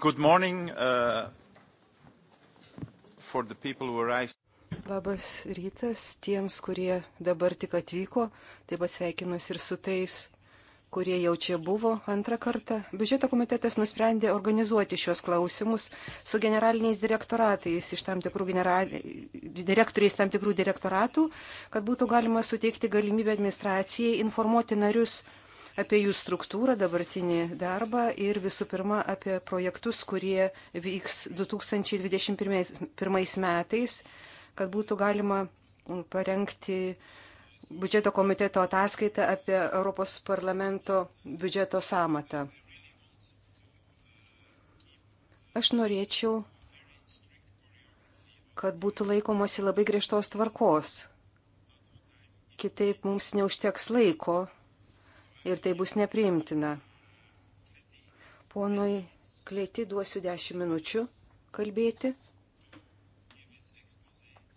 Good morning uh, for the people who arrived. Labas rytas tiems, kurie dabar tik atvyko, taip pat sveikinuosi ir su tais, kurie jau čia buvo antrą kartą. Biudžeto komitetas nusprendė organizuoti šios klausimus su generaliniais direktoratais iš tam tikrų general... direktoriais tam tikrų direktoratų, kad būtų galima suteikti galimybę administracijai informuoti narius apie jų struktūrą, dabartinį darbą ir visų pirma apie projektus, kurie vyks 2021 metais, kad būtų galima parengti biudžeto komiteto ataskaitą apie Europos parlamento biudžeto samatą. Aš norėčiau, kad būtų laikomasi labai griežtos tvarkos. Kitaip mums neužteks laiko ir tai bus nepriimtina. Ponui Klėti duosiu dešimt minučių kalbėti,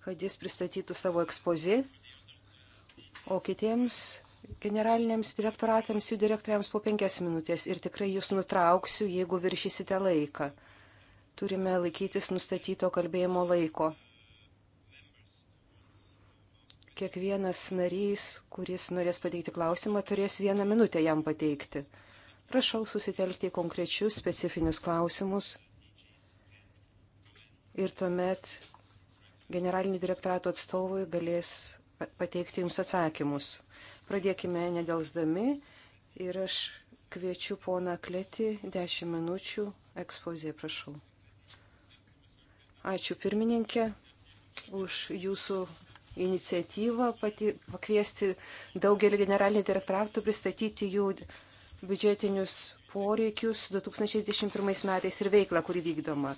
kad jis pristatytų savo ekspozį, o kitiems generaliniams direktoratams, jų direktoriams po penkias minutės ir tikrai jūs nutrauksiu, jeigu viršysite laiką. Turime laikytis nustatyto kalbėjimo laiko. Kiekvienas narys, kuris norės pateikti klausimą, turės vieną minutę jam pateikti. Prašau susitelkti į konkrečius specifinius klausimus ir tuomet generalinių direktorato atstovai galės pateikti jums atsakymus. Pradėkime nedelsdami ir aš kviečiu poną Kleti 10 minučių ekspozė, prašau. Ačiū pirmininkė už jūsų iniciatyvą pati, pakviesti daugelį generalinių direktoratų pristatyti jų biudžetinius poreikius 2021 metais ir veiklą, kuri vykdoma.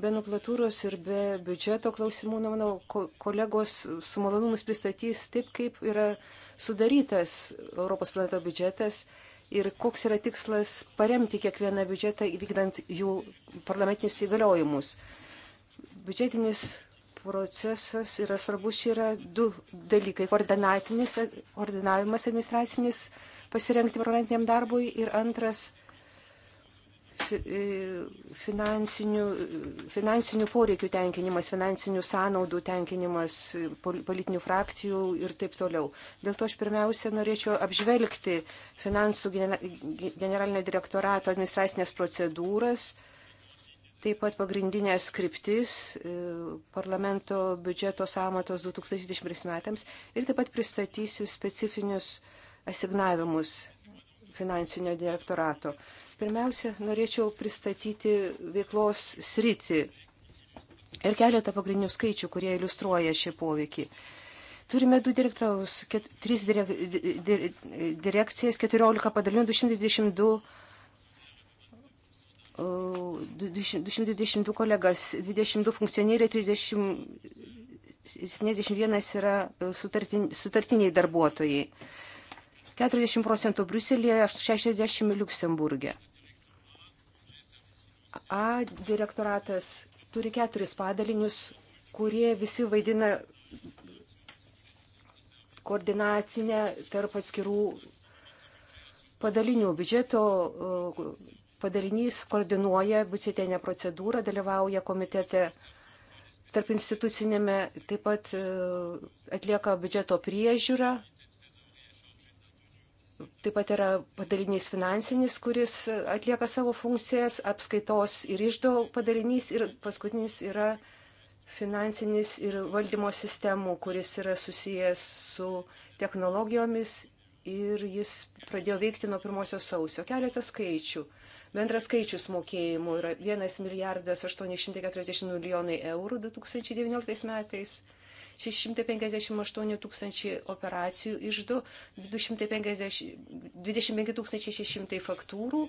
Be nuplatūros ir be biudžeto klausimų, na, manau, kolegos su malonumus pristatys taip, kaip yra sudarytas Europos planeto biudžetas ir koks yra tikslas paremti kiekvieną biudžetą įvykdant jų parlamentinius įgaliojimus. Biudžetinis procesas yra svarbus, čia yra du dalykai - koordinatinis, koordinavimas administracinis pasirengti parlamentiniam darbui ir antras e, finansinių, finansinių poreikių tenkinimas, finansinių sąnaudų tenkinimas politinių frakcijų ir taip toliau. Dėl to aš pirmiausia norėčiau apžvelgti finansų generalinio direktorato administracinės procedūras, Taip pat pagrindinės skriptis e, parlamento biudžeto samatos 2020 metams ir taip pat pristatysiu specifinius asignavimus finansinio direktorato. Pirmiausia, norėčiau pristatyti veiklos sritį ir keletą pagrindinių skaičių, kurie iliustruoja šį poveikį. Turime du direktoriaus, ket, tris direk, di, di, direkcijas, 14 padalinių, 222 222 kolegas, 22 funkcionieriai, 30, 71 yra e, sutartin, sutartiniai darbuotojai, 40 procentų Bruselėje, 60 Luksemburgė. A direktoratas turi keturis padalinius, kurie visi vaidina koordinacinę tarp atskirų padalinių biudžeto padalinys koordinuoja biudžetinę procedūrą, dalyvauja komitete tarp institucinėme, taip pat e, atlieka biudžeto priežiūrą. Taip pat yra padalinys finansinis, kuris atlieka savo funkcijas, apskaitos ir išdo padalinys ir paskutinis yra finansinis ir valdymo sistemų, kuris yra susijęs su technologijomis ir jis pradėjo veikti nuo 1 sausio. Keletą skaičių. Bendras skaičius mokėjimų yra 1 milijardas 840 milijonai eurų 2019 metais. 658 tūkstančiai operacijų išdu, 25 600 faktūrų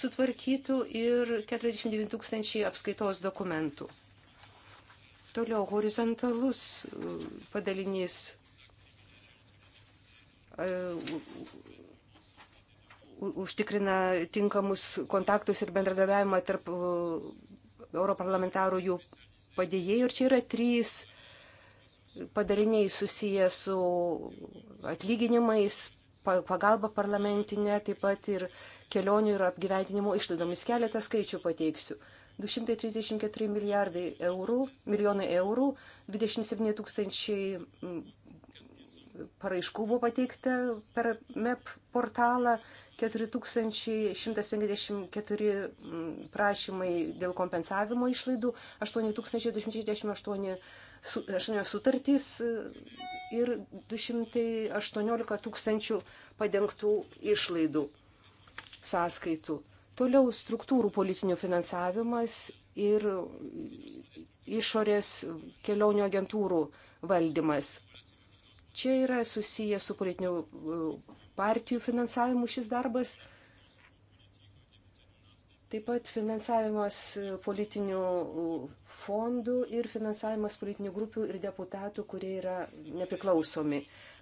sutvarkytų ir 49 tūkstančiai apskaitos dokumentų. Toliau horizontalus uh, padalinys uh, užtikrina tinkamus kontaktus ir bendradarbiavimą tarp europarlamentarų jų padėjėjų. Ir čia yra trys padariniai susiję su atlyginimais, pagalba parlamentinė, taip pat ir kelionių ir apgyventinimo išlaidomis. Keletą skaičių pateiksiu. 234 milijardai eurų, milijonai eurų, 27 tūkstančiai paraiškų buvo pateikta per MEP portalą 4154 mm, prašymai dėl kompensavimo išlaidų, 8268 sutartys e, ir 218 tūkstančių padengtų išlaidų sąskaitų. Toliau struktūrų politinių finansavimas ir išorės kelionių agentūrų valdymas. Čia yra susiję su politiniu e, partijų finansavimu šis darbas. Taip pat finansavimas politinių fondų ir finansavimas politinių grupių ir deputatų, kurie yra nepriklausomi.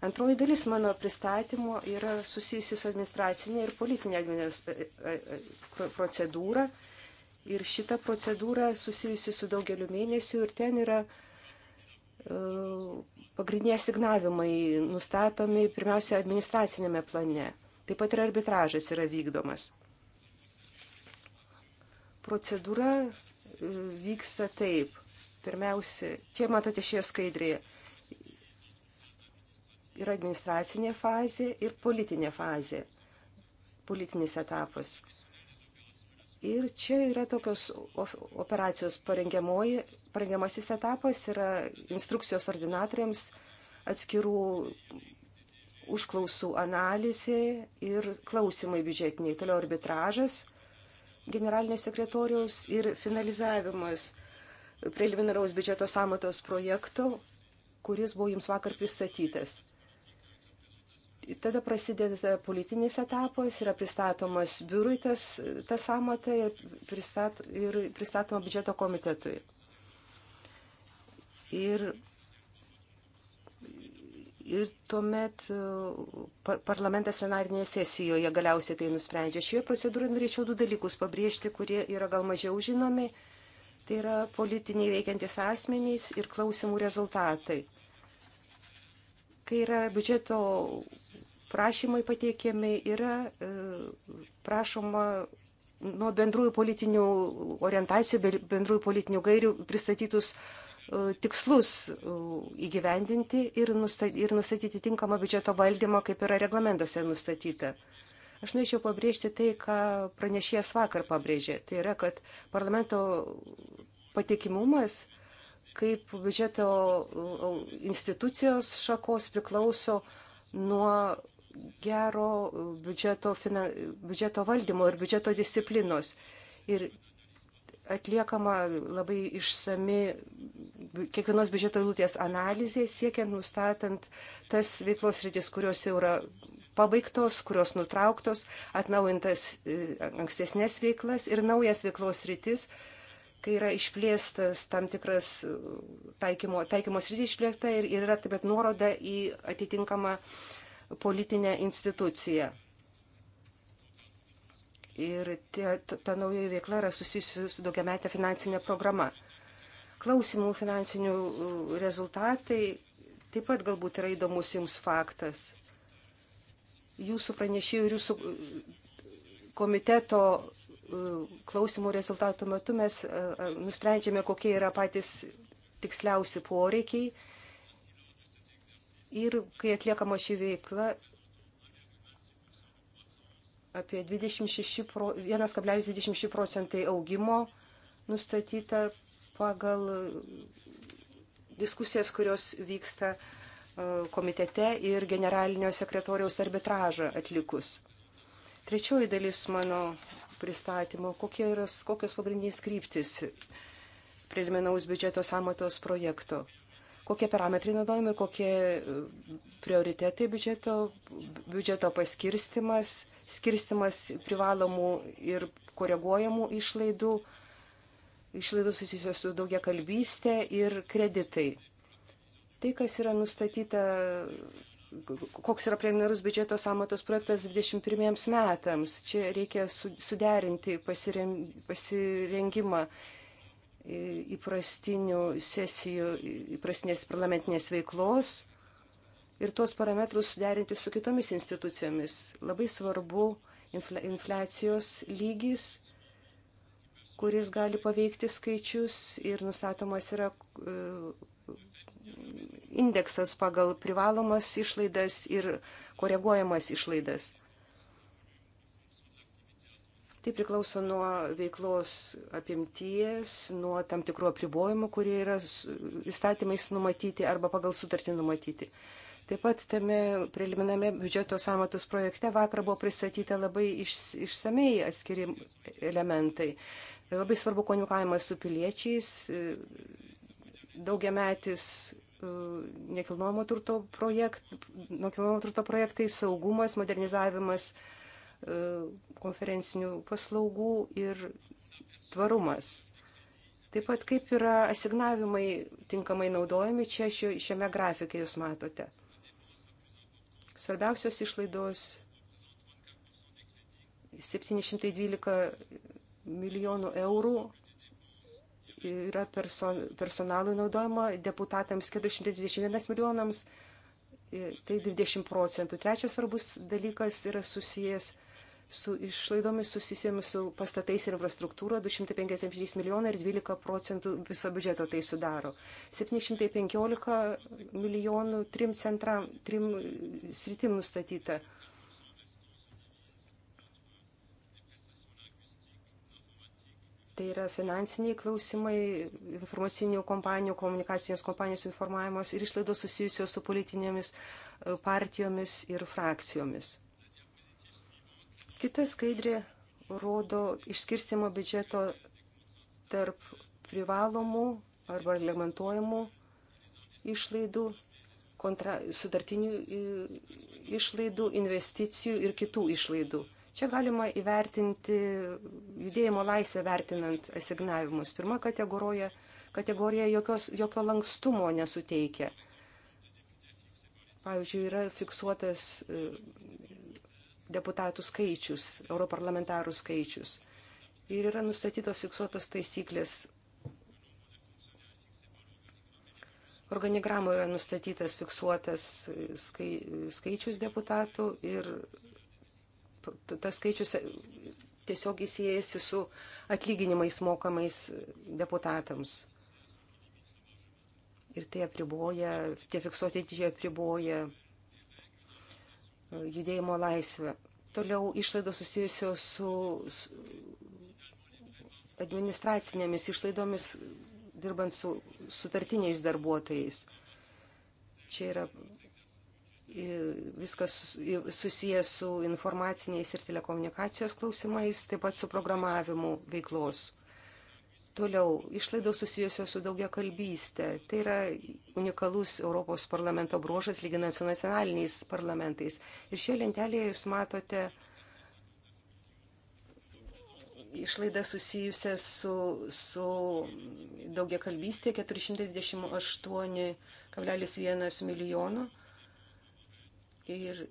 Antroji dalis mano pristatymo yra susijusi su administracinė ir politinė e, e, e, procedūra. Ir šita procedūra susijusi su daugeliu mėnesių ir ten yra Pagrindiniai asignavimai nustatomi pirmiausia administracinėme plane. Taip pat ir arbitražas yra vykdomas. Procedūra e, vyksta taip. Pirmiausia, čia matote šie skaidrėje. Yra administracinė fazė ir politinė fazė, politinis etapas. Ir čia yra tokios operacijos parengiamasis etapas, yra instrukcijos ordinatoriams atskirų užklausų analizė ir klausimai biudžetiniai, toliau arbitražas generalinio sekretoriaus ir finalizavimas preliminaraus biudžeto samatos projekto, kuris buvo jums vakar pristatytas. Tada prasideda politinis etapas, yra pristatomas biurui tas, tas amatą ir, pristat, ir pristatoma biudžeto komitetui. Ir, ir tuomet e, par, parlamentas plenarinėje sesijoje galiausiai tai nusprendžia. Šioje procedūroje norėčiau du dalykus pabrėžti, kurie yra gal mažiau žinomi. Tai yra politiniai veikiantis asmenys ir klausimų rezultatai. Kai yra biudžeto prašymai pateikiami yra e, prašoma nuo bendrųjų politinių orientacijų, bendrųjų politinių gairių pristatytus e, tikslus e, įgyvendinti ir nustatyti tinkamą biudžeto valdymą, kaip yra reglamentuose nustatyta. Aš norėčiau pabrėžti tai, ką pranešėjas vakar pabrėžė. Tai yra, kad parlamento patikimumas kaip biudžeto institucijos šakos priklauso nuo gero e, biudžeto, finan, biudžeto valdymo ir biudžeto disciplinos. Ir atliekama labai išsami kiekvienos biudžeto eilutės analizė, siekiant nustatant tas veiklos rytis, kurios jau yra pabaigtos, kurios nutrauktos, atnaujintas e, ankstesnės veiklas ir naujas veiklos rytis, kai yra išplėstas tam tikras e, taikymo, taikymos rytis išplėsta ir, ir yra taip pat nuoroda į atitinkamą uh, politinę instituciją. Ir tie, ta nauja veikla yra susijusi su daugiametė finansinė programa. Klausimų finansinių uh, rezultatai taip pat galbūt yra įdomus jums faktas. Jūsų pranešėjų ir jūsų uh, komiteto uh, klausimų rezultatų metu mes nusprendžiame, kokie yra patys tiksliausi poreikiai Ir kai atliekama ši veikla, apie 1,26 procentai augimo nustatyta pagal e, diskusijas, kurios vyksta e, komitete ir generalinio sekretoriaus arbitražą atlikus. Trečioji dalis mano pristatymo, yra, kokios pagrindinės kryptis preliminaus biudžeto samatos projekto kokie parametrai naudojami, kokie e, prioritetai biudžeto, biudžeto paskirstimas, skirstimas privalomų ir koreguojamų išlaidų, išlaidų susijusios su daugia kalbystė ir kreditai. Tai, kas yra nustatyta, koks yra preliminarus biudžeto samatos projektas 21 metams, čia reikia suderinti pasirengimą įprastinių sesijų, įprastinės parlamentinės veiklos ir tuos parametrus derinti su kitomis institucijomis. Labai svarbu infliacijos lygis, kuris gali paveikti skaičius ir nustatomas yra e, indeksas pagal privalomas išlaidas ir koreguojamas išlaidas. Tai priklauso nuo veiklos apimties, nuo tam tikrų apribojimų, kurie yra įstatymais numatyti arba pagal sutartį numatyti. Taip pat tame preliminame biudžeto samatos projekte vakar buvo pristatyta labai iš, išsamei atskiri elementai. Labai svarbu konjukavimas su piliečiais, e, daugiametis e, nekilnojamo turto, projekt, nekilnojamo turto projektai, saugumas, modernizavimas, E, konferencinių paslaugų ir tvarumas. Taip pat kaip yra asignavimai tinkamai naudojami čia šiame grafikė jūs matote. Svarbiausios išlaidos 712 milijonų eurų yra perso, personalui naudojama, deputatams 421 milijonams, e, tai 20 procentų. Trečias svarbus dalykas yra susijęs su su išlaidomis susijusiamis su pastatais ir infrastruktūra 253 milijonai ir 12 procentų viso biudžeto tai sudaro. 715 milijonų trim, centram, trim sritim nustatyta. Tai yra finansiniai klausimai, informacinių kompanijų, komunikacinės kompanijos informavimas ir išlaidos susijusios su politinėmis e, partijomis ir frakcijomis. Kita skaidrė rodo išskirstimo biudžeto tarp privalomų arba reglamentojimų išlaidų, kontra, sudartinių išlaidų, investicijų ir kitų išlaidų. Čia galima įvertinti judėjimo laisvę vertinant asignavimus. Pirma kategorija, kategorija jokios, jokio lankstumo nesuteikia. Pavyzdžiui, yra fiksuotas deputatų skaičius, europarlamentarų skaičius. Ir yra nustatytos fiksuotos taisyklės. Organigramų yra nustatytas fiksuotas skai, skaičius deputatų ir tas skaičius tiesiog įsijęsi su atlyginimais mokamais deputatams. Ir tai apriboja, tie fiksuoti dydžiai apriboja judėjimo laisvę. Toliau išlaidos susijusios su administracinėmis išlaidomis dirbant su sutartiniais darbuotojais. Čia yra viskas susijęs su informaciniais ir telekomunikacijos klausimais, taip pat su programavimu veiklos. Toliau, išlaidos susijusios su daugia kalbystė. Tai yra unikalus Europos parlamento bruožas lyginant su nacionaliniais parlamentais. Ir šioje lentelėje jūs matote išlaidą susijusią su, su daugia kalbystė 428,1 milijono. Ir e,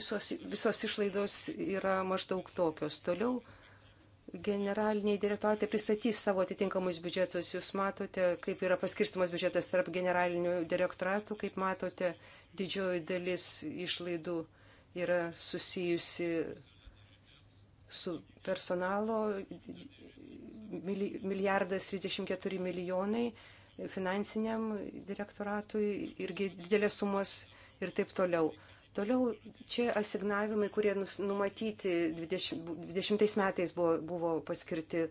visos, visos išlaidos yra maždaug tokios. Toliau generaliniai direktoratai pristatys savo atitinkamus biudžetus. Jūs matote, kaip yra paskirstimas biudžetas tarp generalinių direktoratų, kaip matote, didžioji dalis išlaidų yra susijusi su personalo milijardas 34 milijonai finansiniam direktoratui irgi didelės sumos ir taip toliau. Toliau čia asignavimai, kurie numatyti 20, 20 metais buvo, buvo paskirti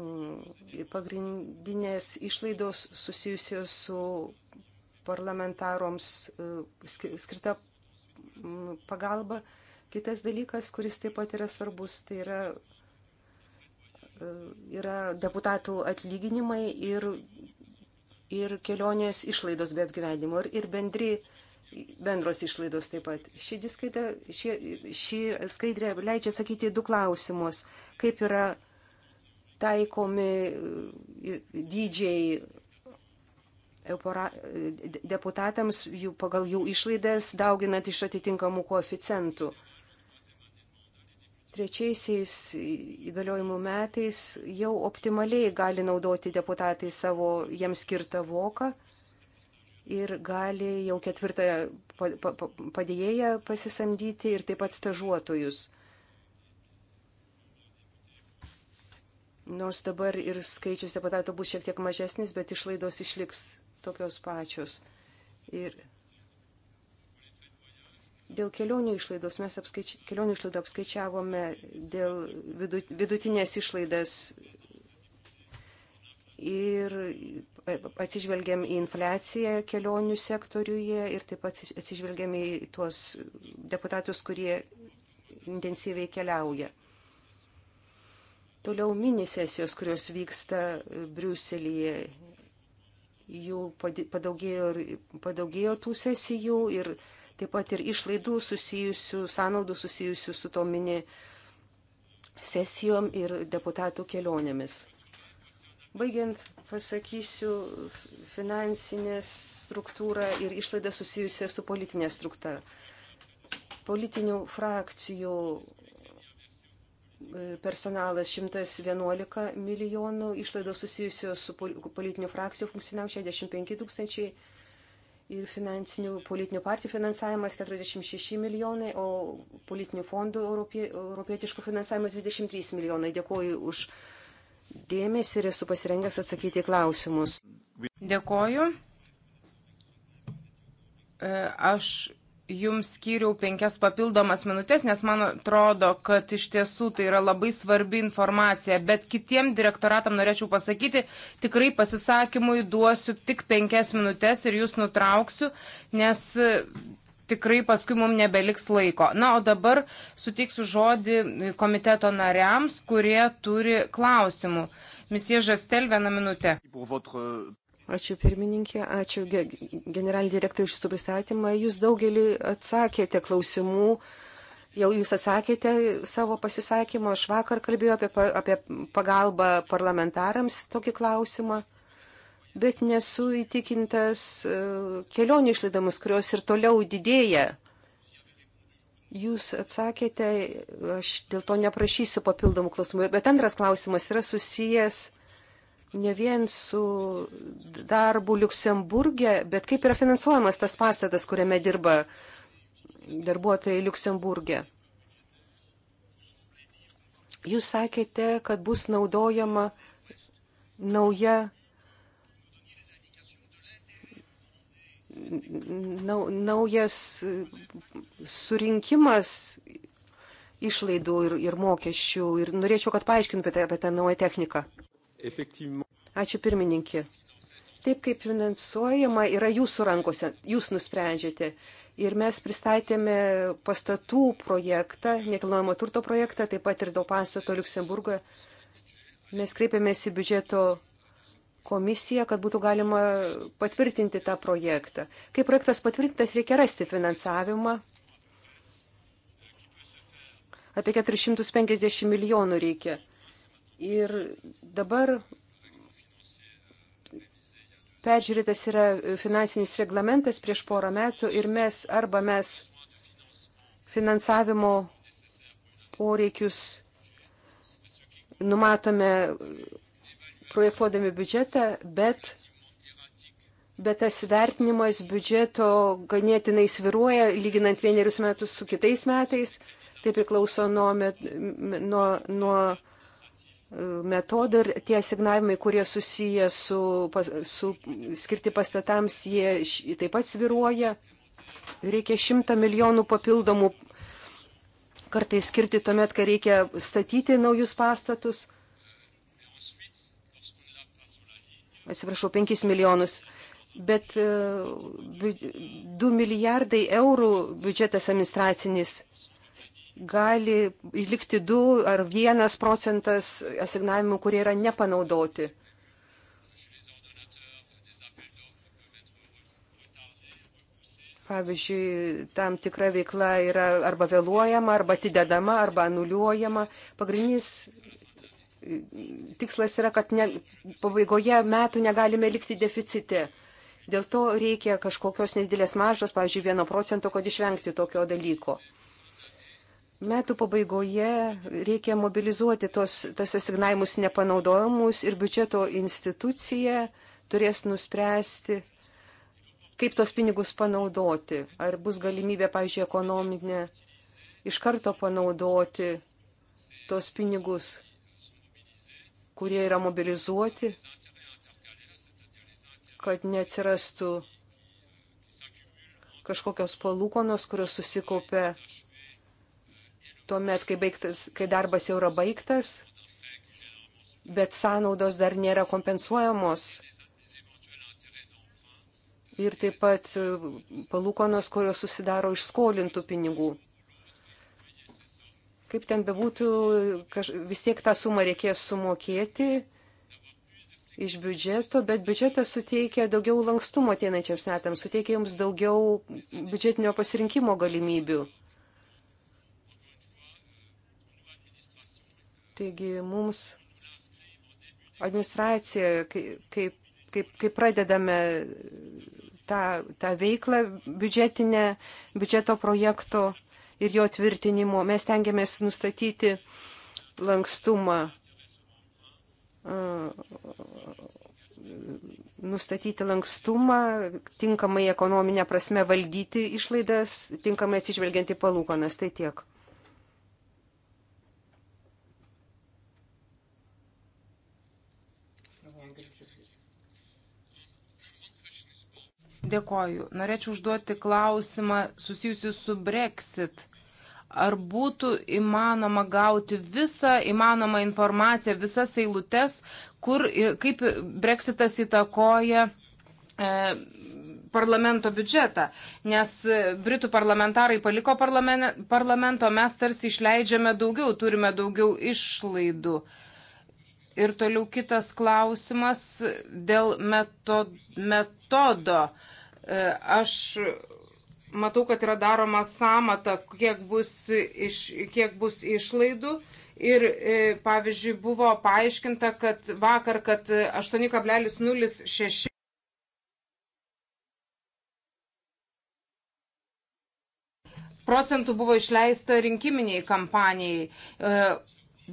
mm, pagrindinės išlaidos susijusios su parlamentaroms e, skirta mm, pagalba. Kitas dalykas, kuris taip pat yra svarbus, tai yra, e, yra deputatų atlyginimai ir, ir kelionės išlaidos be apgyvendimo ir, ir bendri uh, bendros išlaidos taip pat. Ši, diskaita, ši, ši skaidrė leidžia sakyti du klausimus, kaip yra taikomi e, dydžiai deputatams jų, pagal jų išlaidas, dauginant iš atitinkamų koeficientų. Trečiaisiais įgaliojimų metais jau optimaliai gali naudoti deputatai savo jiems skirtą voką ir gali jau ketvirtą padėjėją pasisamdyti ir taip pat stažuotojus. Nors dabar ir skaičius deputatų bus šiek tiek mažesnis, bet išlaidos išliks tokios pačios. Ir dėl kelionių išlaidos mes apskaiči, kelionių išlaidų apskaičiavome dėl vidutinės išlaidas ir atsižvelgiam į infliaciją kelionių sektoriuje ir taip pat atsižvelgiam į tuos deputatus, kurie intensyviai keliauja. Toliau minisesijos, kurios vyksta Briuselyje, jų padaugėjo, padaugėjo tų sesijų ir taip pat ir išlaidų susijusių, sąnaudų susijusių su to mini sesijom ir deputatų kelionėmis. Baigiant, pasakysiu finansinę struktūrą ir išlaidą susijusią su politinė struktūra. Politinių frakcijų e, personalas 111 milijonų, išlaidos susijusios su politinių frakcijų funkciniam 65 tūkstančiai ir finansinių politinių partijų finansavimas 46 milijonai, o politinių fondų europie, europietiškų finansavimas 23 milijonai. Dėkuoju už dėmesį ir esu pasirengęs atsakyti į klausimus. Dėkoju. E, aš jums skyriau penkias papildomas minutės, nes man atrodo, kad iš tiesų tai yra labai svarbi informacija, bet kitiem direktoratam norėčiau pasakyti, tikrai pasisakymui duosiu tik penkias minutės ir jūs nutrauksiu, nes tikrai paskui mums nebeliks laiko. Na, o dabar suteiksiu žodį komiteto nariams, kurie turi klausimų. Misie Žastel, vieną minutę. Ačiū pirmininkė, ačiū generalinį direktorių iš supristatymą. Jūs daugelį atsakėte klausimų jau jūs atsakėte savo pasisakymą, aš vakar kalbėjau apie, apie pagalbą parlamentarams tokį klausimą bet nesu įtikintas e, kelionių išlaidomus, kurios ir toliau didėja. Jūs atsakėte, aš dėl to neprašysiu papildomų klausimų, bet antras klausimas yra susijęs ne vien su darbu Luksemburgė, bet kaip yra finansuojamas tas pastatas, kuriame dirba darbuotojai Luksemburgė. Jūs sakėte, kad bus naudojama nauja naujas surinkimas išlaidų ir, ir mokesčių. Ir norėčiau, kad paaiškintumėte apie, apie tą naują techniką. Ačiū pirmininkė. Taip kaip finansuojama yra jūsų rankose, jūs nusprendžiate. Ir mes pristatėme pastatų projektą, nekilnojamo turto projektą, taip pat ir dėl pastato Luksemburgoje. Mes kreipėmės į biudžeto komisiją, kad būtų galima patvirtinti tą projektą. Kai projektas patvirtintas, reikia rasti finansavimą. Apie 450 milijonų reikia. Ir dabar peržiūrėtas yra finansinis reglamentas prieš porą metų ir mes arba mes finansavimo poreikius numatome projektuodami biudžetą, bet, bet tas vertinimas biudžeto ganėtinai sviruoja, lyginant vienerius metus su kitais metais. Tai priklauso nuo, met, nuo, nuo e, metodų ir tie signavimai, kurie susiję su, su skirti pastatams, jie taip pat sviruoja. Reikia šimtą milijonų papildomų kartais skirti tuomet, kai reikia statyti naujus pastatus. atsiprašau, 5 milijonus, bet 2 e, milijardai eurų biudžetas administracinis gali likti 2 ar 1 procentas asignavimų, kurie yra nepanaudoti. Pavyzdžiui, tam tikra veikla yra arba vėluojama, arba atidedama, arba anuliuojama. Pagrindinis tikslas yra, kad ne, pabaigoje metų negalime likti deficite. Dėl to reikia kažkokios nedidelės mažos, pavyzdžiui, vieno procento, kad išvengti tokio dalyko. Metų pabaigoje reikia mobilizuoti tos, tas asignavimus nepanaudojimus ir biudžeto institucija turės nuspręsti, kaip tos pinigus panaudoti. Ar bus galimybė, pavyzdžiui, ekonominė iš karto panaudoti tos pinigus kurie yra mobilizuoti, kad neatsirastų kažkokios palūkonos, kurios susikaupia tuomet, kai, baigtas, kai darbas jau yra baigtas, bet sąnaudos dar nėra kompensuojamos. Ir taip pat palūkonos, kurios susidaro iš skolintų pinigų. Kaip ten bebūtų, kaž, vis tiek tą sumą reikės sumokėti iš biudžeto, bet biudžetas suteikia daugiau lankstumo ateinančiams metams, suteikia jums daugiau biudžetinio pasirinkimo galimybių. Taigi mums administracija, kaip, kaip, kaip pradedame tą, tą veiklą biudžetinę, biudžeto projekto ir jo tvirtinimo. Mes tengiamės nustatyti lankstumą, nustatyti lankstumą, tinkamai ekonominę prasme valdyti išlaidas, tinkamai atsižvelgiant į palūkonas. Tai tiek. Dėkoju. Norėčiau užduoti klausimą susijusiu su Brexit. Ar būtų įmanoma gauti visą įmanomą informaciją, visas eilutes, kur, kaip Brexitas įtakoja e, parlamento biudžetą, nes Britų parlamentarai paliko parlamento, mes tarsi išleidžiame daugiau, turime daugiau išlaidų. E, Ir toliau kitas klausimas dėl metodo. E, aš matau, kad yra daroma samata, kiek bus, iš, kiek bus išlaidų. Ir, e, pavyzdžiui, buvo paaiškinta, kad vakar, kad 8,06. procentų buvo išleista rinkiminiai kampanijai. E,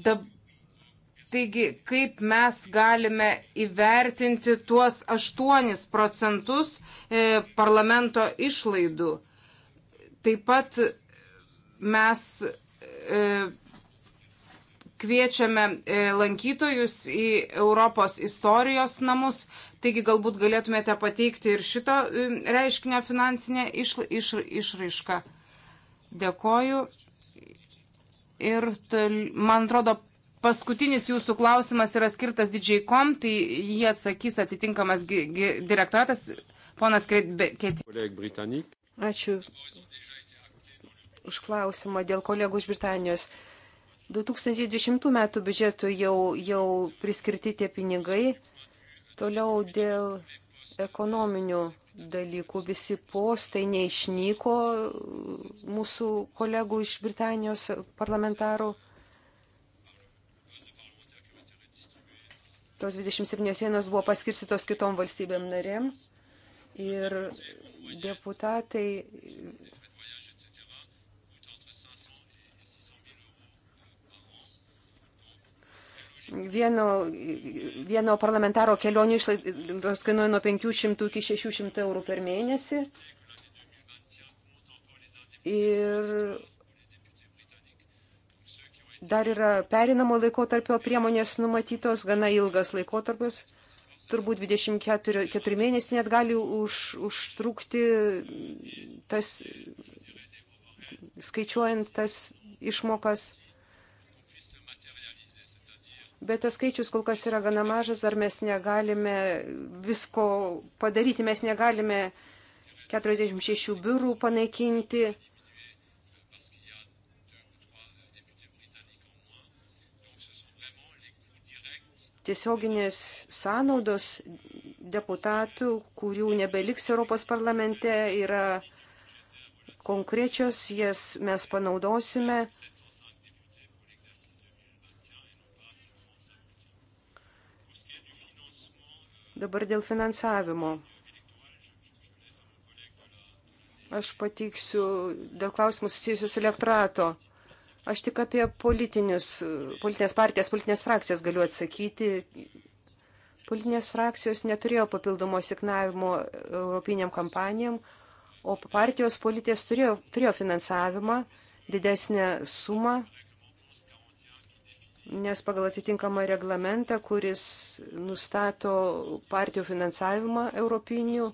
dab, Taigi, kaip mes galime įvertinti tuos 8 procentus e, parlamento išlaidų? Taip pat mes e, kviečiame e, lankytojus į Europos istorijos namus, taigi galbūt galėtumėte pateikti ir šito e, reiškinio finansinę išla, iš, išraišką. Dėkoju. Ir tol, man atrodo, paskutinis jūsų klausimas yra skirtas didžiai kom, tai jį atsakys atitinkamas direktoratas, ponas Ketė. Ačiū už klausimą dėl kolegų iš Britanijos. 2020 metų biudžetų jau, jau priskirti tie pinigai. Toliau dėl ekonominių dalykų visi postai neišnyko mūsų kolegų iš Britanijos parlamentarų. Tos 27 sienos buvo paskirstytos kitom valstybėm narėm ir deputatai vieno, vieno parlamentaro kelionių išlaidos kainuoja nuo 500 iki 600 eurų per mėnesį. Ir Dar yra perinamo laikotarpio priemonės numatytos, gana ilgas laikotarpis, turbūt 24 4 mėnesiai net gali už, užtrukti tas, skaičiuojant tas išmokas. Bet tas skaičius kol kas yra gana mažas, ar mes negalime visko padaryti, mes negalime 46 biurų panaikinti tiesioginės sąnaudos deputatų, kurių nebeliks Europos parlamente, yra konkrečios, jas mes panaudosime. Dabar dėl finansavimo. Aš pateiksiu dėl klausimų susijusių su elektorato. Aš tik apie politinės partijas, politinės frakcijas galiu atsakyti. Politinės frakcijos neturėjo papildomo signavimo europiniam kampanijam, o partijos politės turėjo, turėjo finansavimą, didesnę sumą, nes pagal atitinkamą reglamentą, kuris nustato partijų finansavimą europinių,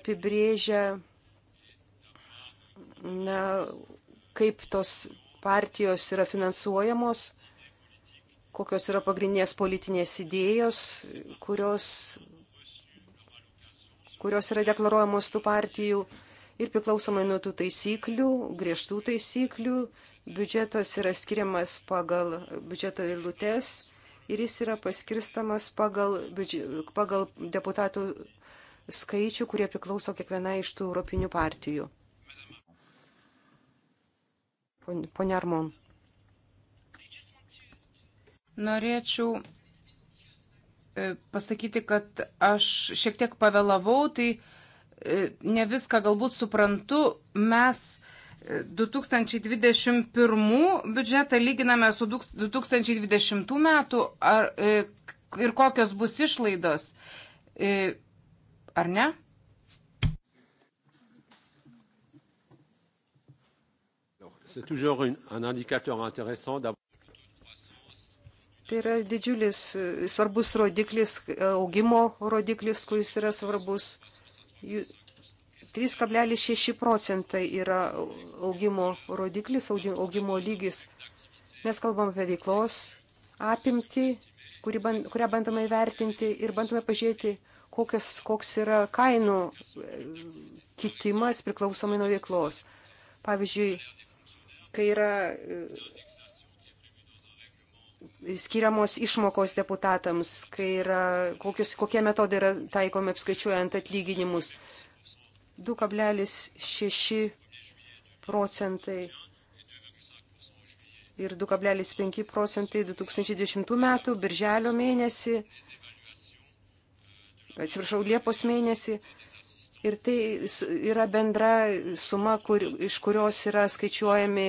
apibrėžia, na, kaip tos partijos yra finansuojamos, kokios yra pagrindinės politinės idėjos, kurios, kurios yra deklaruojamos tų partijų. Ir priklausomai nuo tų taisyklių, griežtų taisyklių, biudžetas yra skiriamas pagal biudžeto eilutes ir jis yra paskirstamas pagal, pagal deputatų skaičių, kurie priklauso kiekvienai iš tų europinių partijų. Pone Armon. Norėčiau e, pasakyti, kad aš šiek tiek pavėlavau, tai e, ne viską galbūt suprantu. Mes 2021 e, biudžetą lyginame su 2020 metų ar, ir kokios bus išlaidos, ar ne? C'est toujours une, un indicateur intéressant d'avoir. Tai yra didžiulis e, svarbus rodiklis, e, augimo rodiklis, kuris yra svarbus. 3,6 procentai yra augimo rodiklis, augimo lygis. Mes kalbam apie veiklos apimtį, kuri, kurią bandome įvertinti ir bandome pažiūrėti, kokias, koks yra kainų e, kitimas priklausomai nuo veiklos. Pavyzdžiui, kai yra e, skiriamos išmokos deputatams, kai yra, kokius, kokie metodai yra taikomi apskaičiuojant atlyginimus. 2,6 procentai ir 2,5 procentai 2010 metų, birželio mėnesį, atsiprašau, Liepos mėnesį. Ir tai yra bendra suma, kur, iš kurios yra skaičiuojami,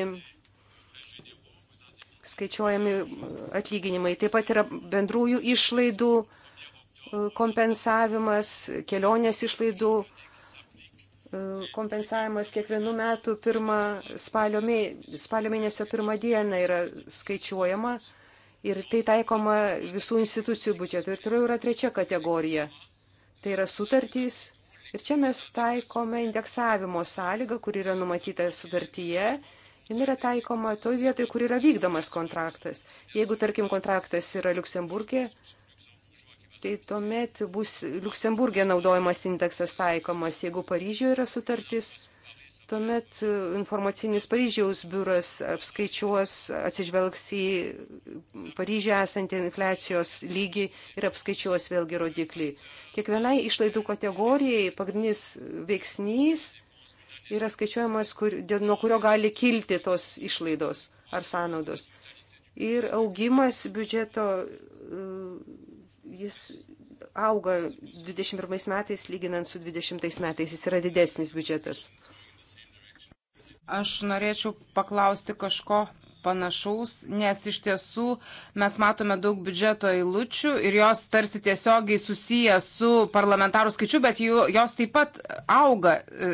skaičiuojami atlyginimai. Taip pat yra bendrųjų išlaidų e, kompensavimas, kelionės išlaidų e, kompensavimas kiekvienų metų pirmą spalio, mė, spalio mėnesio pirmą dieną yra skaičiuojama ir tai taikoma visų institucijų biudžetų. Ir toliau yra trečia kategorija. Tai yra sutartys Ir čia mes taikome indeksavimo sąlygą, kur yra numatyta sudartyje. Jis yra taikoma toje vietoje, kur yra vykdomas kontraktas. Jeigu, tarkim, kontraktas yra Luksemburgė, tai tuomet bus Luksemburgė naudojamas indeksas taikomas. Jeigu Paryžiuje yra sutartis, Tuomet e, informacinis Paryžiaus biuras apskaičiuos, atsižvelgs į Paryžią esantį infliacijos lygį ir apskaičiuos vėlgi rodiklį. Kiekvienai išlaidų kategorijai pagrindinis veiksnys yra skaičiuojamas, kur, dėl, nuo kurio gali kilti tos išlaidos ar sąnaudos. Ir augimas biudžeto, e, jis auga 21 metais lyginant su 20 metais, jis yra didesnis biudžetas. Aš norėčiau paklausti kažko panašaus, nes iš tiesų mes matome daug biudžeto eilučių ir jos tarsi tiesiogiai susiję su parlamentarų skaičiu, bet jų, jos taip pat auga. E,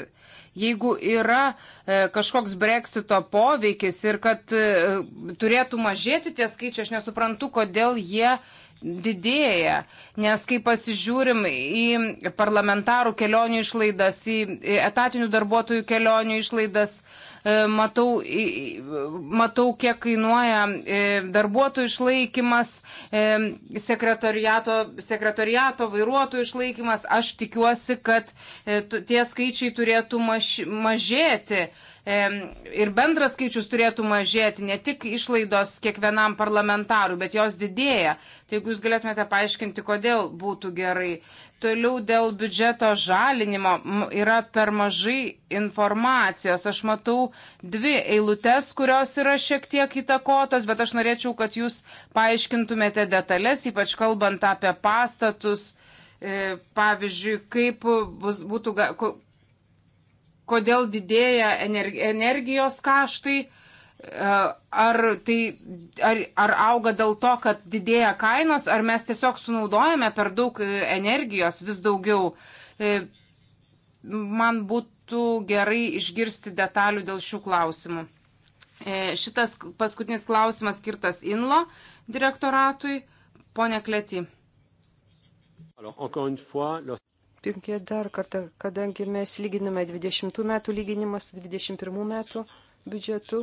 jeigu yra e, kažkoks breksito poveikis ir kad e, turėtų mažėti tie skaičiai, aš nesuprantu, kodėl jie didėja, nes kai pasižiūrim į parlamentarų kelionių išlaidas, į etatinių darbuotojų kelionių išlaidas, e, matau, matau kiek kainuoja e, darbuotojų išlaikymas, e, sekretariato, sekretariato vairuotojų išlaikymas. Aš tikiuosi, kad tie skaičiai turėtų maž, mažėti ir bendras skaičius turėtų mažėti, ne tik išlaidos kiekvienam parlamentarui, bet jos didėja. Tai jeigu jūs galėtumėte paaiškinti, kodėl būtų gerai. Toliau dėl biudžeto žalinimo yra per mažai informacijos. Aš matau dvi eilutes, kurios yra šiek tiek įtakotos, bet aš norėčiau, kad jūs paaiškintumėte detalės, ypač kalbant apie pastatus e, pavyzdžiui, kaip bus, būtų, kodėl didėja energijos kaštai, e, ar, tai, ar, ar auga dėl to, kad didėja kainos, ar mes tiesiog sunaudojame per daug e, energijos vis daugiau. E, man būtų gerai išgirsti detalių dėl šių klausimų. Šitas paskutinis klausimas skirtas INLO direktoratui. Pone Kleti. Alors, Pirmie dar kartą, kadangi mes lyginame 20 metų lyginimą su 21 metų biudžetu,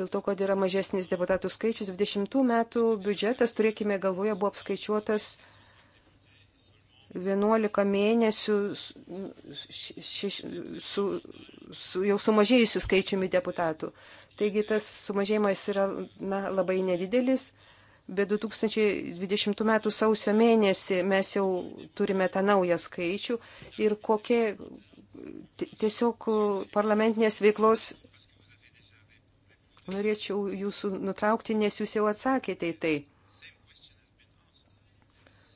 dėl to, kad yra mažesnis deputatų skaičius, 20 metų biudžetas, turėkime galvoje, buvo apskaičiuotas 11 mėnesių su, su, su jau sumažėjusiu skaičiumi deputatų. Taigi tas sumažėjimas yra na, labai nedidelis bet 2020 m. sausio mėnesį mes jau turime tą naują skaičių ir kokie tiesiog parlamentinės veiklos norėčiau jūsų nutraukti, nes jūs jau atsakėte į tai.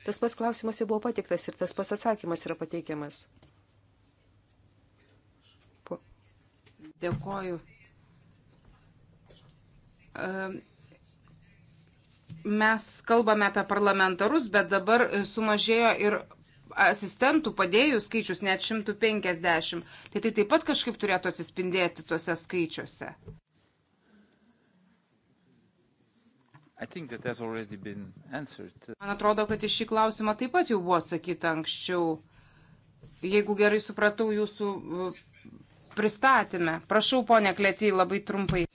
Tas pats klausimas jau buvo patiktas ir tas pats atsakymas yra pateikiamas. Po. Dėkoju. Um mes kalbame apie parlamentarus, bet dabar sumažėjo ir asistentų padėjų skaičius net 150. Tai tai taip pat kažkaip turėtų atsispindėti tuose skaičiuose. Man atrodo, kad į šį klausimą taip pat jau buvo atsakyta anksčiau. Jeigu gerai supratau jūsų uh, pristatymę. Prašau, ponė Klėtį, labai trumpai.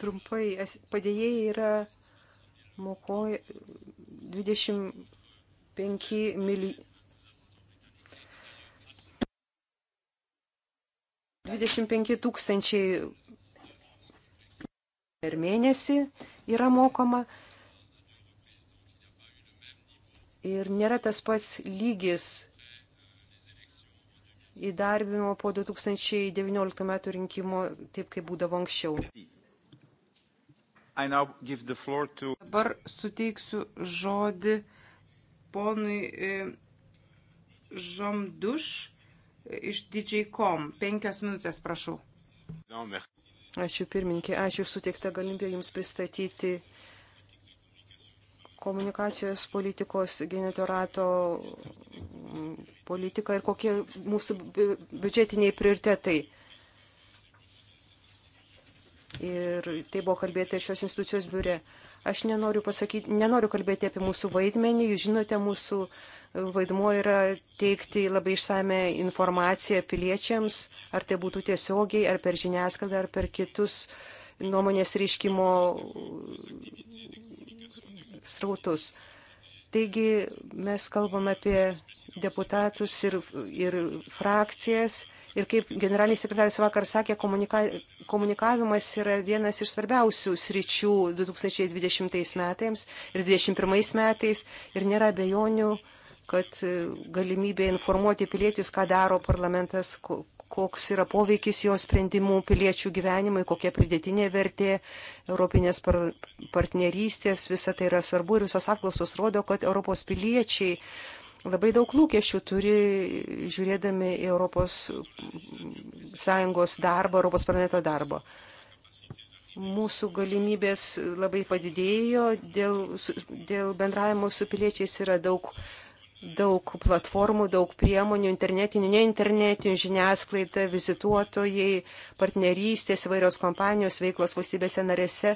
Trumpai, padėjėjai yra mokoja 25 milijonų. 25 tūkstančiai per mėnesį yra mokoma ir nėra tas pats lygis įdarbinimo po 2019 metų rinkimo taip, kaip būdavo anksčiau. To... Dabar suteiksiu žodį ponui e, Žomduš e, iš DJ.com. Penkios minutės, prašau. Ačiū pirmininkė, ačiū už suteiktą galimybę Jums pristatyti komunikacijos politikos generato politiką ir kokie mūsų biudžetiniai prioritetai. Ir tai buvo kalbėti šios institucijos biure. Aš nenoriu, pasakyti, nenoriu kalbėti apie mūsų vaidmenį. Jūs žinote, mūsų vaidmuo yra teikti labai išsame informaciją piliečiams, ar tai būtų tiesiogiai, ar per žiniasklaidą, ar per kitus nuomonės reiškimo srautus. Taigi mes kalbame apie deputatus ir, ir frakcijas Ir kaip generalinis sekretarius vakar sakė, komunika, komunikavimas yra vienas iš svarbiausių sričių 2020 metais ir 2021 metais. Ir nėra bejonių, kad e, galimybė informuoti piliečius, ką daro parlamentas, koks yra poveikis jo sprendimų piliečių gyvenimui, kokia pridėtinė vertė Europinės par partnerystės, visa tai yra svarbu ir visos apklausos rodo, kad Europos piliečiai labai daug lūkesčių turi žiūrėdami į Europos Sąjungos darbą, Europos planeto darbą. Mūsų galimybės labai padidėjo, dėl, dėl bendravimo su piliečiais yra daug, daug platformų, daug priemonių, internetinių, neinternetinių, žiniasklaida, vizituotojai, partnerystės, vairios kompanijos, veiklos valstybėse narėse.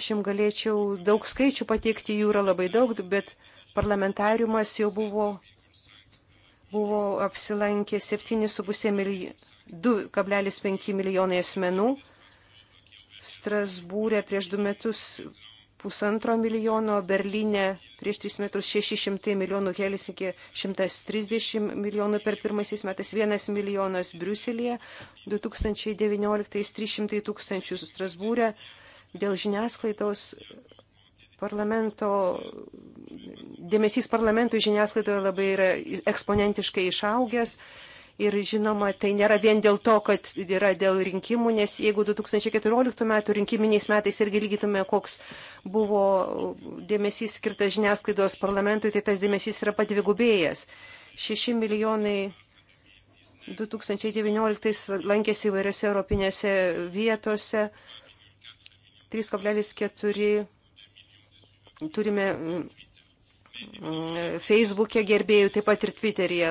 Aš jums galėčiau daug skaičių pateikti, jų yra labai daug, bet parlamentariumas jau buvo, buvo apsilankę 7,5 milijonai, milijonai asmenų. Strasbūrė prieš du metus pusantro milijono, Berlyne prieš tris metus 600 milijonų, Helsinkė 130 milijonų per pirmaisiais metais, 1 milijonas Briuselėje, 2019 300 tūkstančių Strasbūrė. Dėl žiniasklaidos Parlamento, dėmesys parlamentui žiniasklaidoje labai yra eksponentiškai išaugęs. Ir žinoma, tai nėra vien dėl to, kad yra dėl rinkimų, nes jeigu 2014 metų rinkiminiais metais irgi lygytume, koks buvo dėmesys skirtas žiniasklaidos parlamentui, tai tas dėmesys yra padvigubėjęs. 6 milijonai 2019 lankėsi įvairiose europinėse vietose, 3,4 Turime mm, Facebook'e gerbėjų, taip pat ir Twitter'yje.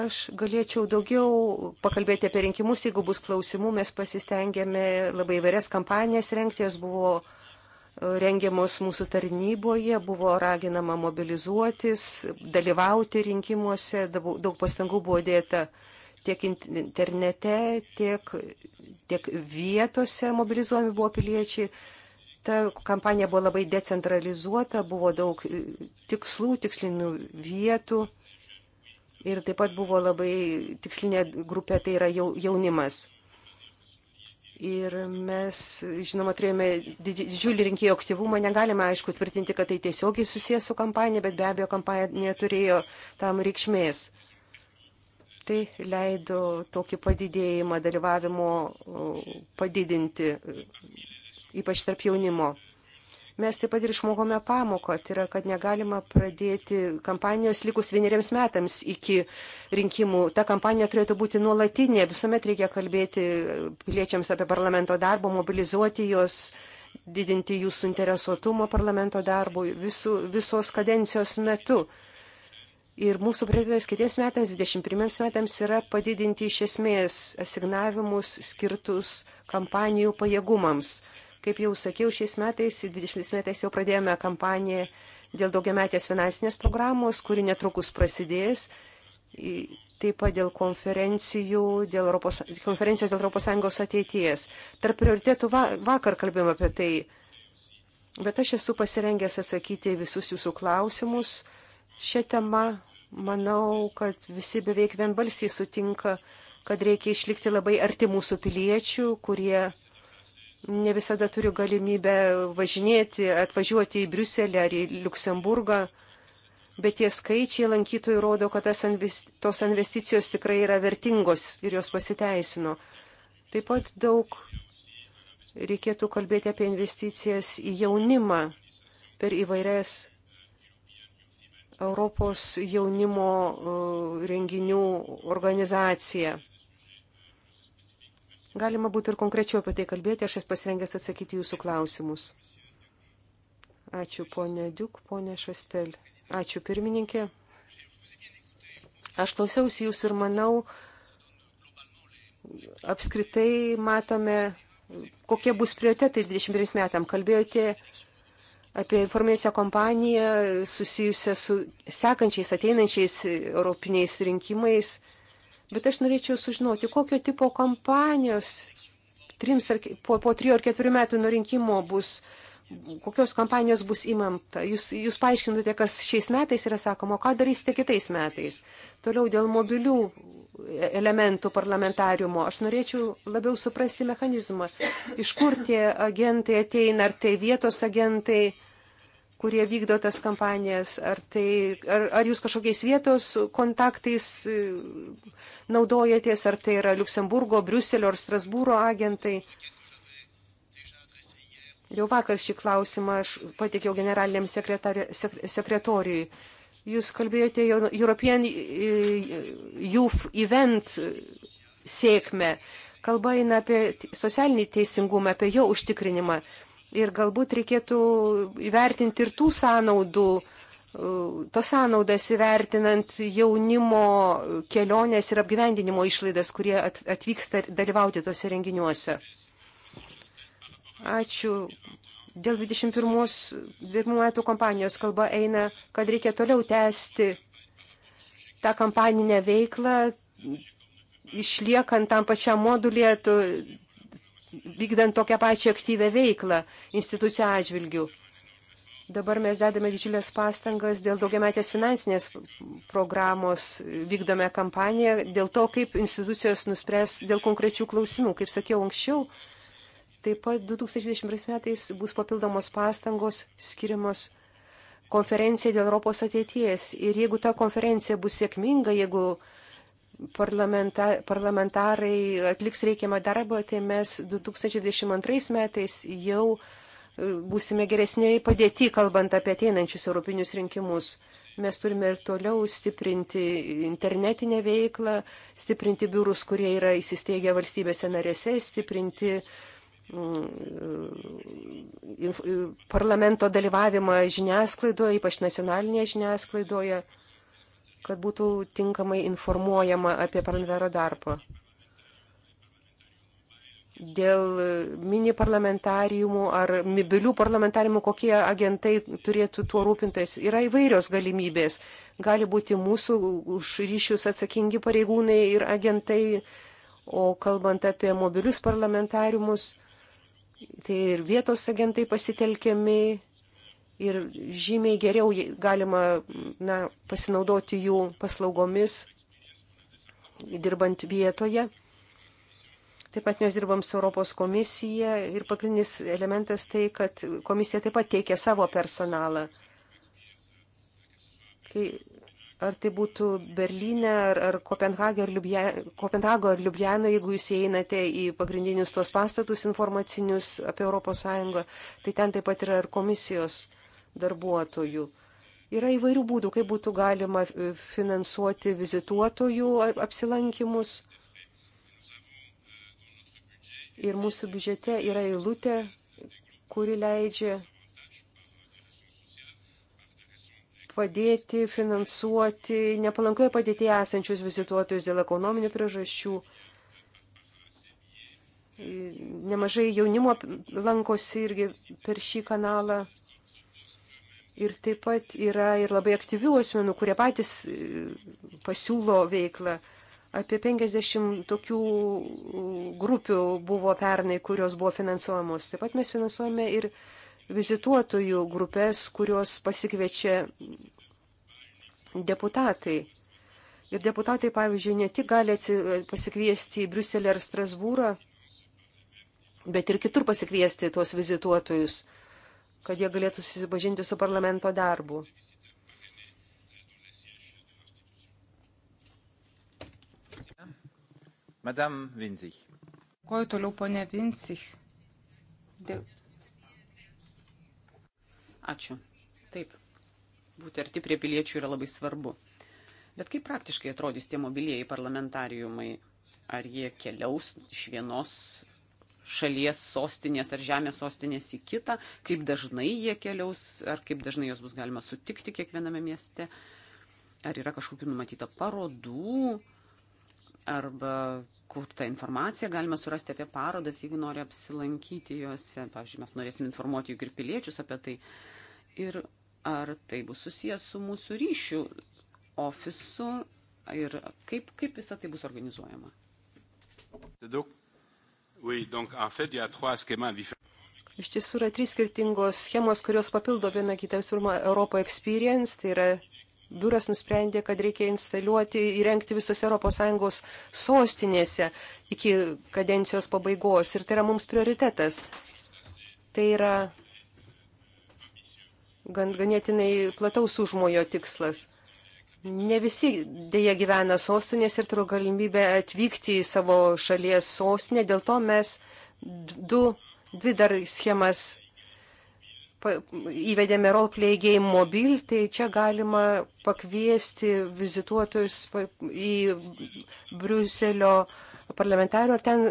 Aš galėčiau daugiau pakalbėti apie rinkimus, jeigu bus klausimų, mes pasistengėme labai įvairias kampanijas rengti, jos buvo e, rengiamos mūsų tarnyboje, buvo raginama mobilizuotis, dalyvauti rinkimuose, daug pastangų buvo dėta tiek internete, tiek, tiek vietose mobilizuojami buvo piliečiai. Ta kampanija buvo labai decentralizuota, buvo daug e, tikslų, tikslinių vietų ir taip pat buvo labai tikslinė grupė, tai yra jaunimas. Ir mes, žinoma, turėjome didžiulį rinkėjų aktyvumą, negalime, aišku, tvirtinti, kad tai tiesiogiai susijęs su kampanija, bet be abejo, kampanija turėjo tam reikšmės. Tai leido tokį padidėjimą dalyvavimo padidinti ypač tarp jaunimo. Mes taip pat ir išmokome pamoką, tai yra, kad negalima pradėti kampanijos likus vieneriems metams iki rinkimų. Ta kampanija turėtų būti nuolatinė, visuomet reikia kalbėti piliečiams apie parlamento darbą, mobilizuoti jos didinti jų suinteresuotumo parlamento darbui visu, visos kadencijos metu. Ir mūsų prioritetas kitiems metams, 21 metams, yra padidinti iš esmės asignavimus skirtus kampanijų pajėgumams. Kaip jau sakiau, šiais metais, 20 metais jau pradėjome kampaniją dėl daugiametės finansinės programos, kuri netrukus prasidės. Taip pat dėl, dėl Europos, konferencijos dėl ES ateities. Tarp prioritėtų va, vakar kalbėjome apie tai, bet aš esu pasirengęs atsakyti visus jūsų klausimus. Šią temą manau, kad visi beveik vienbalsiai sutinka, kad reikia išlikti labai arti mūsų piliečių, kurie ne visada turiu galimybę važinėti, atvažiuoti į Briuselį ar į Luksemburgą, bet tie skaičiai lankytojų rodo, kad tos investicijos tikrai yra vertingos ir jos pasiteisino. Taip pat daug reikėtų kalbėti apie investicijas į jaunimą per įvairias Europos jaunimo uh, renginių organizaciją. Galima būtų ir konkrečiau apie tai kalbėti, aš esu pasirengęs atsakyti jūsų klausimus. Ačiū ponė Diuk, ponė Šastel. Ačiū pirmininkė. Aš klausiausi jūs ir manau, apskritai matome, kokie bus prioritetai 21 metam. Kalbėjote apie informaciją kompaniją susijusią su sekančiais ateinančiais europiniais rinkimais. Bet aš norėčiau sužinoti, kokio tipo kompanijos trims ar, po, po trijų ar keturių metų nuo rinkimo bus, kokios kompanijos bus įmamta. Jūs, jūs paaiškinote, kas šiais metais yra sakoma, o ką darysite kitais metais. Toliau dėl mobilių e, elementų parlamentariumo. Aš norėčiau labiau suprasti mechanizmą, iš kur tie agentai ateina, ar tai vietos agentai kurie vykdo tas kampanijas, ar, tai, ar, ar jūs kažkokiais vietos kontaktais e, naudojatės, ar tai yra Luksemburgo, Briuselio ar Strasbūro agentai. Jau vakar šį klausimą aš pateikiau generaliniam sekretori, sekretoriui. Jūs kalbėjote European e, Youth Event sėkmę. Kalba eina apie socialinį teisingumą, apie jo užtikrinimą. Ir galbūt reikėtų įvertinti ir tų sąnaudų, e, tas sąnaudas įvertinant jaunimo kelionės ir apgyvendinimo išlaidas, kurie atvyksta dalyvauti tose renginiuose. Ačiū. Dėl 21 metų kompanijos kalba eina, kad reikia toliau tęsti tą kampaninę veiklą, išliekant tam pačiam modulėje, vykdant tokią pačią aktyvę veiklą institucijų atžvilgių. Dabar mes dedame didžiulės pastangas dėl daugiametės finansinės programos, vykdome kampaniją dėl to, kaip institucijos nuspręs dėl konkrečių klausimų. Kaip sakiau anksčiau, taip pat 2020 metais bus papildomos pastangos skiriamos konferencija dėl Europos ateities. Ir jeigu ta konferencija bus sėkminga, jeigu uh, parlamenta, parlamentarai atliks reikiamą darbą, tai mes 2022 metais jau e, būsime geresniai padėti, kalbant apie ateinančius europinius rinkimus. Mes turime ir toliau stiprinti internetinę veiklą, stiprinti biurus, kurie yra įsisteigę valstybėse narėse, stiprinti mm, e, e, parlamento dalyvavimą žiniasklaidoje, ypač nacionalinėje žiniasklaidoje kad būtų tinkamai informuojama apie parlamentaro darbą. Dėl mini parlamentariumų ar mibilių parlamentariumų, kokie agentai turėtų tuo rūpintis, yra įvairios galimybės. Gali būti mūsų už ryšius atsakingi pareigūnai ir agentai, o kalbant apie mobilius parlamentariumus, tai ir vietos agentai pasitelkiami ir žymiai geriau galima na, pasinaudoti jų paslaugomis, dirbant vietoje. Taip pat mes dirbam su Europos komisija ir pagrindinis elementas tai, kad komisija taip pat teikia savo personalą. Kai, ar tai būtų Berlyne, ar, ar Kopenhago, ar Ljubljana, jeigu jūs įeinate į pagrindinius tuos pastatus informacinius apie ES, tai ten taip pat yra ir komisijos darbuotojų. Yra įvairių būdų, kaip būtų galima e, finansuoti vizituotojų apsilankimus. Ir mūsų biudžete yra eilutė, kuri leidžia padėti finansuoti nepalankioje padėtyje esančius vizituotojus dėl ekonominių priežasčių. Nemažai jaunimo lankosi irgi per šį kanalą. Ir taip pat yra ir labai aktyvių asmenų, kurie patys e, pasiūlo veiklą. Apie 50 tokių e, grupių buvo pernai, kurios buvo finansuojamos. Taip pat mes finansuojame ir vizituotojų grupės, kurios pasikviečia deputatai. Ir deputatai, pavyzdžiui, ne tik gali pasikviesti į Briuselį ar Strasbūrą, bet ir kitur pasikviesti tuos vizituotojus kad jie galėtų susipažinti su parlamento darbu. Madame Vinzich. Kuo toliau, ponė Vinzich? Dėl... Ačiū. Taip, būti arti prie piliečių yra labai svarbu. Bet kaip praktiškai atrodys tie mobilieji parlamentariumai? Ar jie keliaus iš vienos šalies sostinės ar žemės sostinės į kitą, kaip dažnai jie keliaus, ar kaip dažnai juos bus galima sutikti kiekviename mieste, ar yra kažkokių numatyta parodų, arba kur tą informaciją galima surasti apie parodas, jeigu nori apsilankyti juose. Pavyzdžiui, mes norėsim informuoti juk ir piliečius apie tai. Ir ar tai bus susijęs su mūsų ryšių ofisu ir kaip, kaip visa tai bus organizuojama. Daug Oui, donc, en fait, Iš tiesų yra trys skirtingos schemos, kurios papildo viena kitą. Visų pirma, Europo Experience, tai yra biuras nusprendė, kad reikia instaliuoti, įrengti visose ES sostinėse iki kadencijos pabaigos. Ir tai yra mums prioritetas. Tai yra gan, ganėtinai plataus užmojo tikslas. Ne visi dėja gyvena sostinės ir turi galimybę atvykti į savo šalies sostinę, dėl to mes du, dvi dar schemas įvedėme roleplay game mobil, tai čia galima pakviesti vizituotojus į Briuselio parlamentarių ar ten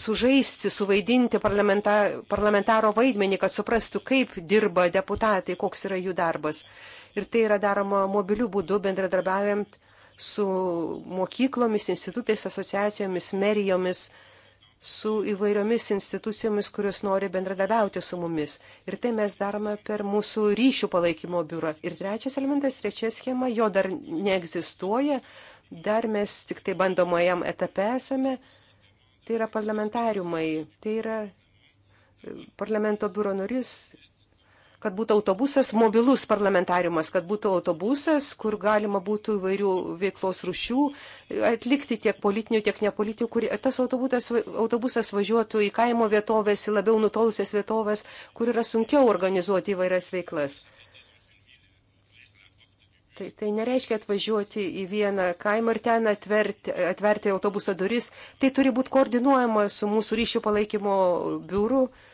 sužaisti, suvaidinti parlamenta, parlamentaro vaidmenį, kad suprastų, kaip dirba deputatai, koks yra jų darbas ir tai yra daroma mobilių būdų bendradarbiaujant su mokyklomis, institutais, asociacijomis, merijomis, su įvairiomis institucijomis, kurios nori bendradarbiauti su mumis. Ir tai mes darome per mūsų ryšių palaikymo biurą. Ir trečias elementas, trečia schema, jo dar neegzistuoja, dar mes tik tai bandomajam etape esame. Tai yra parlamentariumai, tai yra e, parlamento biuro narys kad būtų autobusas, mobilus parlamentariumas, kad būtų autobusas, kur galima būtų įvairių veiklos rušių atlikti tiek politinių, tiek nepolitinių, kur tas autobusas, autobusas važiuotų į kaimo vietovės, į labiau nutolusias vietovės, kur yra sunkiau organizuoti įvairias veiklas. Tai, tai nereiškia atvažiuoti į vieną kaimą ir ten atverti, atverti autobuso duris. Tai turi būti koordinuojama su mūsų ryšių palaikymo biuru. Uh,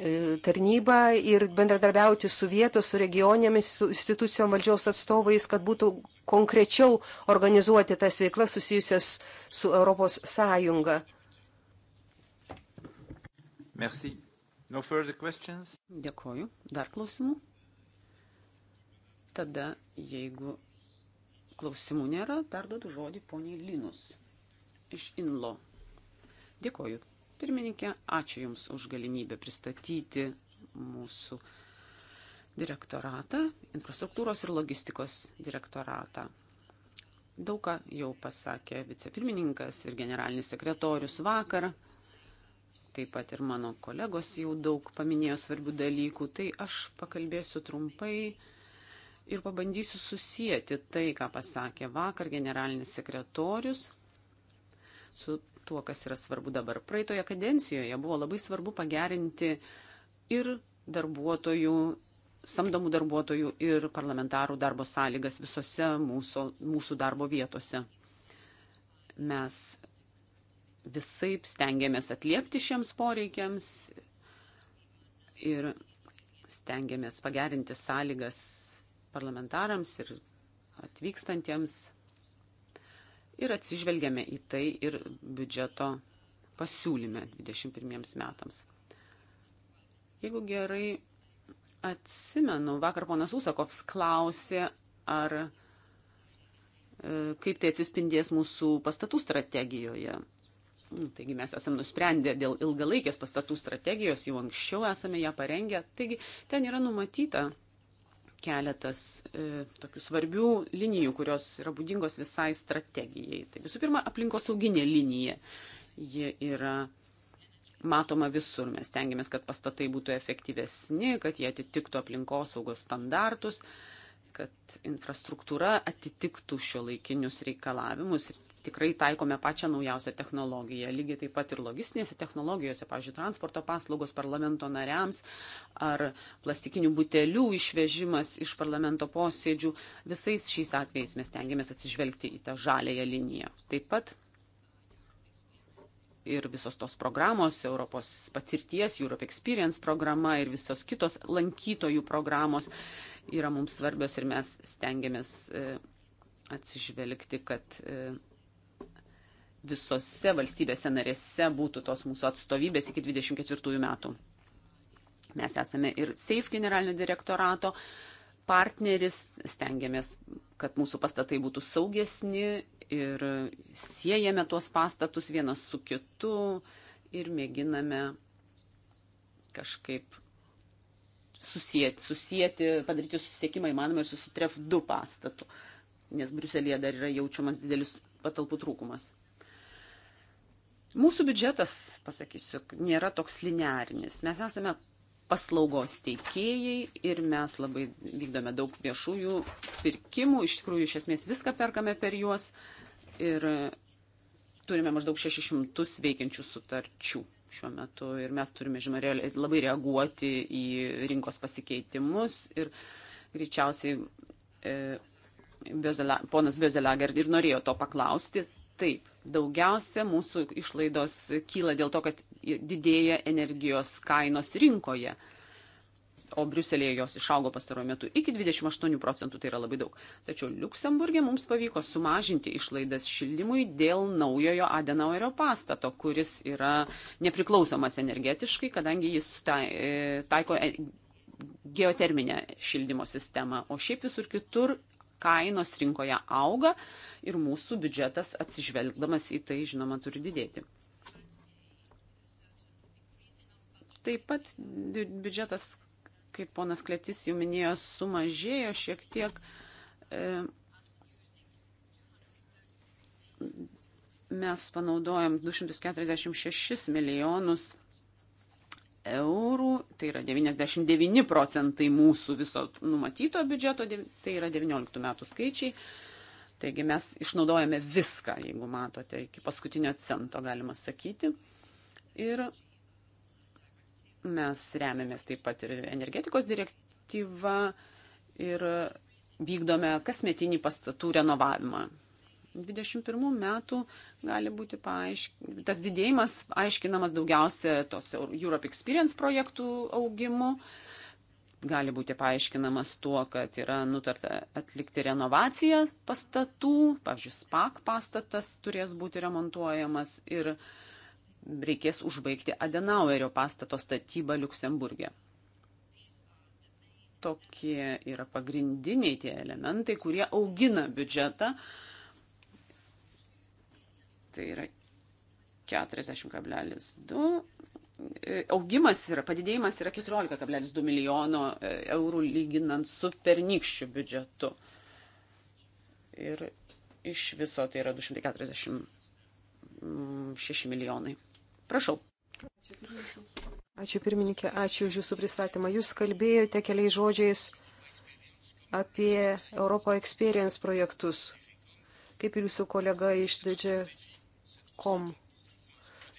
E, tarnybą ir bendradarbiauti su vietos, su regionėmis, su institucijom valdžios atstovais, kad būtų konkrečiau organizuoti tas veiklas susijusias su Europos Sąjunga. Merci. No further questions. Dėkoju. Dar klausimų? Tada, jeigu klausimų nėra, perduodu žodį poniai Linus iš Inlo. Dėkoju, Pirmininkė, ačiū Jums už galimybę pristatyti mūsų direktoratą, infrastruktūros ir logistikos direktoratą. Daug ką jau pasakė vicepirmininkas ir generalinis sekretorius vakar. Taip pat ir mano kolegos jau daug paminėjo svarbių dalykų. Tai aš pakalbėsiu trumpai ir pabandysiu susijęti tai, ką pasakė vakar generalinis sekretorius su tuo, kas yra svarbu dabar. Praeitoje kadencijoje buvo labai svarbu pagerinti ir darbuotojų, samdomų darbuotojų ir parlamentarų darbo sąlygas visose mūsų, mūsų darbo vietose. Mes visai stengiamės atliepti šiems poreikiams ir stengiamės pagerinti sąlygas parlamentarams ir atvykstantiems ir atsižvelgiame į tai ir biudžeto pasiūlyme 21 metams. Jeigu gerai atsimenu, vakar ponas Usakovs klausė, ar e, kaip tai atsispindės mūsų pastatų strategijoje. Nu, taigi mes esame nusprendę dėl ilgalaikės pastatų strategijos, jau anksčiau esame ją parengę. Taigi ten yra numatyta, keletas e, tokių svarbių linijų, kurios yra būdingos visai strategijai. Tai visų pirma, aplinkosauginė linija. Ji yra matoma visur. Mes tengiamės, kad pastatai būtų efektyvesni, kad jie atitiktų aplinkosaugos standartus, kad infrastruktūra atitiktų šio laikinius reikalavimus ir tikrai taikome pačią naujausią technologiją. Lygiai taip pat ir logistinėse technologijose, pavyzdžiui, transporto paslaugos parlamento nariams ar plastikinių butelių išvežimas iš parlamento posėdžių. Visais šiais atvejais mes tengiamės atsižvelgti į tą žalėją liniją. Taip pat ir visos tos programos, Europos patirties, Europe Experience programa ir visos kitos lankytojų programos yra mums svarbios ir mes stengiamės e, atsižvelgti, kad e, visose valstybėse narėse būtų tos mūsų atstovybės iki 24 metų. Mes esame ir SAFE generalinio direktorato partneris, stengiamės, kad mūsų pastatai būtų saugesni ir siejame tuos pastatus vienas su kitu ir mėginame kažkaip susijęti, susijęti padaryti susisiekimą įmanomą ir susitref du pastatų, nes Bruselėje dar yra jaučiamas didelis patalpų trūkumas. Mūsų biudžetas, pasakysiu, nėra toks linearinis. Mes esame paslaugos teikėjai ir mes labai vykdome daug viešųjų pirkimų, iš tikrųjų iš esmės viską perkame per juos ir turime maždaug 600 veikiančių sutarčių šiuo metu ir mes turime, žinoma, labai reaguoti į rinkos pasikeitimus ir greičiausiai e, Biozela, ponas Biozelager ir norėjo to paklausti, Taip, daugiausia mūsų išlaidos kyla dėl to, kad didėja energijos kainos rinkoje, o Briuselėje jos išaugo pastaruoju metu iki 28 procentų, tai yra labai daug. Tačiau Luksemburgė mums pavyko sumažinti išlaidas šildymui dėl naujojo Adenauerio pastato, kuris yra nepriklausomas energetiškai, kadangi jis e, taiko e, geoterminę šildymo sistemą, o šiaip visur kitur kainos rinkoje auga ir mūsų biudžetas atsižvelgdamas į tai, žinoma, turi didėti. Taip pat biudžetas, kaip ponas Kletis jau minėjo, sumažėjo šiek tiek. E, mes panaudojam 246 milijonus eurų, tai yra 99 procentai mūsų viso numatyto biudžeto, tai yra 19 metų skaičiai. Taigi mes išnaudojame viską, jeigu matote, iki paskutinio cento galima sakyti. Ir mes remiamės taip pat ir energetikos direktyva ir vykdome kasmetinį pastatų renovavimą. 21 metų gali būti paaiškinamas, tas didėjimas aiškinamas daugiausia tos Europe Experience projektų augimu, gali būti paaiškinamas tuo, kad yra nutarta atlikti renovaciją pastatų, pavyzdžiui, SPAC pastatas turės būti remontuojamas ir reikės užbaigti Adenauerio pastato statybą Luksemburgė tokie yra pagrindiniai tie elementai, kurie augina biudžetą tai yra 40,2. E, augimas yra, padidėjimas yra 14,2 milijono e, eurų lyginant su pernykščiu biudžetu. Ir iš viso tai yra 246 milijonai. Prašau. Ačiū pirmininkė, ačiū už Jūsų pristatymą. Jūs kalbėjote keliais žodžiais apie Europo Experience projektus. Kaip ir Jūsų kolega iš Didžiojo kom.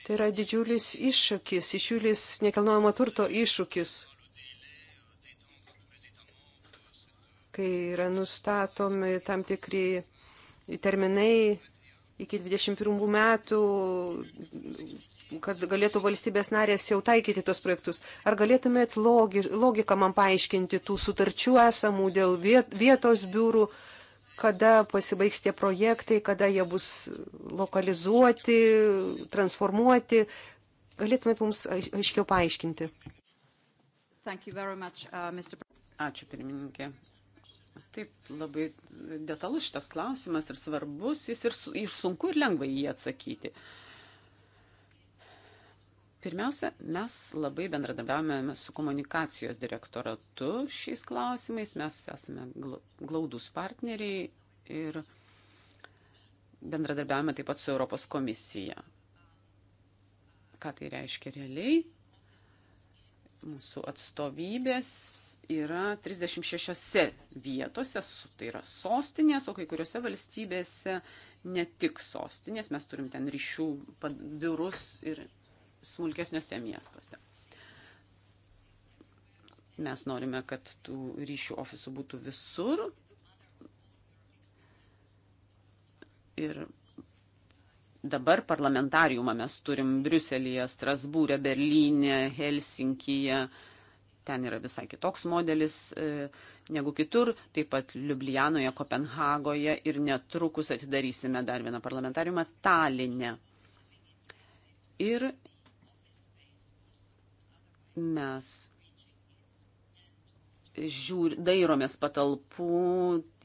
Tai yra didžiulis iššūkis, didžiulis nekilnojamo turto iššūkis, kai yra nustatomi tam tikri terminai iki 21 metų, kad galėtų valstybės narės jau taikyti tos projektus. Ar galėtumėt logiką man paaiškinti tų sutarčių esamų dėl vietos biurų? kada pasibaigs tie projektai, kada jie bus lokalizuoti, transformuoti. Galėtumėt mums aiškiau paaiškinti. Much, uh, Ačiū, pirmininkė. Taip, labai detalus šitas klausimas ir svarbus, jis ir, ir sunku ir lengva jį atsakyti. Uh, Pirmiausia, mes labai bendradarbiavame su komunikacijos direktoratu šiais klausimais, mes esame glaudus partneriai ir bendradarbiavame taip pat su Europos komisija. Ką tai reiškia realiai? Mūsų atstovybės yra 36 vietose, tai yra sostinės, o kai kuriuose valstybėse ne tik sostinės, mes turim ten ryšių biurus ir smulkesniuose miestuose. Mes norime, kad tų ryšių ofisų būtų visur. Ir dabar parlamentariumą mes turim Briuselėje, Strasbūrė, Berlyne, Helsinkyje. Ten yra visai kitoks modelis e, negu kitur, taip pat Ljubljanoje, Kopenhagoje ir netrukus atidarysime dar vieną parlamentariumą Taline. Ir mes žiūr, dairomės patalpų,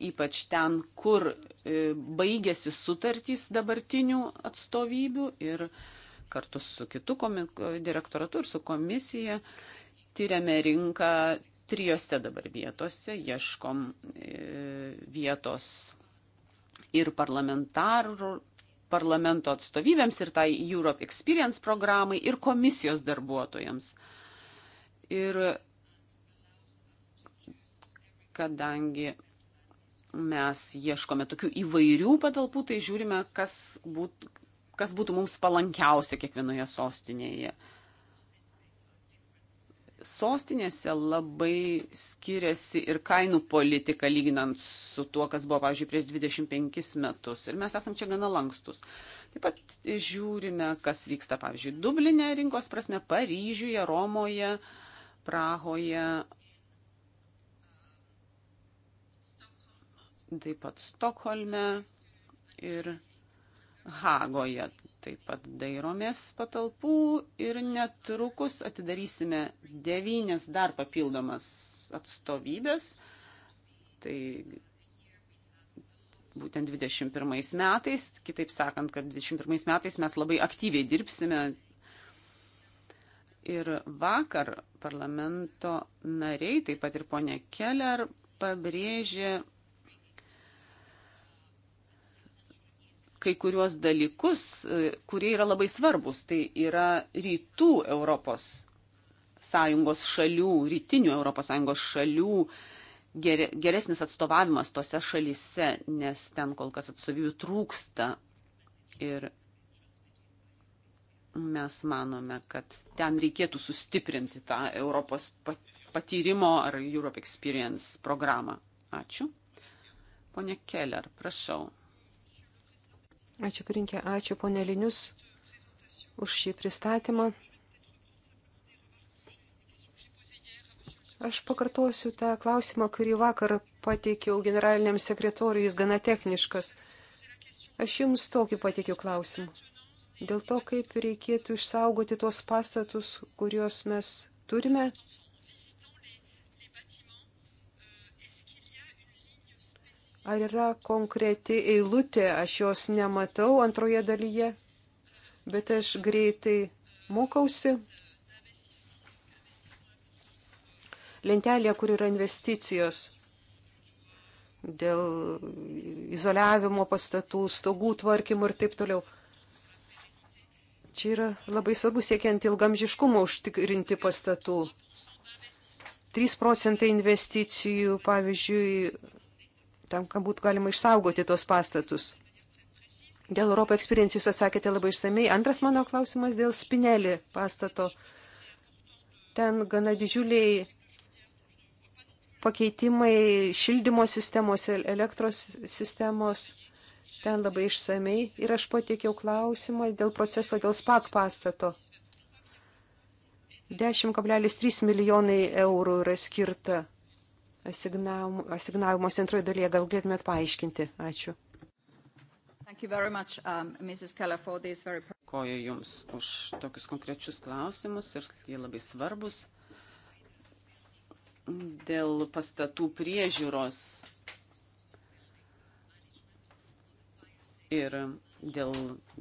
ypač ten, kur e, baigėsi sutartys dabartinių atstovybių ir kartu su kitu komiko, direktoratu ir su komisija tyriame rinką trijose dabar vietose, ieškom e, vietos ir parlamentarų parlamento atstovybėms ir tai Europe Experience programai ir komisijos darbuotojams. Uh, Ir kadangi mes ieškome tokių įvairių patalpų, tai žiūrime, kas būtų, kas būtų mums palankiausia kiekvienoje sostinėje. Sostinėse labai skiriasi ir kainų politika lyginant su tuo, kas buvo, pavyzdžiui, prieš 25 metus. Ir mes esam čia gana lankstus. Taip pat žiūrime, kas vyksta, pavyzdžiui, Dublinė rinkos prasme, Paryžiuje, Romoje. Uh, Prahoje, taip pat Stokholme ir Hagoje. Taip pat dairomės patalpų ir netrukus atidarysime devynės dar papildomas atstovybės. Tai būtent 21 metais, kitaip sakant, kad 21 metais mes labai aktyviai dirbsime. Ir vakar parlamento nariai, taip pat ir ponė Keller, pabrėžė kai kuriuos dalykus, e, kurie yra labai svarbus. Tai yra rytų Europos sąjungos šalių, rytinių Europos sąjungos šalių geresnis atstovavimas tose šalise, nes ten kol kas atstovybių trūksta. Ir mes manome, kad ten reikėtų sustiprinti tą Europos patyrimo ar Europe Experience programą. Ačiū. Pone Keller, prašau. Ačiū, pirinkė, ačiū, ponė Linius, už šį pristatymą. Aš pakartosiu tą klausimą, kurį vakar pateikiau generaliniam sekretoriui, jis gana techniškas. Aš jums tokį pateikiu klausimą dėl to, kaip reikėtų išsaugoti tuos pastatus, kuriuos mes turime. Ar yra konkreti eilutė, aš jos nematau antroje dalyje, bet aš greitai mokausi. Lentelė, kur yra investicijos dėl izoliavimo pastatų, stogų tvarkymų ir taip toliau. Čia yra labai svarbu siekiant ilgamžiškumo užtikrinti pastatų. 3 procentai investicijų, pavyzdžiui, tam, kad būtų galima išsaugoti tos pastatus. Dėl Europo eksperiencijų jūs atsakėte labai išsamei. Antras mano klausimas dėl spinelį pastato. Ten gana didžiuliai pakeitimai šildymo sistemos, elektros sistemos ten labai išsamei ir aš pateikiau klausimą dėl proceso dėl SPAK pastato. 10,3 milijonai eurų yra skirta asignavimo centroje dalyje. Gal galėtumėt paaiškinti? Ačiū. Um, Dėkoju Jums už tokius konkrečius klausimus ir jie labai svarbus. Dėl pastatų priežiūros ir dėl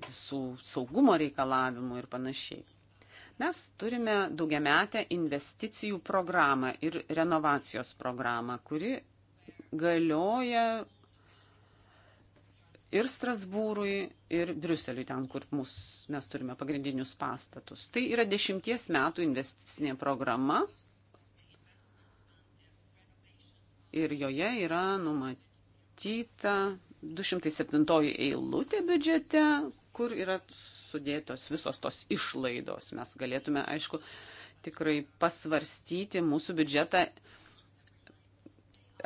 visų saugumo reikalavimų ir panašiai. Mes turime daugiametę investicijų programą ir renovacijos programą, kuri galioja ir Strasbūrui, ir Briuseliui, ten, kur mus, mes turime pagrindinius pastatus. Tai yra dešimties metų investicinė programa ir joje yra numatyta 207 eilutė biudžete, kur yra sudėtos visos tos išlaidos. Mes galėtume, aišku, tikrai pasvarstyti mūsų biudžetą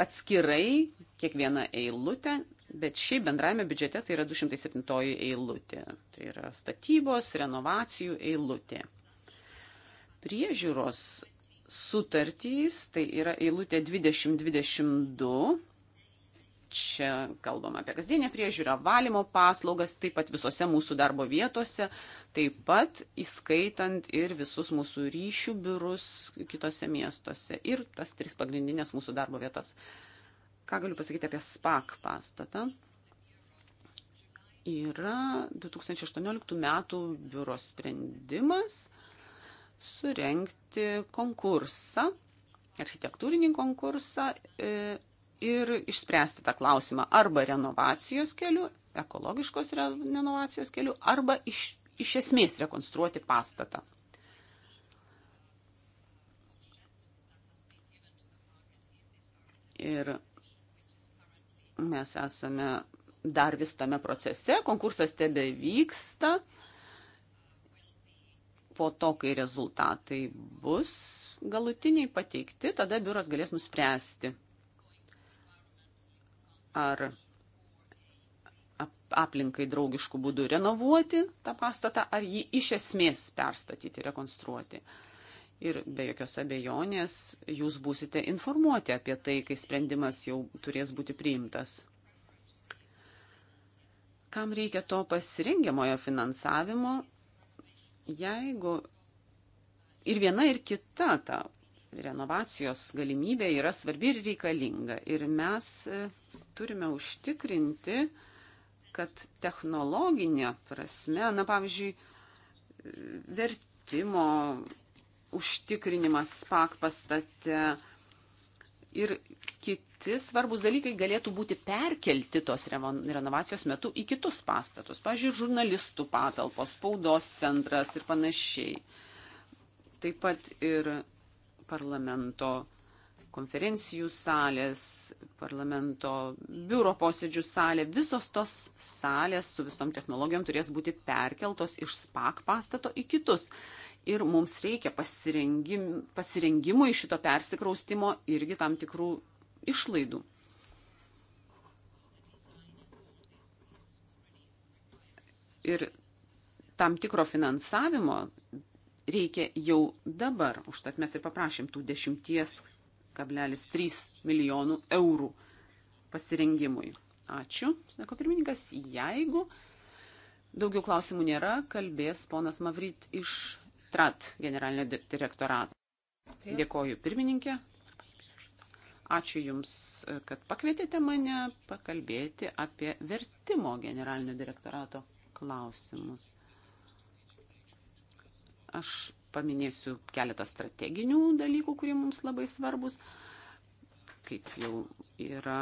atskirai, kiekvieną eilutę, bet šiaip bendraime biudžete tai yra 207 eilutė. Tai yra statybos, renovacijų eilutė. Priežiūros sutartys, tai yra eilutė 2022 Čia kalbam apie kasdienę priežiūrą, valymo paslaugas, taip pat visose mūsų darbo vietose, taip pat įskaitant ir visus mūsų ryšių biurus kitose miestuose ir tas tris pagrindinės mūsų darbo vietas. Ką galiu pasakyti apie SPAC pastatą? Yra 2018 metų biuro sprendimas surenkti konkursą architektūrinį konkursą e, ir išspręsti tą klausimą arba renovacijos keliu, ekologiškos renovacijos keliu, arba iš, iš esmės rekonstruoti pastatą. Ir mes esame dar vis tame procese, konkursas tebe vyksta. Po to, kai rezultatai bus galutiniai pateikti, tada biuras galės nuspręsti, ar aplinkai draugiškų būdų renovuoti tą pastatą, ar jį iš esmės perstatyti, rekonstruoti. Ir be jokios abejonės jūs būsite informuoti apie tai, kai sprendimas jau turės būti priimtas. Kam reikia to pasirengiamojo finansavimo, jeigu ir viena ir kita ta renovacijos galimybė yra svarbi ir reikalinga. Ir mes turime užtikrinti, kad technologinė prasme, na pavyzdžiui, vertimo užtikrinimas pak pastate ir kiti svarbus dalykai galėtų būti perkelti tos renovacijos metu į kitus pastatus. Pavyzdžiui, žurnalistų patalpos, spaudos centras ir panašiai. Taip pat ir parlamento konferencijų salės, parlamento biuro posėdžių salė, visos tos salės su visom technologijom turės būti perkeltos iš SPAK pastato į kitus. Ir mums reikia pasirengim, pasirengimui šito persikraustimo irgi tam tikrų išlaidų. Ir tam tikro finansavimo reikia jau dabar. Užtat mes ir paprašėm tų dešimties 1,3 milijonų eurų pasirengimui. Ačiū, sako pirmininkas. Jeigu daugiau klausimų nėra, kalbės ponas Mavryt iš TRAT generalinio direktorato. Dėkoju pirmininkė. Ačiū Jums, kad pakvietėte mane pakalbėti apie vertimo generalinio direktorato klausimus. Aš paminėsiu keletą strateginių dalykų, kurie mums labai svarbus. Kaip jau yra,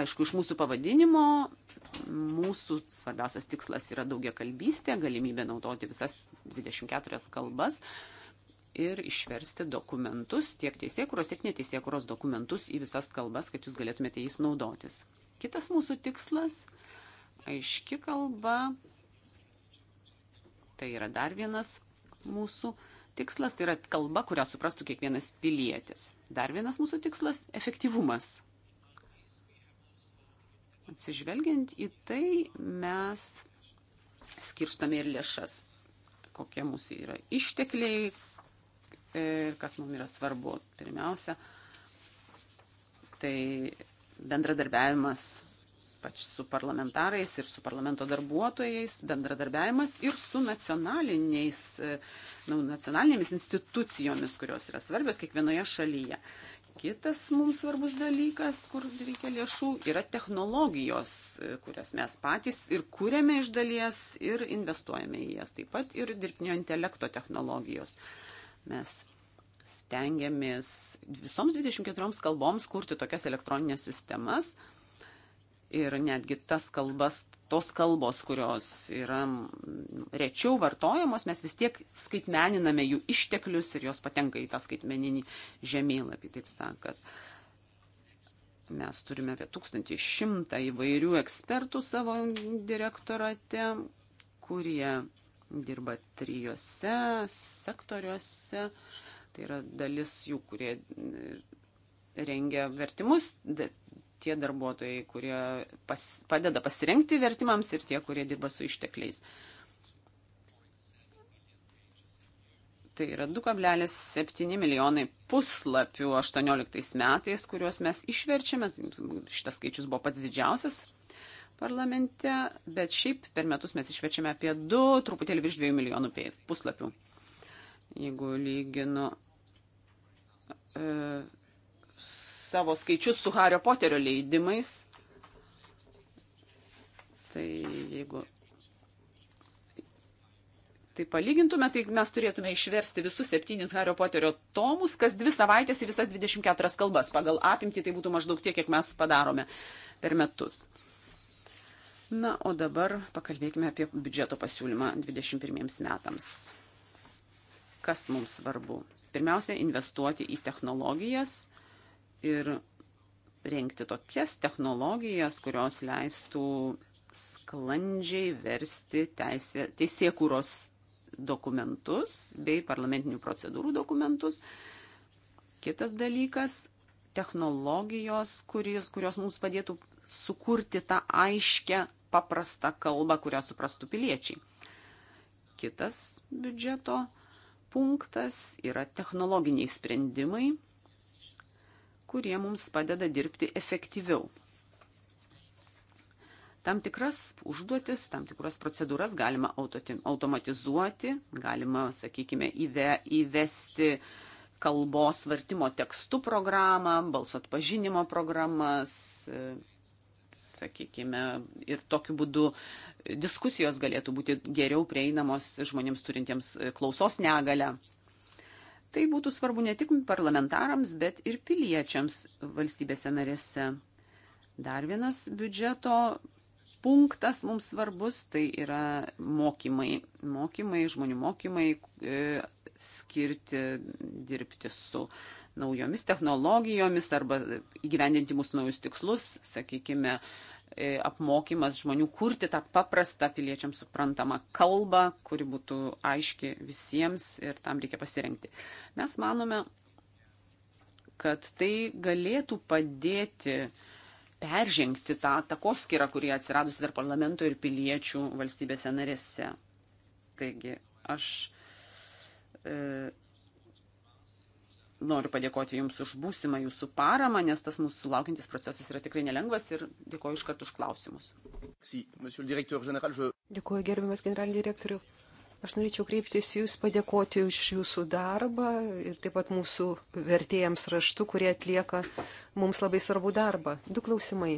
aišku, iš mūsų pavadinimo, mūsų svarbiausias tikslas yra daugia kalbystė, galimybė naudoti visas 24 kalbas ir išversti dokumentus, tiek teisėkuros, tiek neteisėkuros dokumentus į visas kalbas, kad jūs galėtumėte jais naudotis. Kitas mūsų tikslas - aiški kalba. Tai yra dar vienas mūsų tikslas, tai yra kalba, kurią suprastų kiekvienas pilietis. Dar vienas mūsų tikslas - efektyvumas. Atsižvelgiant į tai, mes skirstome ir lėšas, kokie mūsų yra ištekliai ir e, kas mums yra svarbu. Pirmiausia, tai bendradarbiavimas ypač su parlamentarais ir su parlamento darbuotojais, bendradarbiavimas ir su nacionaliniais, e, nu, nacionalinėmis institucijomis, kurios yra svarbios kiekvienoje šalyje. Kitas mums svarbus dalykas, kur reikia lėšų, yra technologijos, e, kurias mes patys ir kūrėme iš dalies ir investuojame į jas. Taip pat ir dirbtinio intelekto technologijos. Mes stengiamės visoms 24 kalboms kurti tokias elektroninės sistemas, ir netgi tas kalbas, tos kalbos, kurios yra rečiau vartojamos, mes vis tiek skaitmeniname jų išteklius ir jos patenka į tą skaitmeninį žemėlapį, taip sakant. Mes turime apie 1100 įvairių ekspertų savo direktorate, kurie dirba trijose sektoriuose. Tai yra dalis jų, kurie rengia vertimus, tie darbuotojai, kurie pas, padeda pasirinkti vertimams ir tie, kurie dirba su ištekliais. Tai yra 2,7 milijonai puslapių 18 metais, kuriuos mes išverčiame. Tai šitas skaičius buvo pats didžiausias parlamente, bet šiaip per metus mes išverčiame apie 2, truputėlį virš 2 milijonų puslapių. Jeigu lyginu e, savo skaičius su Hario Poterio leidimais. Tai jeigu tai palygintume, tai mes turėtume išversti visus septynis Hario Poterio tomus kas dvi savaitės į visas 24 kalbas. Pagal apimtį tai būtų maždaug tiek, kiek mes padarome per metus. Na, o dabar pakalbėkime apie biudžeto pasiūlymą 21 metams. Kas mums svarbu? Pirmiausia, investuoti į technologijas ir rengti tokias technologijas, kurios leistų sklandžiai versti teisė, teisėkūros dokumentus bei parlamentinių procedūrų dokumentus. Kitas dalykas - technologijos, kurios, kurios mums padėtų sukurti tą aiškę, paprastą kalbą, kurią suprastų piliečiai. Kitas biudžeto punktas yra technologiniai sprendimai kurie mums padeda dirbti efektyviau. Tam tikras užduotis, tam tikras procedūras galima automatizuoti, galima, sakykime, įve, įvesti kalbos vartimo tekstų programą, balso atpažinimo programas, e, sakykime, ir tokiu būdu diskusijos galėtų būti geriau prieinamos žmonėms turintiems e, klausos negalę. Tai būtų svarbu ne tik parlamentarams, bet ir piliečiams valstybėse narėse. Dar vienas biudžeto punktas mums svarbus tai yra mokymai. Mokymai, žmonių mokymai, e, skirti dirbti su naujomis technologijomis arba įgyvendinti mūsų naujus tikslus, sakykime, E, apmokymas žmonių kurti tą paprastą piliečiams suprantamą kalbą, kuri būtų aiški visiems ir tam reikia pasirengti. Mes manome, kad tai galėtų padėti peržengti tą takoskirą, kurie atsiradusi tarp parlamento ir piliečių valstybėse narėse. Taigi aš e, noriu padėkoti Jums už būsimą Jūsų paramą, nes tas mūsų laukiantis procesas yra tikrai nelengvas ir dėkoju iškart už klausimus. Dėkuoju gerbiamas generalinį direktorių. Aš norėčiau kreiptis Jūs padėkoti už Jūsų darbą ir taip pat mūsų vertėjams raštu, kurie atlieka mums labai svarbų darbą. Du klausimai.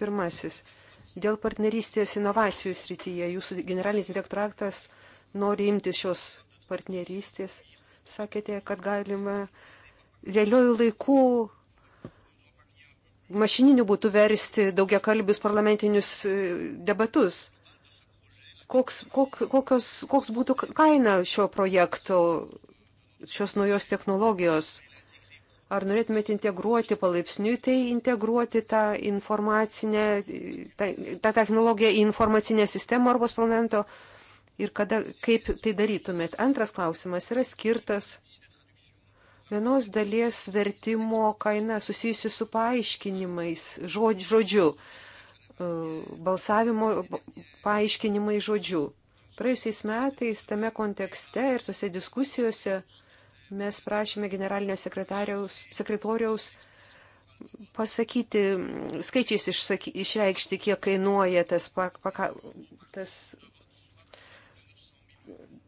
Pirmasis. Dėl partnerystės inovacijų srityje Jūsų generalinis direktoratas nori imti šios partnerystės sakėte, kad galima realiojų laikų mašininiu būtų versti daugia kalbius parlamentinius e, debatus. Koks, kok, kokios, koks būtų kaina šio projekto, šios naujos technologijos? Ar norėtumėte integruoti palaipsniui, tai integruoti tą informacinę, e, tą, tą technologiją į informacinę sistemą arba parlamento? Uh, ir kada, kaip tai darytumėt. Antras klausimas yra skirtas vienos dalies vertimo kaina susijusi su paaiškinimais žod, žodžiu, e, balsavimo paaiškinimai žodžiu. Praėjusiais metais tame kontekste ir tose diskusijose mes prašėme generalinio sekretoriaus pasakyti, skaičiais išsaky, išreikšti, kiek kainuoja tas, pa, pa, tas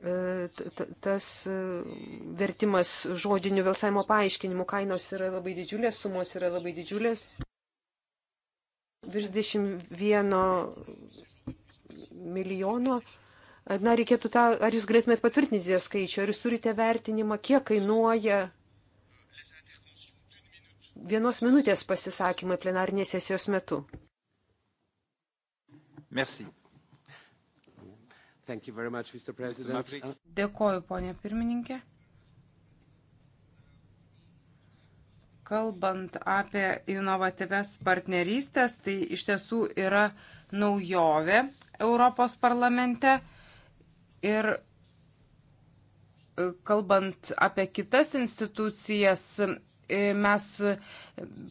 E, tas e, vertimas žodinių vėlsavimo paaiškinimų kainos yra labai didžiulės, sumos yra labai didžiulės. Virš 21 milijono. Na, reikėtų tą, ar jūs galėtumėt patvirtinti tą skaičių, ar jūs turite vertinimą, kiek kainuoja vienos minutės pasisakymai plenarinės sesijos metu. Merci. Much, uh, Dėkoju, ponė pirmininkė. Kalbant apie inovatyves partnerystės, tai iš tiesų yra naujovė Europos parlamente. Ir e, kalbant apie kitas institucijas, e, mes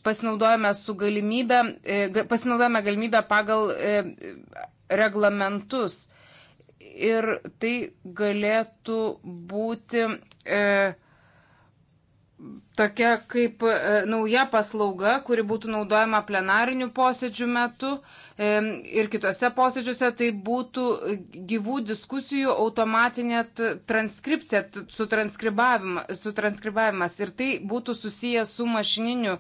pasinaudojame, galimybę, e, pasinaudojame galimybę pagal reglamentus ir tai galėtų būti e, tokia kaip e, nauja paslauga, kuri būtų naudojama plenarinių posėdžių metu e, ir kitose posėdžiuose, tai būtų gyvų diskusijų automatinė transkripcija, sutranskribavimas ir tai būtų susijęs su mašininiu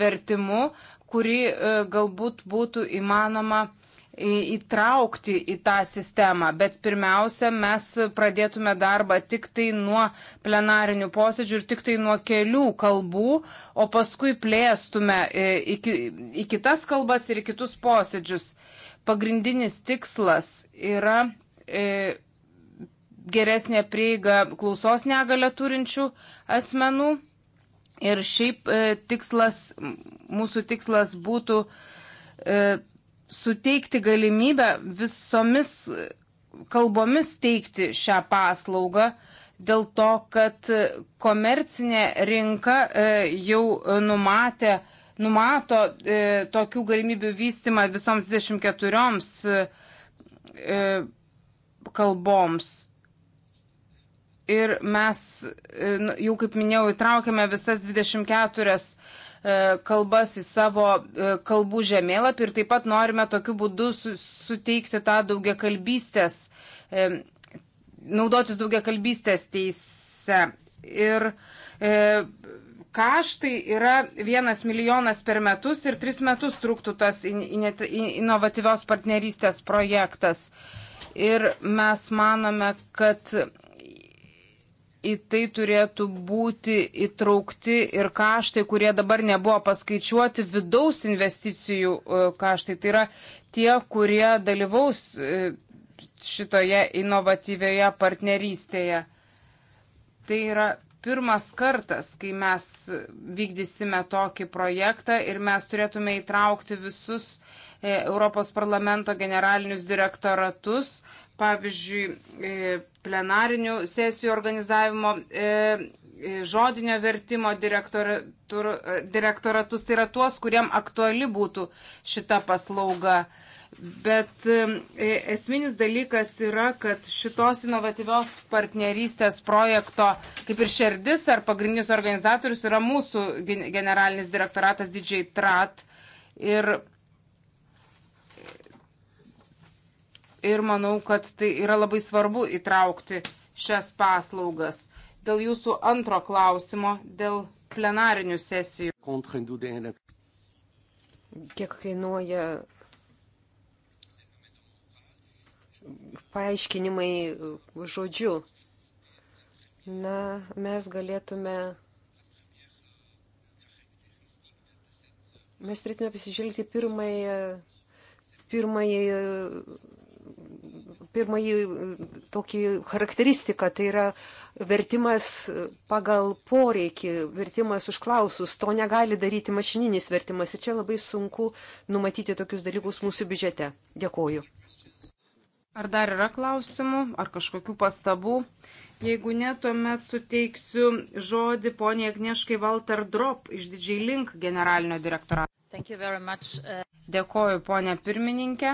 vertimu, kuri e, galbūt būtų įmanoma e, įtraukti į tą sistemą, bet pirmiausia, mes pradėtume darbą tik tai nuo plenarinių posėdžių ir tik tai nuo kelių kalbų, o paskui plėstume į, e, į kitas kalbas ir į kitus posėdžius. Pagrindinis tikslas yra e, geresnė prieiga klausos negalę turinčių asmenų. Ir šiaip e, tikslas, mūsų tikslas būtų e, suteikti galimybę visomis kalbomis teikti šią paslaugą dėl to, kad komercinė rinka e, jau numatė, numato e, tokių galimybių vystimą visoms 24 e, kalboms. Ir mes, nu, jau kaip minėjau, įtraukėme visas 24 E, kalbas į savo e, kalbų žemėlapį ir taip pat norime tokiu būdu suteikti tą daugiakalbystės, e, naudotis daugiakalbystės teise. Ir kaštai yra vienas milijonas per metus ir tris metus truktų tas inovatyvios partnerystės projektas. Ir mes manome, kad į tai turėtų būti įtraukti ir kaštai, kurie dabar nebuvo paskaičiuoti, vidaus investicijų e, kaštai. Tai yra tie, kurie dalyvaus e, šitoje inovatyvioje partnerystėje. Tai yra pirmas kartas, kai mes vykdysime tokį projektą ir mes turėtume įtraukti visus uh, E, Europos parlamento generalinius direktoratus, pavyzdžiui, e, plenarinių sesijų organizavimo e, žodinio vertimo direktoratus, tai yra tuos, kuriem aktuali būtų šita paslauga. Bet esminis dalykas yra, kad šitos inovatyvios partnerystės projekto, kaip ir šerdis ar pagrindinis organizatorius, yra mūsų generalinis direktoratas Didžiai Trat. Ir ir manau, kad tai yra labai svarbu įtraukti šias paslaugas. Dėl jūsų antro klausimo, dėl plenarinių sesijų. Kiek kainuoja paaiškinimai žodžiu? Na, mes galėtume mes turėtume pasižiūrėti pirmąją, pirmąją pirmąjį tokį charakteristiką, tai yra vertimas pagal poreikį, vertimas užklausus, to negali daryti mašininis vertimas ir čia labai sunku numatyti tokius dalykus mūsų biudžete. Dėkoju. Ar dar yra klausimų, ar kažkokių pastabų? Jeigu ne, tuomet suteiksiu žodį poniai Agnieškai Walter Drop iš Didžiai Link generalinio direktorato. Uh, Dėkoju, ponė pirmininkė.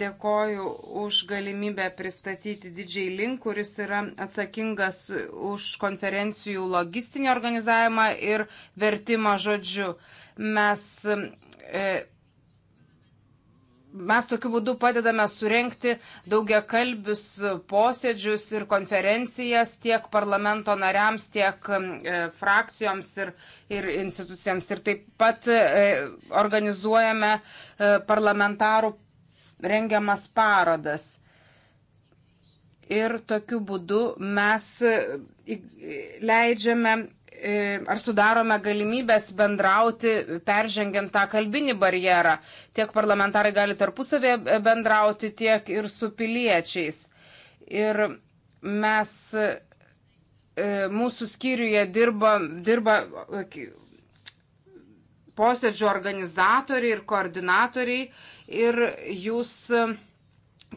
Dėkoju už galimybę pristatyti Didžiai Link, kuris yra atsakingas už konferencijų logistinį organizavimą ir vertimą žodžiu. Mes, e, mes tokiu būdu padedame surenkti daugia kalbius posėdžius ir konferencijas tiek parlamento nariams, tiek e, frakcijoms ir, ir institucijams. Ir taip pat e, organizuojame e, parlamentarų rengiamas parodas. Ir tokiu būdu mes e, leidžiame e, ar sudarome galimybės bendrauti, peržengiant tą kalbinį barjerą. Tiek parlamentarai gali tarpusavėje bendrauti, tiek ir su piliečiais. Ir mes e, mūsų skyriuje dirba, dirba posėdžių organizatoriai ir koordinatoriai ir jūs,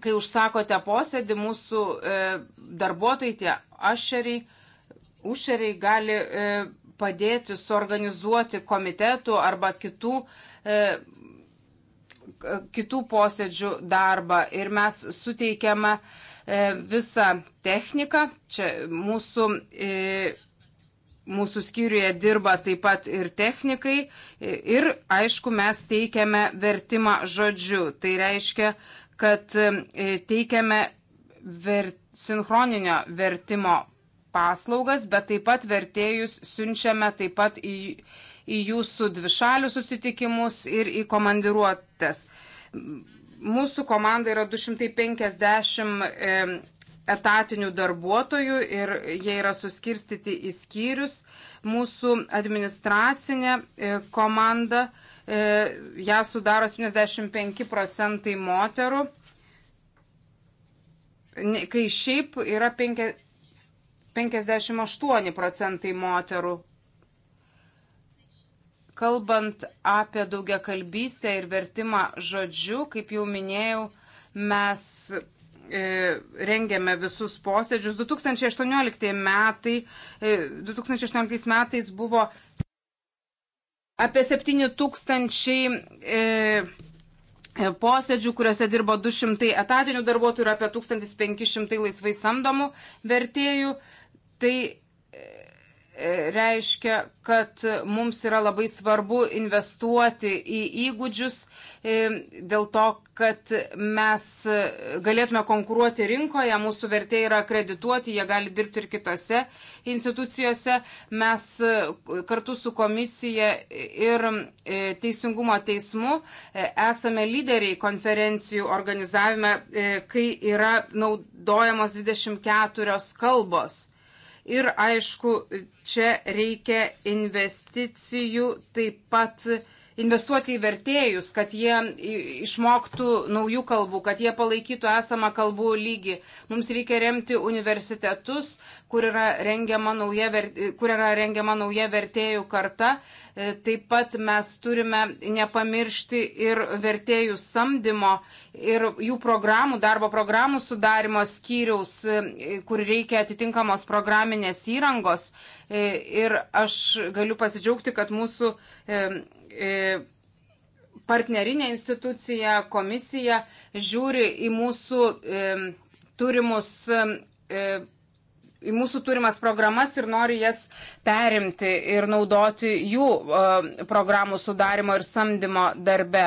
kai užsakote posėdį, mūsų e, darbuotojai, tie ašeriai, užšeriai gali e, padėti suorganizuoti komitetų arba kitų e, kitų posėdžių darbą ir mes suteikiame e, visą techniką. Čia mūsų e, Mūsų skyriuje dirba taip pat ir technikai ir, aišku, mes teikiame vertimą žodžiu. Tai reiškia, kad e, teikiame ver, sinchroninio vertimo paslaugas, bet taip pat vertėjus siunčiame taip pat į, į jūsų dvišalių susitikimus ir į komandiruotės. Mūsų komanda yra 250 e, etatinių darbuotojų ir jie yra suskirstyti į skyrius. Mūsų administracinė e, komanda, e, ją sudaro 75 procentai moterų, kai šiaip yra 58 procentai moterų. Kalbant apie daugia kalbystę ir vertimą žodžiu, kaip jau minėjau, mes E, rengėme visus posėdžius. 2018 metai, 2018 e, metais buvo apie 7 tūkstančiai e, posėdžių, kuriuose dirbo 200 etatinių darbuotojų ir apie 1500 laisvai samdomų vertėjų. Tai E, reiškia, kad mums yra labai svarbu investuoti į įgūdžius e, dėl to, kad mes galėtume konkuruoti rinkoje, mūsų vertė yra akredituoti, jie gali dirbti ir kitose institucijose. Mes e, kartu su komisija ir Teisingumo teismu esame lyderiai konferencijų organizavime, kai yra naudojamos 24 kalbos Ir aišku, čia reikia investicijų taip pat investuoti į vertėjus, kad jie išmoktų naujų kalbų, kad jie palaikytų esamą kalbų lygį. Mums reikia remti universitetus, kur yra rengiama nauja, kur yra rengiama nauja vertėjų karta. E, taip pat mes turime nepamiršti ir vertėjų samdymo ir jų programų, darbo programų sudarimo skyriaus, e, kur reikia atitinkamos programinės įrangos. E, ir aš galiu pasidžiaugti, kad mūsų e, e, partnerinė institucija, komisija žiūri į mūsų turimus į mūsų turimas programas ir nori jas perimti ir naudoti jų programų sudarimo ir samdymo darbe.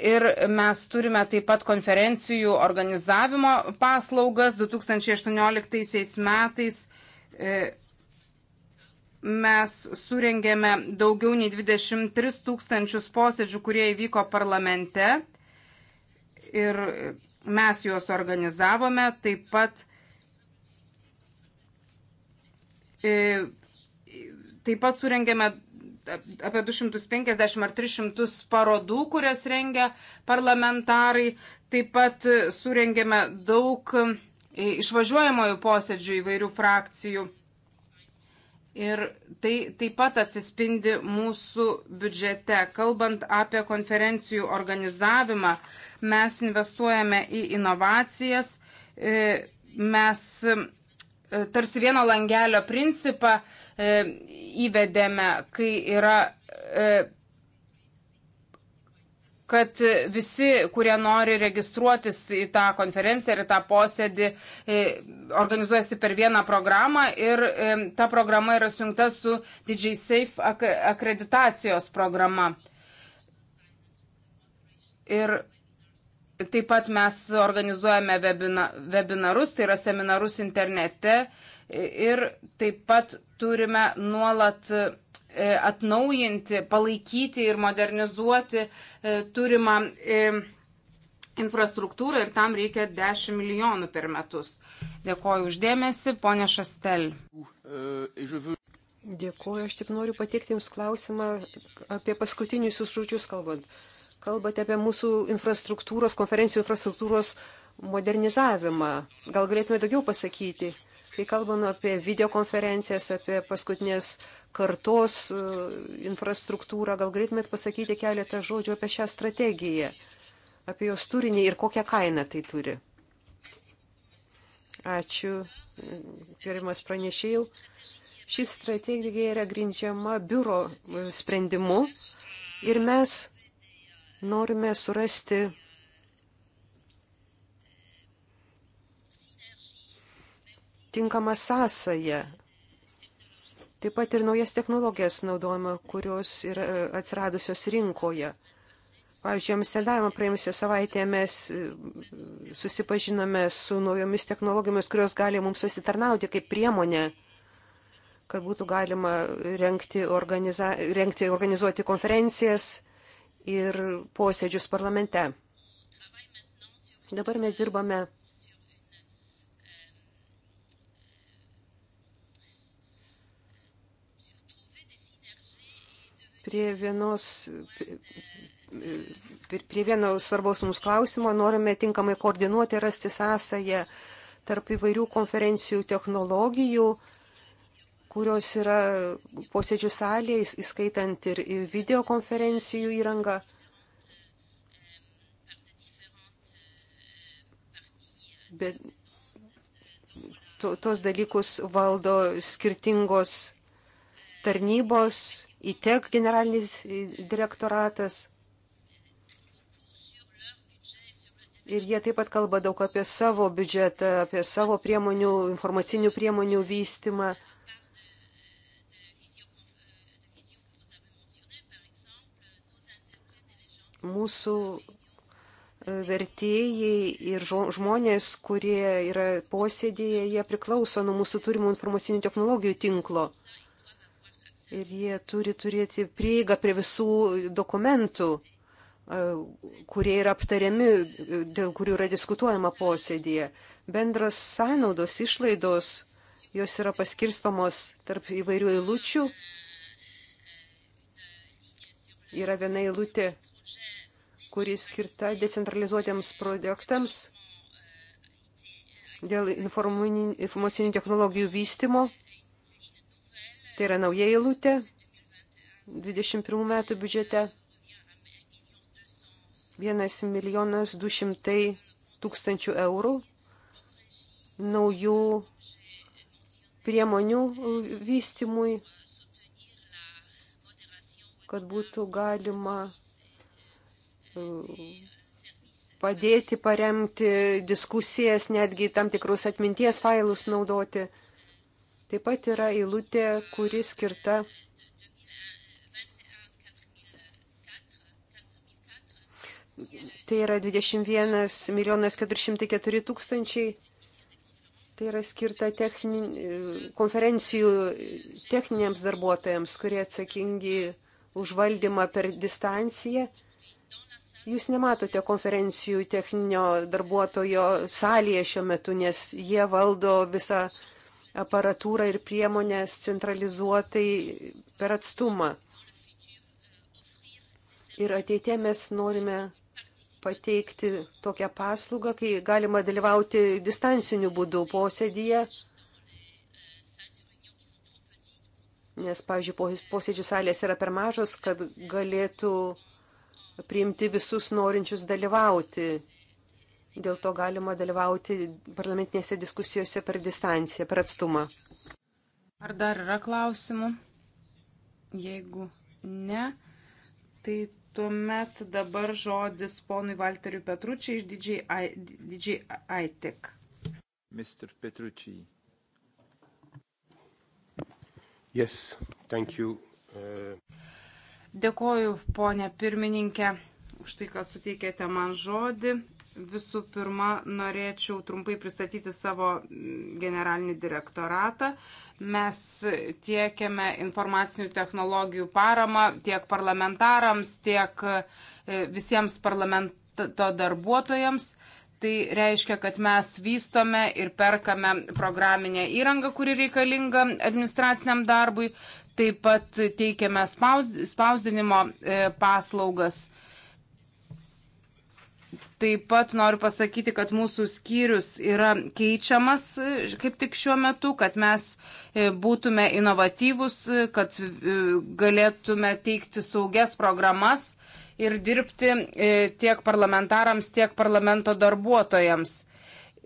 Ir mes turime taip pat konferencijų organizavimo paslaugas 2018 metais mes surengėme daugiau nei 23 tūkstančius posėdžių, kurie įvyko parlamente. Ir mes juos organizavome. Taip pat, e, taip pat surengėme apie 250 ar 300 parodų, kurias rengia parlamentarai. Taip pat surengėme daug e, išvažiuojamojų posėdžių įvairių frakcijų. Ir tai taip pat atsispindi mūsų biudžete. Kalbant apie konferencijų organizavimą, mes investuojame į inovacijas, e, mes e, tarsi vieno langelio principą e, įvedėme, kai yra kad visi, kurie nori registruotis į tą konferenciją ir tą posėdį, e, organizuojasi per vieną programą ir e, ta programa yra sujungta su Didžiai Safe akreditacijos programa. Ir taip pat mes organizuojame webina, webinarus, tai yra seminarus internete e, ir taip pat turime nuolat E, atnaujinti, palaikyti ir modernizuoti e, turimą e, infrastruktūrą ir tam reikia 10 milijonų per metus. Dėkoju uždėmesi, ponė Šastel. Dėkuoju, aš tik noriu pateikti Jums klausimą apie paskutinius Jūsų žodžius kalbant. Kalbate apie mūsų infrastruktūros, konferencijų infrastruktūros modernizavimą. Gal galėtume daugiau pasakyti? Kai kalbame apie videokonferencijas, apie paskutinės kartos e, infrastruktūrą. Gal galėtumėt pasakyti keletą žodžių apie šią strategiją, apie jos turinį ir kokią kainą tai turi. Ačiū, gerimas pranešėjau. Ši strategija yra grindžiama biuro e, sprendimu ir mes norime surasti tinkamą sąsają Taip pat ir naujas technologijas naudojama, kurios yra e, atsiradusios rinkoje. Pavyzdžiui, Amsterdame praėjusią savaitę mes e, susipažinome su naujomis technologijomis, kurios gali mums pasitarnauti kaip priemonė, kad būtų galima renkti, organiza... renkti organizuoti konferencijas ir posėdžius parlamente. Dabar mes dirbame prie vienos. Prie vieno svarbaus mums klausimo norime tinkamai koordinuoti, rasti sąsąją tarp įvairių konferencijų technologijų, kurios yra posėdžių salėje, įskaitant ir videokonferencijų įrangą. Bet to, tos dalykus valdo skirtingos tarnybos ITEC generalinis direktoratas. Ir jie taip pat kalba daug apie savo biudžetą, apie savo priemonių, informacinių priemonių vystimą. Mūsų e, vertėjai ir žmonės, kurie yra posėdėje, jie priklauso nuo mūsų turimų informacinių technologijų tinklo. Ir jie turi turėti prieigą prie visų dokumentų, e, kurie yra aptariami, e, dėl kurių yra diskutuojama posėdėje. Bendros sąnaudos, išlaidos, jos yra paskirstomos tarp įvairių eilučių. Yra viena eilutė, kuri skirta decentralizuotiems projektams dėl informacinių technologijų vystimo Tai yra nauja eilutė 21 metų biudžete. 1 milijonas 200 tūkstančių eurų naujų priemonių e, vystimui, kad būtų galima e, padėti, paremti diskusijas, netgi tam tikrus atminties failus naudoti. Taip pat yra eilutė, kuri skirta Tai yra 21 milijonas 404 tūkstančiai. Tai yra skirta techni, konferencijų techniniams darbuotojams, kurie atsakingi už valdymą per distanciją. Jūs nematote konferencijų techninio darbuotojo salėje šiuo metu, nes jie valdo visą aparatūrą ir priemonės centralizuotai per atstumą. Ir ateitie mes norime pateikti tokią paslaugą, kai galima dalyvauti distanciniu būdu posėdyje. Nes, pavyzdžiui, posėdžių salės yra per mažos, kad galėtų priimti visus norinčius dalyvauti dėl to galima dalyvauti parlamentinėse diskusijose per distanciją, per atstumą. Ar dar yra klausimų? Jeigu ne, tai tuomet dabar žodis ponui Valteriu Petručiai iš didžiai Aitik. Mr. Petručiai. Yes, thank you. Uh... Dėkoju, ponė pirmininkė, už tai, kad suteikėte man žodį. Visų pirma, norėčiau trumpai pristatyti savo generalinį direktoratą. Mes tiekiame informacinių technologijų paramą tiek parlamentarams, tiek e, visiems parlamento darbuotojams. Tai reiškia, kad mes vystome ir perkame programinę įrangą, kuri reikalinga administraciniam darbui. Taip pat teikiame spausdinimo e, paslaugas Taip pat noriu pasakyti, kad mūsų skyrius yra keičiamas e, kaip tik šiuo metu, kad mes e, būtume inovatyvus, e, kad galėtume teikti saugias programas ir dirbti tiek parlamentarams, tiek parlamento darbuotojams.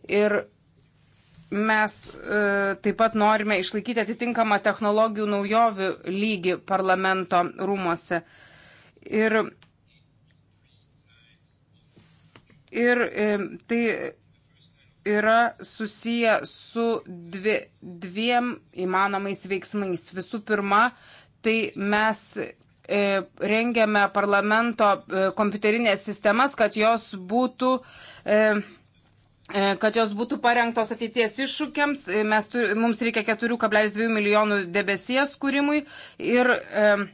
Ir mes taip pat norime išlaikyti atitinkamą technologijų naujovių lygį parlamento rūmose. Ir Ir e, tai yra susiję su dvi, dviem įmanomais veiksmais. Visų pirma, tai mes e, rengiame parlamento e, kompiuterinės sistemas, kad jos būtų kad jos būtų parengtos ateities iššūkiams. Mes tu, mums reikia 4,2 milijonų debesies kūrimui ir, ir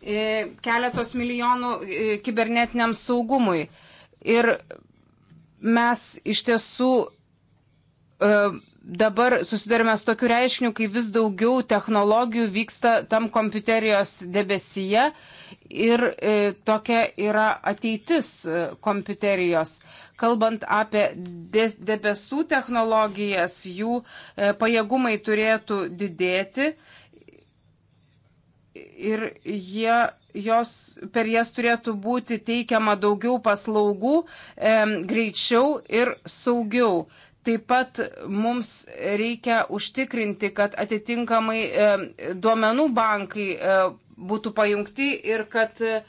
E, keletos milijonų e, kibernetiniam saugumui. Ir mes iš tiesų e, dabar susidarėme su tokiu reiškiniu, kai vis daugiau technologijų vyksta tam kompiuterijos debesyje ir e, tokia yra ateitis e, kompiuterijos. Kalbant apie de debesų technologijas, jų e, pajėgumai turėtų didėti ir jie, jos, per jas turėtų būti teikiama daugiau paslaugų, e, greičiau ir saugiau. Taip pat mums reikia užtikrinti, kad atitinkamai e, duomenų bankai e, būtų pajungti ir kad e,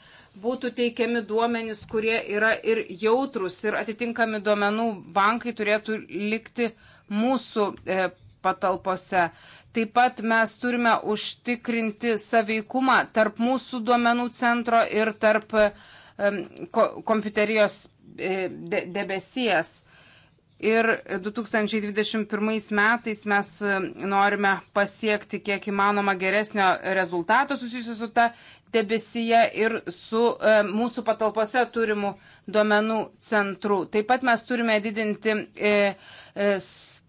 būtų teikiami duomenys, kurie yra ir jautrus ir atitinkami duomenų bankai turėtų likti mūsų e, patalpose. Taip pat mes turime užtikrinti saveikumą tarp mūsų duomenų centro ir tarp kompiuterijos e, debesies. Ir 2021 metais mes norime pasiekti kiek įmanoma geresnio rezultato susijusio su ta debesyje ir su e, mūsų patalpose turimų duomenų centrų. Taip pat mes turime didinti e, e,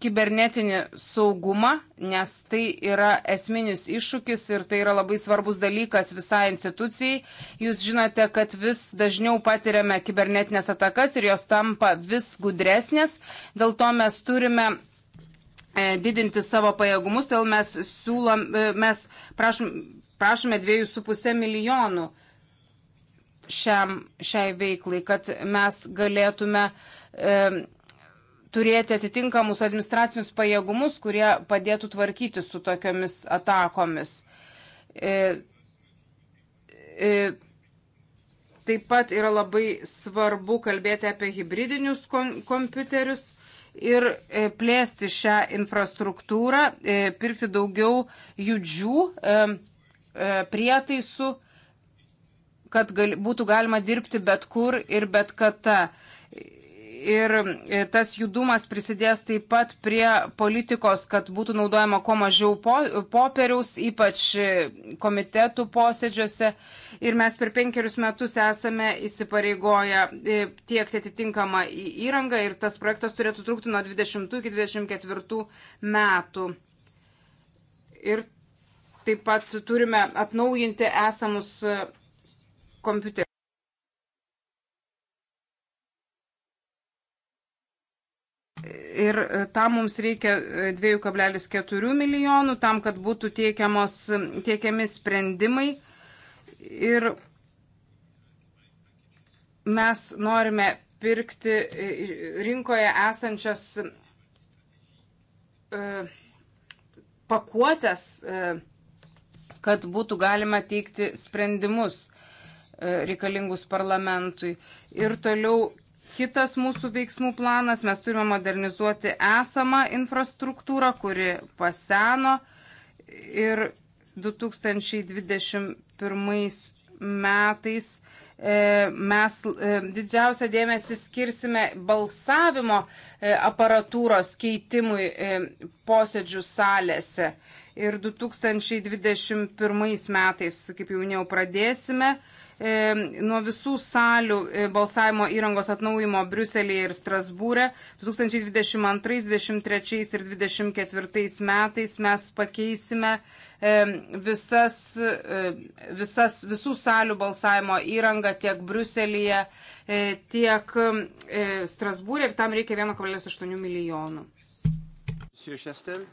kibernetinį saugumą, nes tai yra esminis iššūkis ir tai yra labai svarbus dalykas visai institucijai. Jūs žinote, kad vis dažniau patiriame kibernetinės atakas ir jos tampa vis gudresnės. Dėl to mes turime e, didinti savo pajėgumus, todėl mes siūlom, e, mes prašom prašome 2,5 milijonų šiam, šiai veiklai, kad mes galėtume e, turėti atitinkamus administracinius pajėgumus, kurie padėtų tvarkyti su tokiomis atakomis. E, e, taip pat yra labai svarbu kalbėti apie hybridinius kom kompiuterius ir e, plėsti šią infrastruktūrą, e, pirkti daugiau judžių. E, E, prietaisų, kad gal, būtų galima dirbti bet kur ir bet kada. Ir e, tas judumas prisidės taip pat prie politikos, kad būtų naudojama kuo mažiau po, popieriaus, ypač e, komitetų posėdžiuose. Ir mes per penkerius metus esame įsipareigoję tiekti atitinkamą įrangą ir tas projektas turėtų trukti nuo 20 iki 24 metų. Ir Taip pat turime atnaujinti esamus e, kompiuterius. Ir e, tam mums reikia 2,4 e, milijonų, tam, kad būtų tiekiamos, tiekiami sprendimai. Ir mes norime pirkti rinkoje esančias pakuotės kad būtų galima teikti sprendimus e, reikalingus parlamentui. Ir toliau kitas mūsų veiksmų planas, mes turime modernizuoti esamą infrastruktūrą, kuri paseno ir 2021 metais e, mes e, didžiausią dėmesį skirsime balsavimo aparatūros keitimui posėdžių salėse ir 2021 metais, kaip jau minėjau, pradėsime e, nuo visų salių e, balsavimo įrangos atnaujimo Briuselėje ir Strasbūre 2022, 2023 ir 2024 metais mes pakeisime e, visas, visas, visų salių balsavimo įrangą tiek Briuselėje, tiek Strasbūre ir tam reikia 1,8 milijonų. Monsieur Chastel.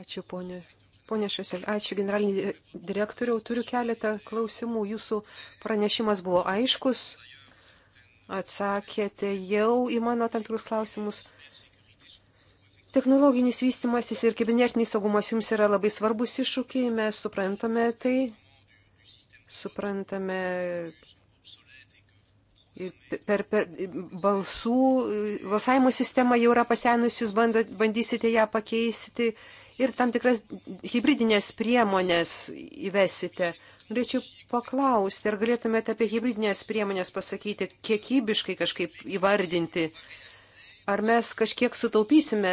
Ačiū, ponė. Pone Šasel, ačiū generalinį direktoriau. Turiu keletą klausimų. Jūsų pranešimas buvo aiškus. Atsakėte jau į mano tam tikrus klausimus. Technologinis vystimasis ir kibernetinis saugumas jums yra labai svarbus iššūkiai. Mes suprantame tai. Suprantame per, per balsų, e, balsavimo sistema jau yra pasenusi, jūs bandysite ją pakeisti ir tam tikras hybridinės priemonės įvesite. Norėčiau paklausti, ar galėtumėte apie hybridinės priemonės pasakyti, kiekybiškai kažkaip įvardinti, ar mes kažkiek sutaupysime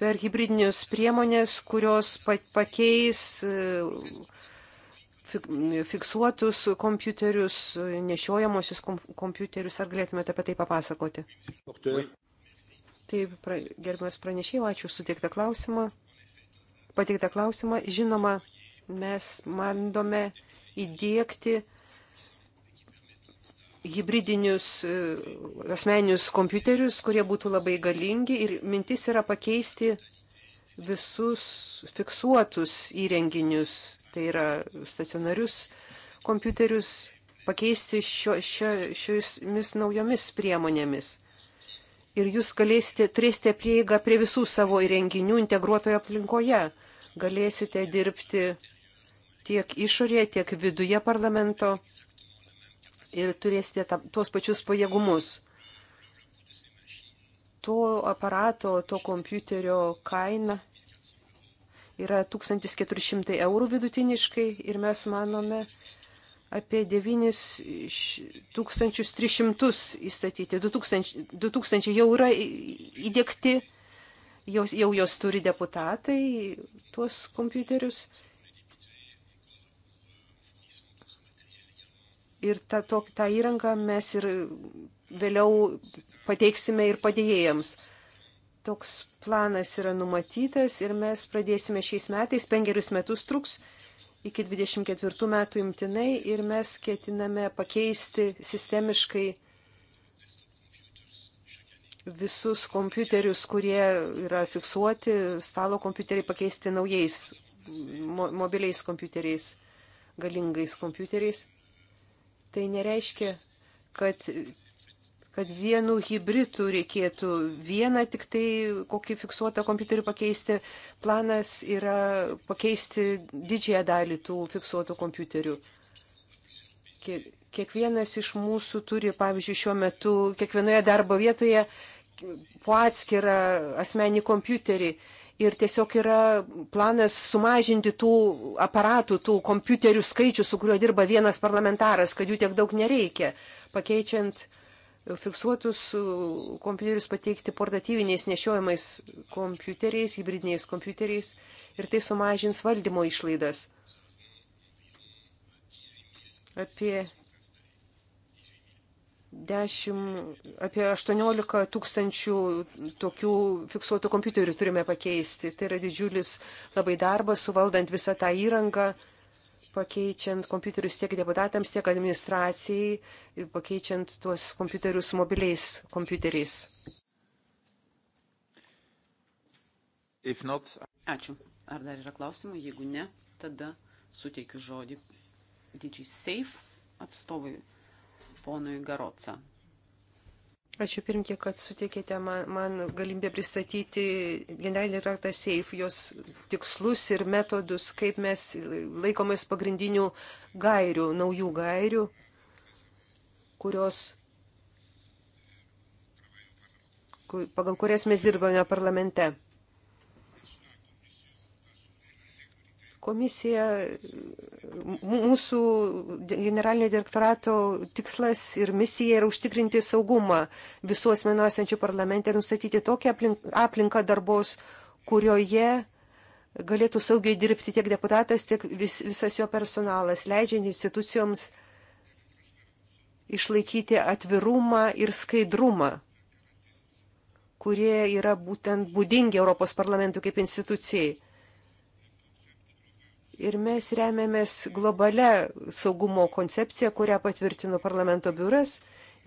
per hybridinius priemonės, kurios pakeis e, fiksuotus kompiuterius, nešiojamosius kompiuterius, ar galėtumėte apie tai papasakoti? Taip, pra, gerbiamas pranešėjau, ačiū sutiktą klausimą. Pateiktą klausimą. Žinoma, mes bandome įdėkti hybridinius e, asmeninius kompiuterius, kurie būtų labai galingi ir mintis yra pakeisti visus fiksuotus įrenginius, tai yra stacionarius kompiuterius, pakeisti šio, šio, šiomis naujomis priemonėmis ir jūs galėsite, turėsite prieigą prie visų savo įrenginių integruotoje aplinkoje. Galėsite dirbti tiek išorėje, tiek viduje parlamento ir turėsite ta, tuos pačius pajėgumus. To aparato, to kompiuterio kaina yra 1400 eurų vidutiniškai ir mes manome, apie 9300 įstatyti. 2000, 2000 jau yra įdėkti, jau, jau jos turi deputatai, tuos kompiuterius. Ir tą, to, tą įrangą mes ir vėliau pateiksime ir padėjėjams. Toks planas yra numatytas ir mes pradėsime šiais metais, penkerius metus truks iki 24 metų imtinai ir mes ketiname pakeisti sistemiškai visus kompiuterius, kurie yra fiksuoti, stalo kompiuteriai pakeisti naujais mo mobiliais kompiuteriais, galingais kompiuteriais. Tai nereiškia, kad kad vienu hybridu reikėtų vieną tik tai kokį fiksuotą kompiuterį pakeisti. Planas yra pakeisti didžiąją dalį tų fiksuotų kompiuterių. Kiekvienas iš mūsų turi, pavyzdžiui, šiuo metu kiekvienoje darbo vietoje po atskirą asmenį kompiuterį ir tiesiog yra planas sumažinti tų aparatų, tų kompiuterių skaičių, su kuriuo dirba vienas parlamentaras, kad jų tiek daug nereikia, pakeičiant uh, fiksuotus kompiuterius pateikti portatyviniais nešiojamais kompiuteriais, hybridiniais kompiuteriais ir tai sumažins valdymo išlaidas. Apie, 10, apie 18 tūkstančių tokių fiksuotų kompiuterių turime pakeisti. Tai yra didžiulis labai darbas suvaldant visą tą įrangą pakeičiant kompiuterius tiek deputatams, tiek administracijai, pakeičiant tuos kompiuterius mobiliais kompiuteriais. Not... Ačiū. Ar dar yra klausimų? Jeigu ne, tada suteikiu žodį didžiai safe atstovui ponui Garotsa. Ačiū pirmkė, kad sutikėte man, man galimybę pristatyti generalinį raktą SEIF, jos tikslus ir metodus, kaip mes laikomės pagrindinių gairių, naujų gairių, kurios, pagal kurias mes dirbame parlamente. Komisija, mūsų generalinio direktorato tikslas ir misija yra užtikrinti saugumą visų asmenų esančių parlamente ir nustatyti tokią aplinką darbos, kurioje galėtų saugiai dirbti tiek deputatas, tiek vis, visas jo personalas, leidžiant institucijoms išlaikyti atvirumą ir skaidrumą, kurie yra būtent būdingi Europos parlamentui kaip institucijai. Ir mes remiamės globale saugumo koncepcija, kurią patvirtino parlamento biuras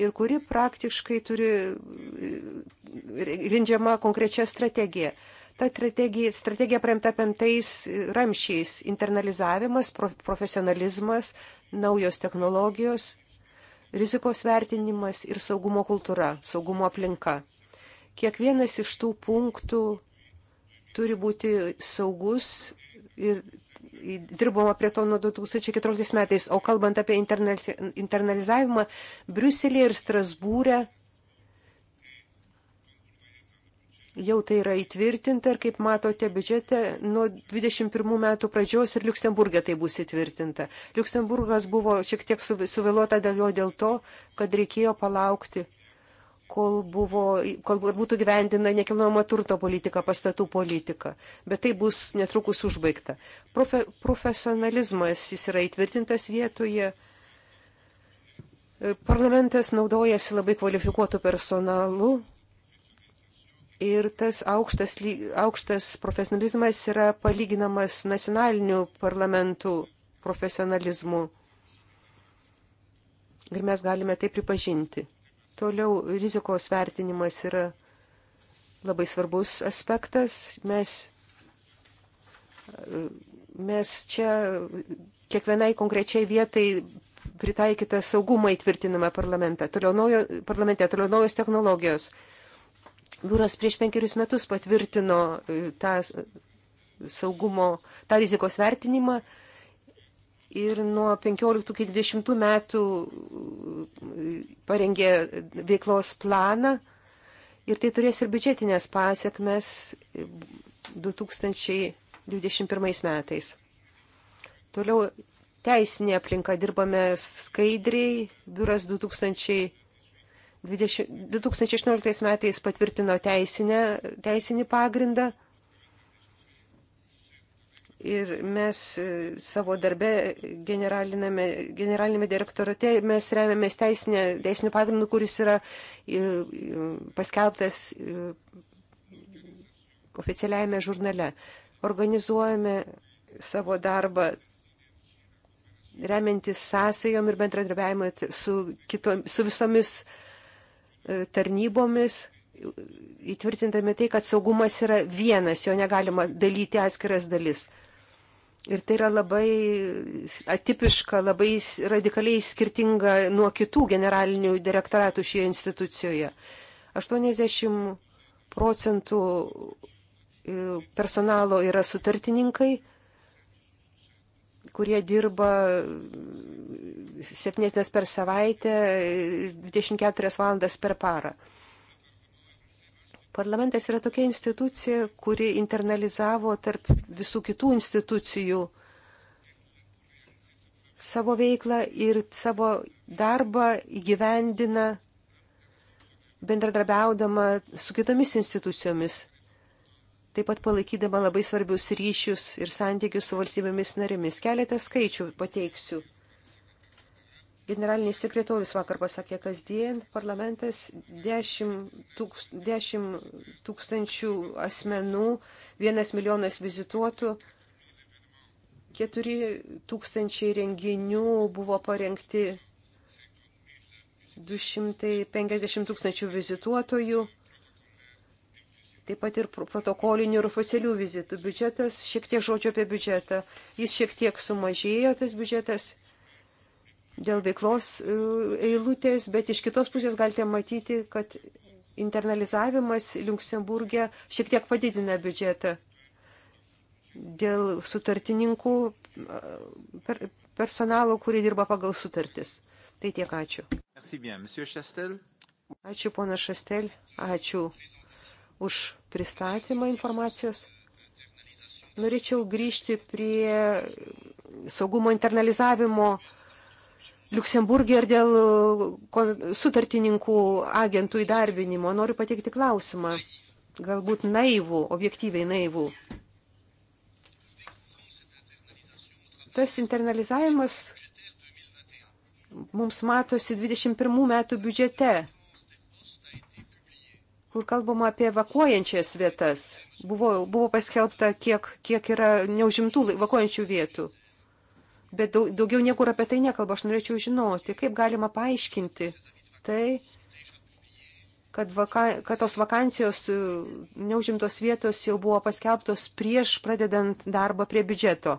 ir kuri praktiškai turi e, rindžiama konkrečia strategija. Ta strategija, strategija paremta pentais ramšiais - internalizavimas, profesionalizmas, naujos technologijos, rizikos vertinimas ir saugumo kultūra, saugumo aplinka. Kiekvienas iš tų punktų turi būti saugus ir dirbama prie to nuo 2014 metais, o kalbant apie internalizavimą, Briuselėje ir Strasbūrė jau tai yra įtvirtinta ir kaip matote biudžete nuo 21 metų pradžios ir Luksemburgė tai bus įtvirtinta. Luksemburgas buvo šiek tiek suvėluota dėl jo dėl to, kad reikėjo palaukti kol, buvo, kol būtų gyvendina nekilnojama turto politika, pastatų politika. Bet tai bus netrukus užbaigta. Profe, profesionalizmas jis yra įtvirtintas vietoje. Parlamentas naudojasi labai kvalifikuotų personalų ir tas aukštas, aukštas profesionalizmas yra palyginamas su nacionaliniu parlamentu profesionalizmu. Ir mes galime tai pripažinti. Toliau rizikos vertinimas yra labai svarbus aspektas. Mes, mes čia kiekvienai konkrečiai vietai pritaikytą saugumą įtvirtiname parlamente. Toliau, naujo, parlamente. toliau naujos technologijos. Biuras prieš penkerius metus patvirtino e, tą saugumo, tą rizikos vertinimą ir nuo 15 iki 20 metų e, parengė veiklos planą ir tai turės ir biudžetinės pasiekmes 2021 e, metais. Toliau teisinė aplinka dirbame skaidriai, biuras 2000. 20, 2016 metais patvirtino teisinę, teisinį pagrindą Ir mes e, savo darbe generalinėme direktorate mes remiamės teisinė, teisiniu pagrindu, kuris yra e, e, paskelbtas oficialiajame žurnale. Organizuojame savo darbą remiantis sąsajom ir bendradarbiavimą su, kito, su visomis tarnybomis, įtvirtindami tai, kad saugumas yra vienas, jo negalima dalyti atskiras dalis. Ir tai yra labai atipiška, labai radikaliai skirtinga nuo kitų generalinių direktoratų šioje institucijoje. 80 procentų e, personalo yra sutartininkai, kurie dirba 7 dienas per savaitę, 24 valandas per parą. Parlamentas yra tokia institucija, kuri internalizavo tarp visų kitų institucijų savo veiklą ir savo darbą įgyvendina bendradarbiaudama su kitomis institucijomis, taip pat palaikydama labai svarbius ryšius ir santykius su valstybėmis narimis. Keletą skaičių pateiksiu. Generalinis sekretorius vakar pasakė, kasdien parlamentas 10, tūks, 10 tūkstančių asmenų, 1 milijonas vizituotų, 4 tūkstančiai renginių buvo parengti 250 tūkstančių vizituotojų, taip pat ir protokolinių ir oficialių vizitų biudžetas, šiek tiek žodžio apie biudžetą, jis šiek tiek sumažėjo tas biudžetas, dėl veiklos e, eilutės, bet iš kitos pusės galite matyti, kad internalizavimas Luxemburgė šiek tiek padidina biudžetą dėl sutartininkų e, per, personalo, kurie dirba pagal sutartis. Tai tiek ačiū. Ačiū, pona Šastel. Ačiū už pristatymą informacijos. Norėčiau grįžti prie saugumo internalizavimo uh, Luksemburgė ir dėl uh, sutartininkų agentų įdarbinimo. Noriu pateikti klausimą. Galbūt naivų, objektyviai naivų. Tas internalizavimas mums matosi 21 metų biudžete, kur kalbama apie evakuojančias vietas. Buvo, buvo paskelbta, kiek, kiek yra neužimtų evakuojančių vietų bet daugiau niekur apie tai nekalba. Aš norėčiau žinoti, kaip galima paaiškinti tai, kad, vaka, kad tos vakancijos e, neužimtos vietos jau buvo paskelbtos prieš pradedant darbą prie biudžeto.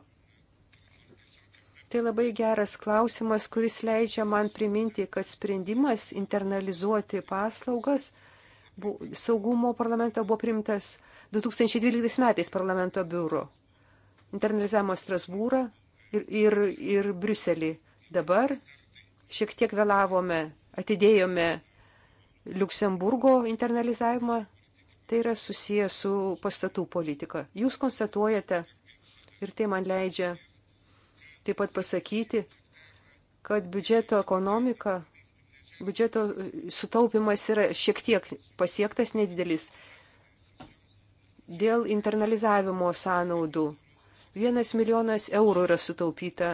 Tai labai geras klausimas, kuris leidžia man priminti, kad sprendimas internalizuoti paslaugas bu, saugumo parlamento buvo primtas 2012 metais parlamento biuro. Internalizavimo Strasbūrą ir, ir, ir Briuselį. Dabar šiek tiek vėlavome, atidėjome Luksemburgo internalizavimą. Tai yra susiję su pastatų politika. Jūs konstatuojate, ir tai man leidžia taip pat pasakyti, kad biudžeto ekonomika, biudžeto sutaupimas yra šiek tiek pasiektas nedidelis dėl internalizavimo sąnaudų Vienas milijonas eurų yra sutaupyta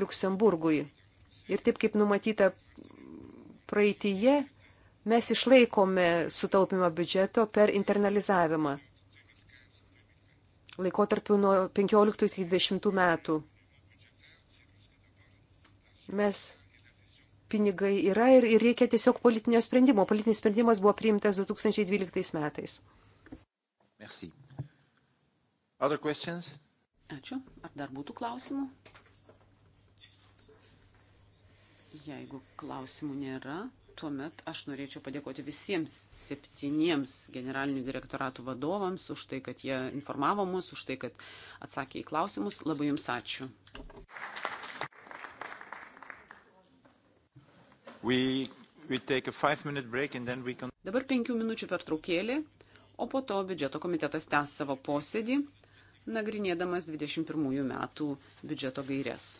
Luksemburgui. Ir taip kaip numatyta praeitįje, mes išlaikome sutaupimą biudžeto per internalizavimą laikotarpiu nuo 15 iki 20 metų. Mes pinigai yra ir, ir reikia tiesiog politinio sprendimo. Politinis sprendimas buvo priimtas 2012 metais. Merci. Other questions? Ačiū. Ar dar būtų klausimų? Jeigu klausimų nėra, tuomet aš norėčiau padėkoti visiems septyniems generalinių direktoratų vadovams už tai, kad jie informavo mus, už tai, kad atsakė į klausimus. Labai Jums ačiū. We, we can... Dabar penkių minučių pertraukėlė, o po to biudžeto komitetas tęs savo posėdį nagrinėdamas 21 metų biudžeto gairias.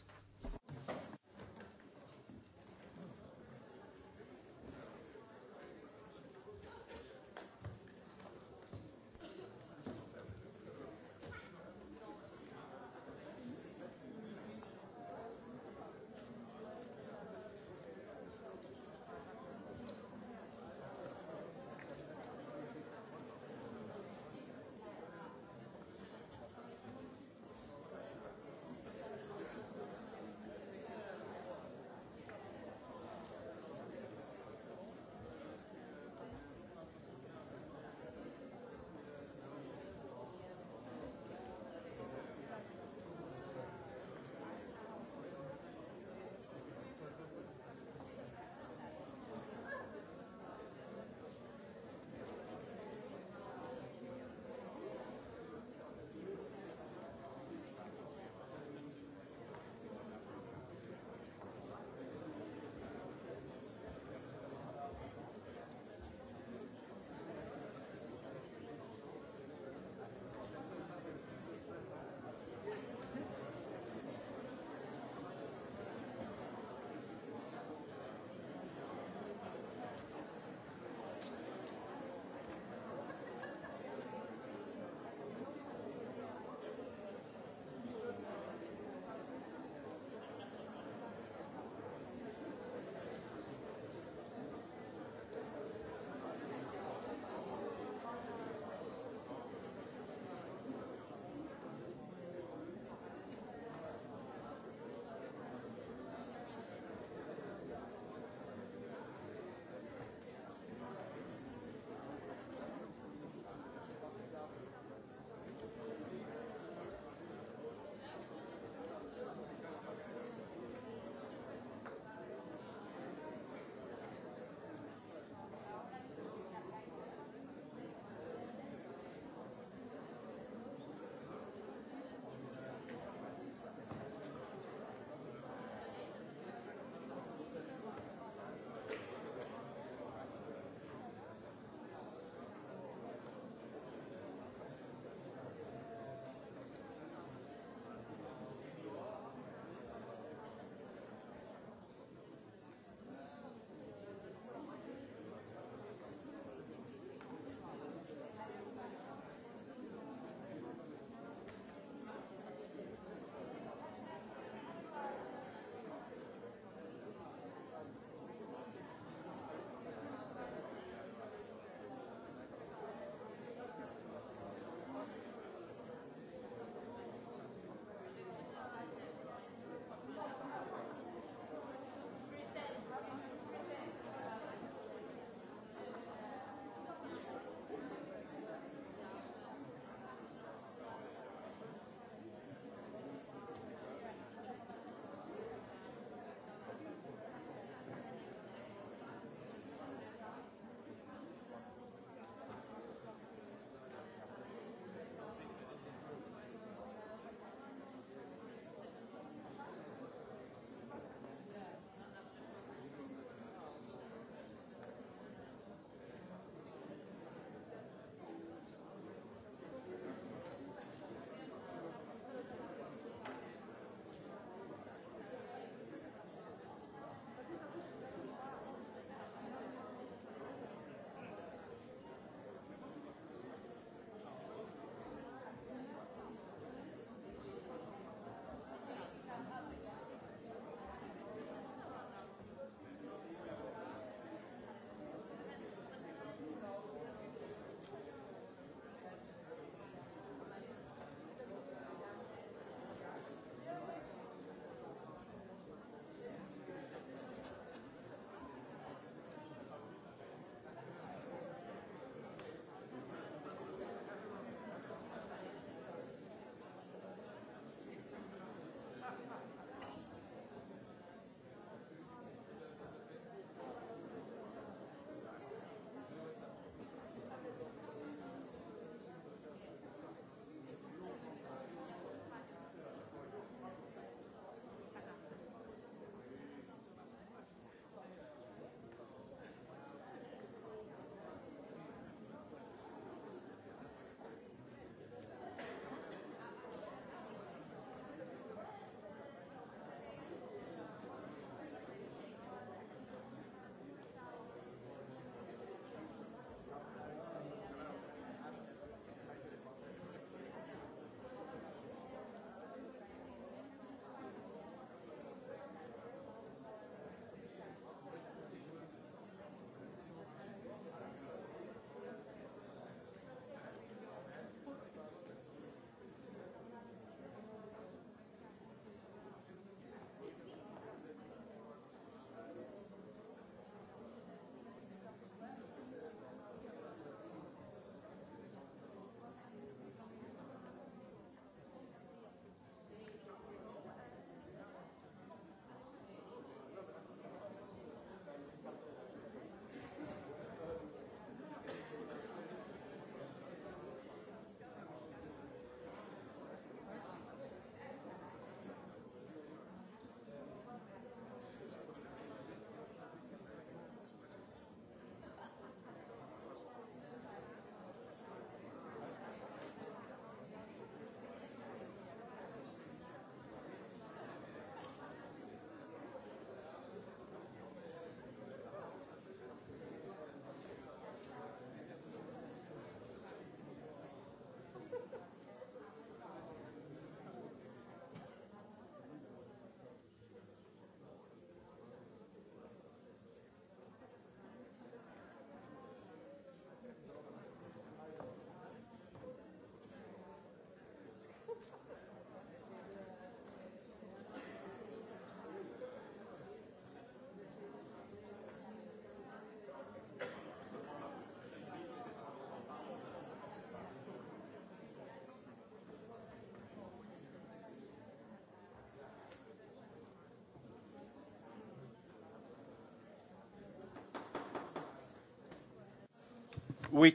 Uh,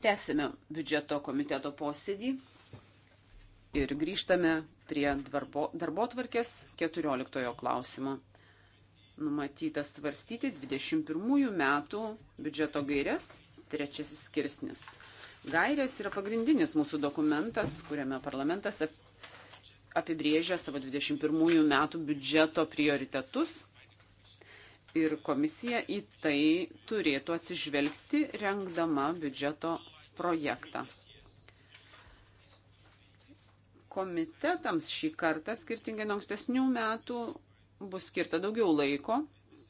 Tęsime biudžeto komiteto posėdį ir grįžtame prie darbo, darbo tvarkės 14 klausimo. Numatytas svarstyti 21 metų biudžeto gairias, trečiasis skirsnis. Gairės yra pagrindinis mūsų dokumentas, kuriame parlamentas apibrėžia savo 21 metų biudžeto prioritetus ir komisija į tai turėtų atsižvelgti rengdama biudžeto projektą. Komitetams šį kartą, skirtingai nuo ankstesnių metų, bus skirta daugiau laiko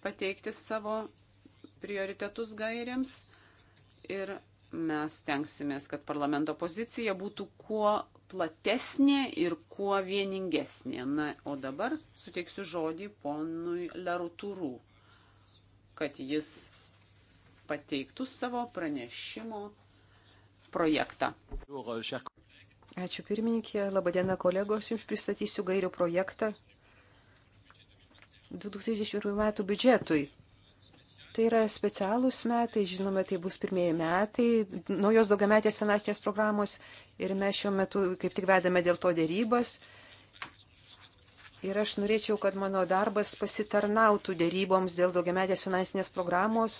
pateikti savo prioritetus gairėms ir mes tenksimės, kad parlamento pozicija būtų kuo platesnė ir kuo vieningesnė. Na, o dabar suteiksiu žodį ponui Lerutūrų kad jis pateiktų savo pranešimo projektą. Ačiū pirmininkė, labadiena kolegos, jums pristatysiu gairių projektą 2021 metų biudžetui. Tai yra specialūs metai, žinome, tai bus pirmieji metai naujos daugiametės finansinės programos ir mes šiuo metu kaip tik vedame dėl to dėrybas. Ir aš norėčiau, kad mano darbas pasitarnautų dėryboms dėl daugiametės finansinės programos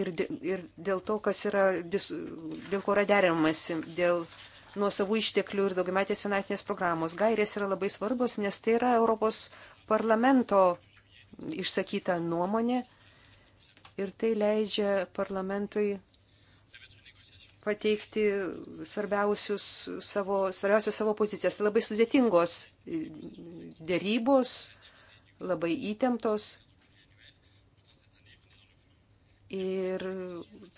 ir, ir dėl to, kas yra, dėl ko yra deramasi, dėl nuosavų išteklių ir daugiametės finansinės programos. Gairės yra labai svarbos, nes tai yra Europos parlamento išsakyta nuomonė ir tai leidžia parlamentui pateikti svarbiausius savo, svarbiausias savo pozicijas. Tai labai sudėtingos dėrybos, labai įtemptos. Ir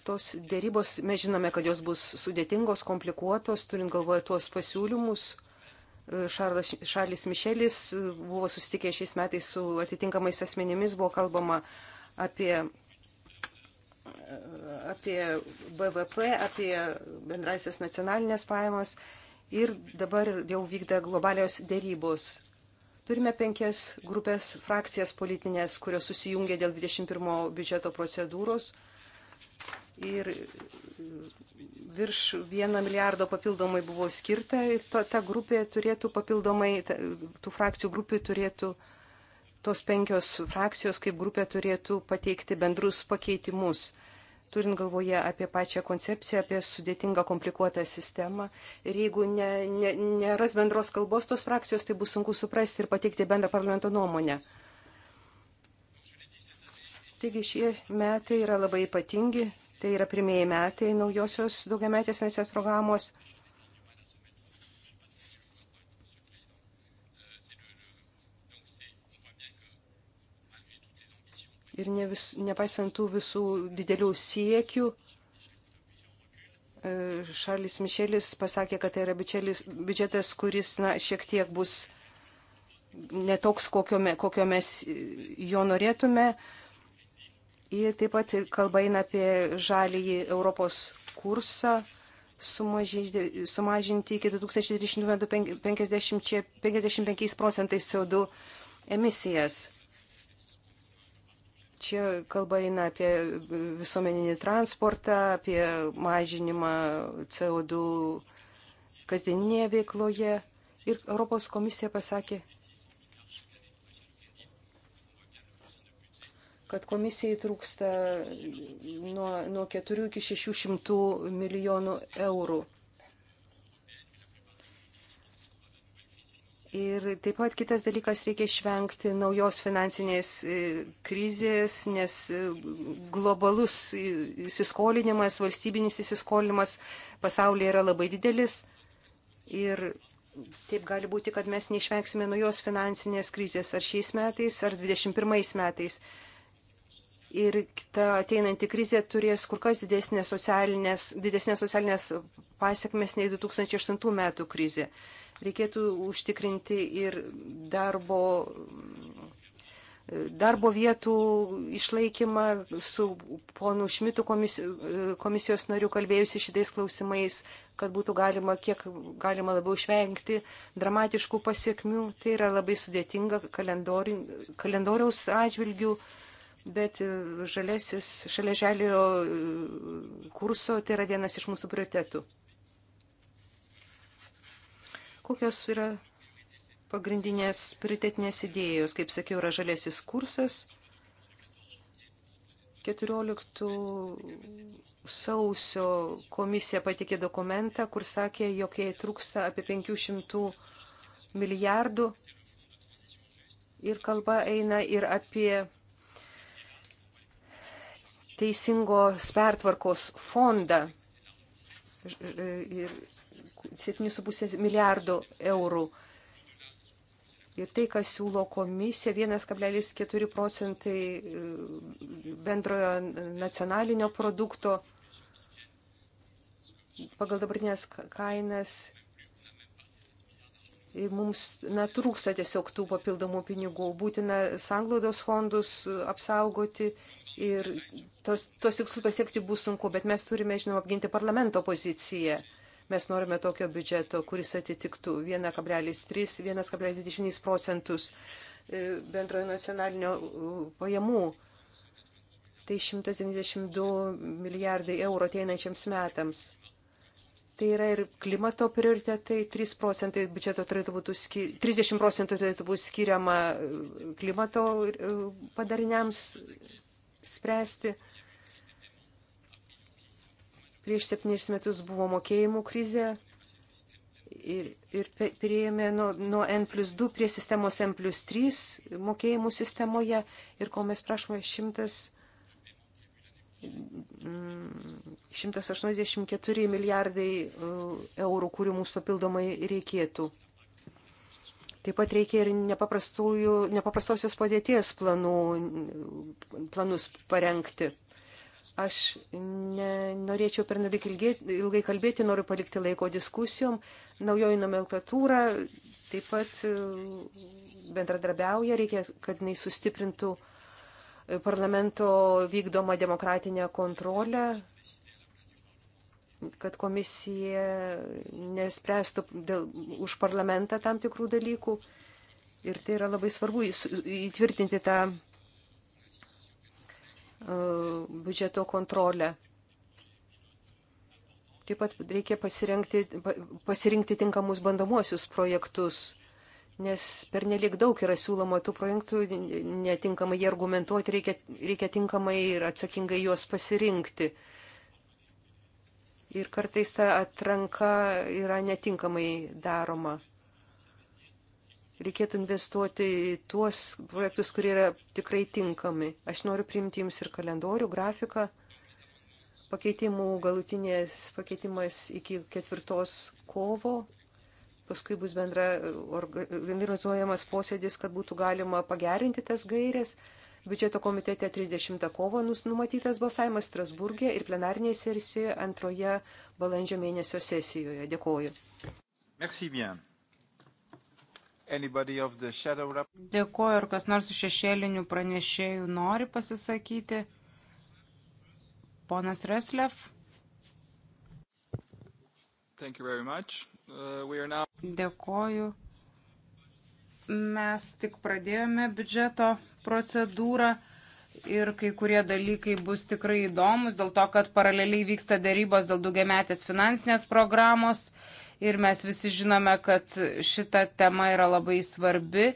tos dėrybos, mes žinome, kad jos bus sudėtingos, komplikuotos, turint galvoje tuos pasiūlymus. Šarlas, Šarlis Mišelis buvo susitikęs šiais metais su atitinkamais asmenimis, buvo kalbama apie apie BVP, apie bendraisias nacionalinės pajamos ir dabar jau vykda globalios dėrybos. Turime penkias grupės frakcijas politinės, kurios susijungia dėl 21 biudžeto procedūros ir virš vieno milijardo papildomai buvo skirta ir to, ta grupė turėtų papildomai, ta, tų frakcijų grupių turėtų uh, tos penkios frakcijos kaip grupė turėtų pateikti bendrus pakeitimus, turint galvoje apie pačią koncepciją, apie sudėtingą, komplikuotą sistemą. Ir jeigu ne, ne, neras bendros kalbos tos frakcijos, tai bus sunku suprasti ir pateikti bendrą parlamento nuomonę. Taigi šie metai yra labai ypatingi, tai yra pirmieji metai naujosios daugiametės nacijos programos. Ir ne vis, nepaisant tų visų didelių siekių, e, Šarlis Mišelis pasakė, kad tai yra biudžetas, kuris na, šiek tiek bus netoks, kokio, me, kokio mes jo norėtume. Ir taip pat kalba eina apie žalįjį Europos kursą sumažinti, sumažinti iki 2030 metų 55 procentais CO2 emisijas. Čia kalba eina apie visuomeninį transportą, apie mažinimą CO2 kasdieninėje veikloje. Ir Europos komisija pasakė, kad komisijai trūksta nuo, nuo 4 iki 600 milijonų eurų. Ir taip pat kitas dalykas reikia išvengti naujos finansinės e, krizės, nes e, globalus įsiskolinimas, valstybinis įsiskolinimas pasaulyje yra labai didelis. Ir taip gali būti, kad mes neišvengsime naujos finansinės krizės ar šiais metais, ar 21 metais. Ir ta ateinanti krizė turės kur kas didesnės socialinės, didesnės socialinės pasiekmes nei 2008 metų krizė reikėtų užtikrinti ir darbo, darbo vietų išlaikymą su ponu Šmitu komisijos, komisijos nariu kalbėjusi šitais klausimais, kad būtų galima kiek galima labiau išvengti dramatiškų pasiekmių. Tai yra labai sudėtinga kalendori, kalendoriaus atžvilgių. Bet e, žalesis, šalia žaliojo e, kurso tai yra vienas iš mūsų prioritetų. Kokios yra pagrindinės prioritetinės idėjos, kaip sakiau, yra žalėsis kursas 14 sausio komisija patikė dokumentą, kur sakė, jog jai trūksta apie 500 milijardų ir kalba eina ir apie teisingos pertvarkos fondą. Ir 7,5 milijardo eurų. Ir tai, kas siūlo komisija, 1,4 procentai e, bendrojo nacionalinio produkto pagal dabartinės kainas. Ir e, mums na, trūksta tiesiog tų papildomų pinigų. Būtina sanglaudos fondus e, apsaugoti ir tos, tos tikslus pasiekti bus sunku, bet mes turime, žinoma, apginti parlamento poziciją. Mes norime tokio biudžeto, kuris atitiktų 1,3-1,29 procentus e, bendrojo nacionalinio pajamų. Tai 192 milijardai eurų ateinančiams metams. Tai yra ir klimato prioritetai, 3 procentai biudžeto turėtų būti, skir... 30 procentų turėtų būti skiriama e, klimato e, padariniams spręsti. Prieš septynis metus buvo mokėjimų krizė ir, ir prieėmė nuo, nuo N plus 2 prie sistemos N plus 3 mokėjimų sistemoje ir ko mes prašome 100. 184 mm, milijardai e, eurų, kurių mums papildomai reikėtų. Taip pat reikia ir nepaprastosios padėties planų, planus parengti. Aš norėčiau per nelik ilgai kalbėti, noriu palikti laiko diskusijom. Naujoji nomenklatūra taip pat e, bendradarbiauja, reikia, kad jis sustiprintų e, parlamento vykdomą demokratinę kontrolę, kad komisija nespręstų dėl, už parlamentą tam tikrų dalykų. Ir tai yra labai svarbu įtvirtinti tą E, biudžeto kontrolę. Taip pat reikia pasirinkti, pasirinkti tinkamus bandomuosius projektus, nes per nelik daug yra siūloma tų projektų, netinkamai jie argumentuoti, reikia, reikia tinkamai ir atsakingai juos pasirinkti. Ir kartais ta atranka yra netinkamai daroma reikėtų investuoti į tuos projektus, kurie yra tikrai tinkami. Aš noriu priimti jums ir kalendorių, grafiką, pakeitimų galutinės pakeitimas iki ketvirtos kovo. Paskui bus bendra organizuojamas posėdis, kad būtų galima pagerinti tas gairės. Biudžeto komitete 30 kovo numatytas balsavimas Strasburgė ir plenarnėje sesijoje antroje balandžio mėnesio sesijoje. Dėkoju. Merci bien. Dėkuoju, ar kas nors iš šešėlinių pranešėjų nori pasisakyti. Ponas Reslev. Uh, now... Dėkuoju. Mes tik pradėjome biudžeto procedūrą ir kai kurie dalykai bus tikrai įdomus dėl to, kad paraleliai vyksta dėrybos dėl daugiametės finansinės programos ir mes visi žinome, kad šita tema yra labai svarbi,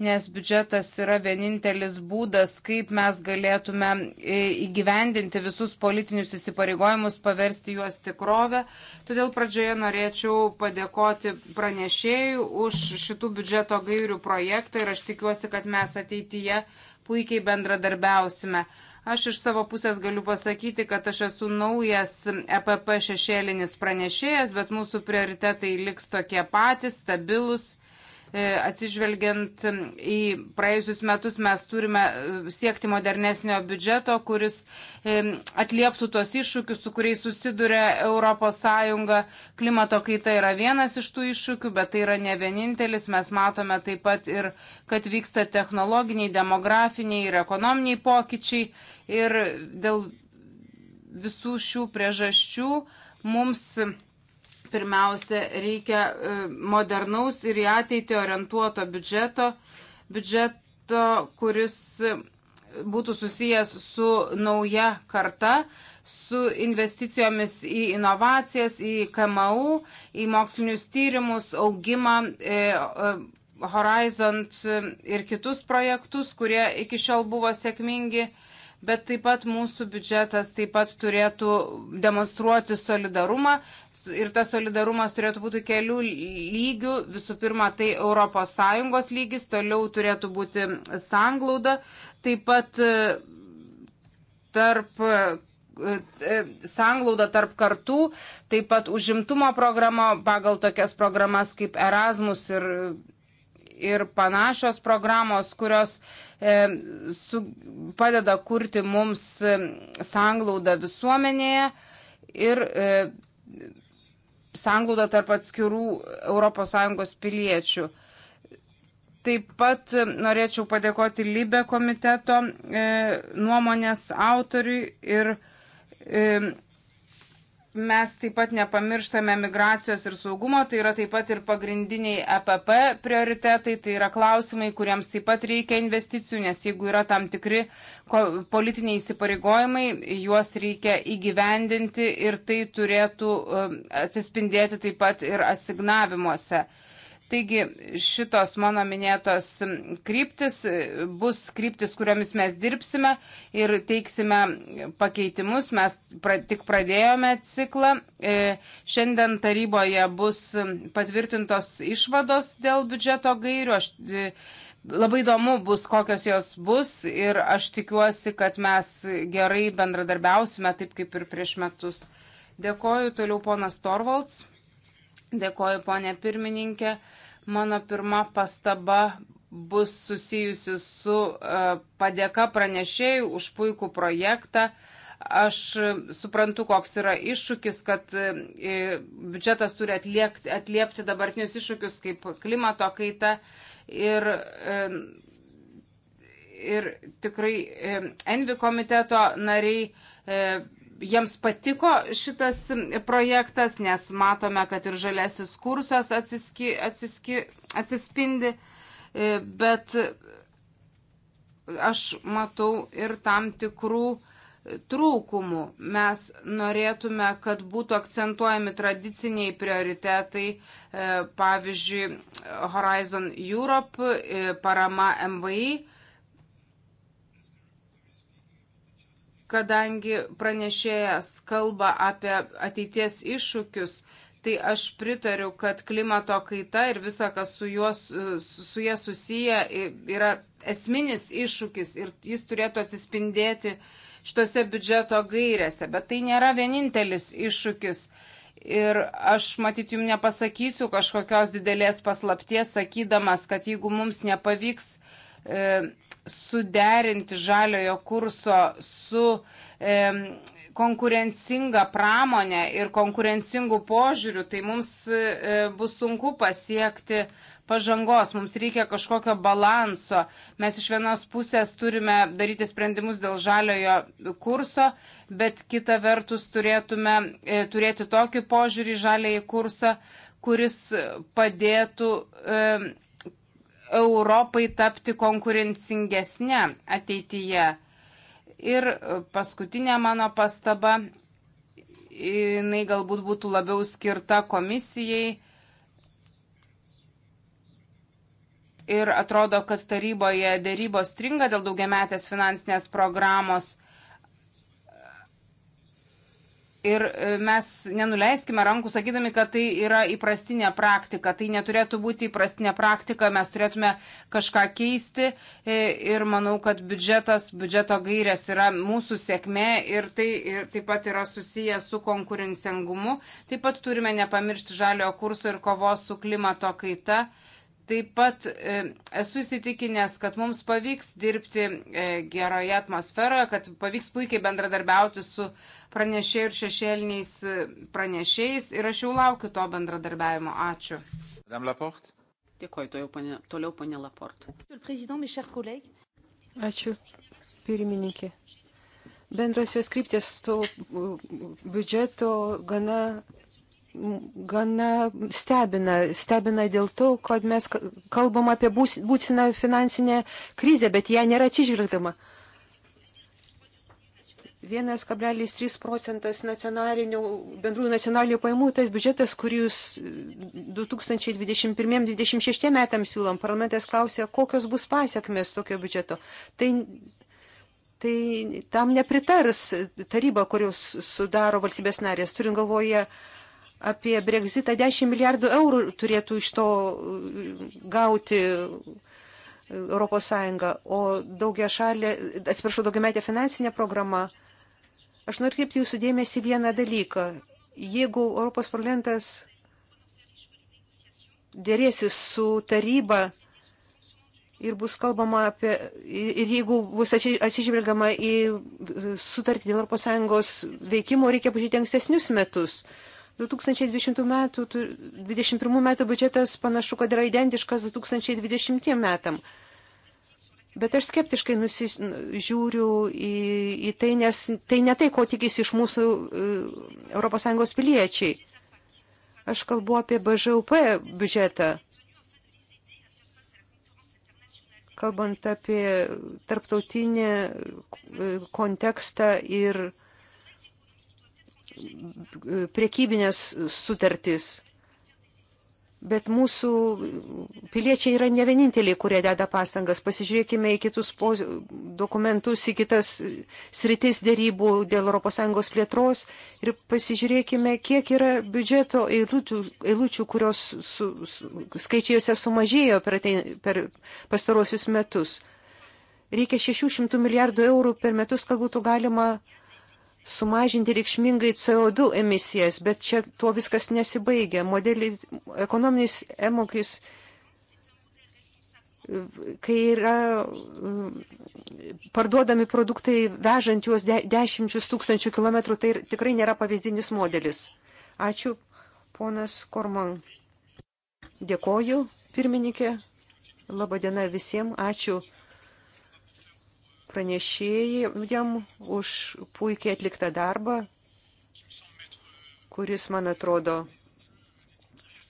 nes biudžetas yra vienintelis būdas, kaip mes galėtume e, įgyvendinti visus politinius įsipareigojimus, paversti juos tikrovę. Todėl pradžioje norėčiau padėkoti pranešėjui už šitų biudžeto gairių projektą ir aš tikiuosi, kad mes ateityje puikiai bendradarbiausime. Aš iš savo pusės galiu pasakyti, kad aš esu naujas EPP šešėlinis pranešėjas, bet mūsų prioritetai liks tokie patys, stabilus, E, atsižvelgiant į praėjusius metus mes turime e, siekti modernesnio biudžeto, kuris e, atlieptų tuos iššūkius, su kuriais susiduria ES. Klimato kaita yra vienas iš tų iššūkių, bet tai yra ne vienintelis. Mes matome taip pat ir, kad vyksta technologiniai, demografiniai ir ekonominiai pokyčiai. Ir dėl visų šių priežasčių mums Pirmiausia, reikia e, modernaus ir į ateitį orientuoto biudžeto, biudžeto, kuris e, būtų susijęs su nauja karta, su investicijomis į inovacijas, į KMU, į mokslinius tyrimus, augimą, e, Horizont ir kitus projektus, kurie iki šiol buvo sėkmingi bet taip pat mūsų biudžetas taip pat turėtų demonstruoti solidarumą ir tas solidarumas turėtų būti kelių lygių. Visų pirma, tai ES lygis, toliau turėtų būti sanglauda, taip pat e, tarp e, e, sanglauda tarp kartų, taip pat užimtumo programa pagal tokias programas kaip Erasmus ir ir panašios programos, kurios e, su, padeda kurti mums sanglaudą visuomenėje ir e, sanglauda tarp atskirų ES piliečių. Taip pat norėčiau padėkoti Libe komiteto e, nuomonės autoriui ir e, Mes taip pat nepamirštame migracijos ir saugumo, tai yra taip pat ir pagrindiniai EPP prioritetai, tai yra klausimai, kuriems taip pat reikia investicijų, nes jeigu yra tam tikri politiniai įsipareigojimai, juos reikia įgyvendinti ir tai turėtų um, atsispindėti taip pat ir asignavimuose. Uh, Taigi šitos mano minėtos kryptis bus kryptis, kuriomis mes dirbsime ir teiksime pakeitimus. Mes pra, tik pradėjome ciklą. E, šiandien taryboje bus patvirtintos išvados dėl biudžeto gairių. Aš, e, labai įdomu bus, kokios jos bus ir aš tikiuosi, kad mes gerai bendradarbiausime, taip kaip ir prieš metus. Dėkoju, toliau ponas Torvalds. Dėkoju, ponė pirmininkė. Mano pirma pastaba bus susijusi su e, padėka pranešėjų už puikų projektą. Aš suprantu, koks yra iššūkis, kad e, biudžetas turi atliepti, atliepti dabartinius iššūkius kaip klimato kaita. Ir e, ir tikrai Envi komiteto nariai jiems patiko šitas projektas, nes matome, kad ir žalesis kursas atsiski, atsiski, atsispindi, e, bet aš matau ir tam tikrų trūkumų. Mes norėtume, kad būtų akcentuojami tradiciniai prioritetai, e, pavyzdžiui, Horizon Europe, e, parama MVI kadangi pranešėjas kalba apie ateities iššūkius, tai aš pritariu, kad klimato kaita ir visa, kas su, juos, su jie susiję, yra esminis iššūkis ir jis turėtų atsispindėti šitose biudžeto gairėse. Bet tai nėra vienintelis iššūkis. Ir aš matyt jums nepasakysiu kažkokios didelės paslapties, sakydamas, kad jeigu mums nepavyks uh, E, suderinti žaliojo kurso su e, konkurencinga pramonė ir konkurencingų požiūrių, tai mums e, bus sunku pasiekti pažangos, mums reikia kažkokio balanso. Mes iš vienos pusės turime daryti sprendimus dėl žaliojo kurso, bet kita vertus turėtume turėti tokį požiūrį žaliai kursą, kuris padėtų Europai tapti konkurencingesnė ateityje. Ir paskutinė mano pastaba, jinai galbūt būtų labiau skirta komisijai. Ir atrodo, kad taryboje dėrybos stringa dėl daugiametės finansinės programos. Ir e, mes nenuleiskime rankų, sakydami, kad tai yra įprastinė praktika. Tai neturėtų būti įprastinė praktika, mes turėtume kažką keisti. E, ir manau, kad biudžetas, biudžeto gairės yra mūsų sėkmė ir tai ir taip pat yra susiję su konkurencingumu. Taip pat turime nepamiršti žaliojo kurso ir kovos su klimato kaita. Taip pat e, esu įsitikinęs, kad mums pavyks dirbti e, geroje atmosferoje, kad pavyks puikiai bendradarbiauti su pranešėjai ir šešėliniais e, pranešėjais ir aš jau laukiu to bendradarbiavimo. Ačiū. Dėkuoju, toliau ponė, toliau ponė Laport. Ačiū, pirmininkė. Bendrosios kryptės to biudžeto gana gana stebina. Stebina dėl to, kad mes kalbam apie būtiną finansinę krizę, bet ją nėra atsižvelgdama. 1,3 procentas nacionalinių, bendrųjų nacionalinių paimų, tas biudžetas, kurį jūs 2021-2026 metams siūlom, parlamentas klausė, kokios bus pasiekmes tokio biudžeto. Tai tai tam nepritars taryba, kurios sudaro valstybės narės, turint galvoje apie Brexitą 10 milijardų eurų turėtų iš to uh, gauti uh, ES, o daugia šalė, atsiprašau, daugiametė finansinė programa. Aš noriu kreipti jūsų dėmesį vieną dalyką. Jeigu Europos parlamentas dėrėsis su taryba ir bus kalbama apie, ir jeigu bus atsižvelgiama į sutartį dėl ES veikimo, reikia pažiūrėti ankstesnius metus. 2020 metų, 2021 metų biudžetas panašu, kad yra identiškas 2020 metam. Bet aš skeptiškai nusižiūriu į, į tai, nes tai ne tai, ko tikisi iš mūsų ES piliečiai. Aš kalbu apie BŽUP biudžetą. Kalbant apie tarptautinį e, kontekstą ir priekybinės sutartis. Bet mūsų piliečiai yra ne vieninteliai, kurie deda pastangas. Pasižiūrėkime į kitus poz... dokumentus, į kitas sritis dėrybų dėl ES plėtros ir pasižiūrėkime, kiek yra biudžeto eilučių, eilučių kurios su, su, skaičiuose sumažėjo per, tai, per pastarosius metus. Reikia 600 milijardų eurų per metus, kad būtų galima sumažinti reikšmingai CO2 emisijas, bet čia tuo viskas nesibaigia. Modelį, ekonominis emokis, kai yra parduodami produktai vežant juos de, dešimčius tūkstančių kilometrų, tai tikrai nėra pavyzdinis modelis. Ačiū, ponas Korman. Dėkoju, pirmininkė. Labadiena visiems. Ačiū pranešėjam už puikiai atliktą darbą, kuris, man atrodo,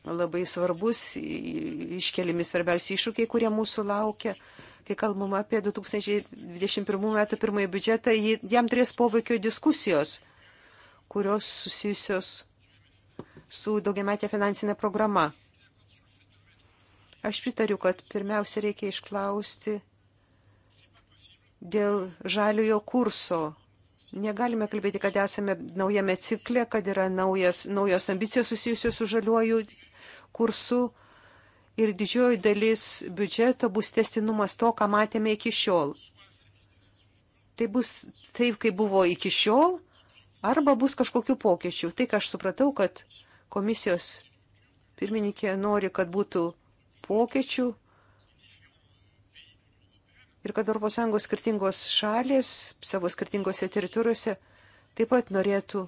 labai svarbus, iškeliami svarbiausi iššūkiai, kurie mūsų laukia. Kai kalbam apie 2021 metų pirmąjį biudžetą, jam turės poveikio diskusijos, kurios susijusios su daugiametė finansinė programa. Aš pritariu, kad pirmiausia reikia išklausti Dėl žaliojo kurso Negalime kalbėti, kad esame naujame cikle, kad yra naujas, naujos ambicijos susijusios su žaliuoju kursu ir didžioji dalis biudžeto bus testinumas to, ką matėme iki šiol. Tai bus taip, kaip buvo iki šiol, arba bus kažkokių pokyčių. Tai, ką aš supratau, kad komisijos pirmininkė nori, kad būtų pokyčių ir kad ES skirtingos šalis savo skirtingose teritorijose taip pat norėtų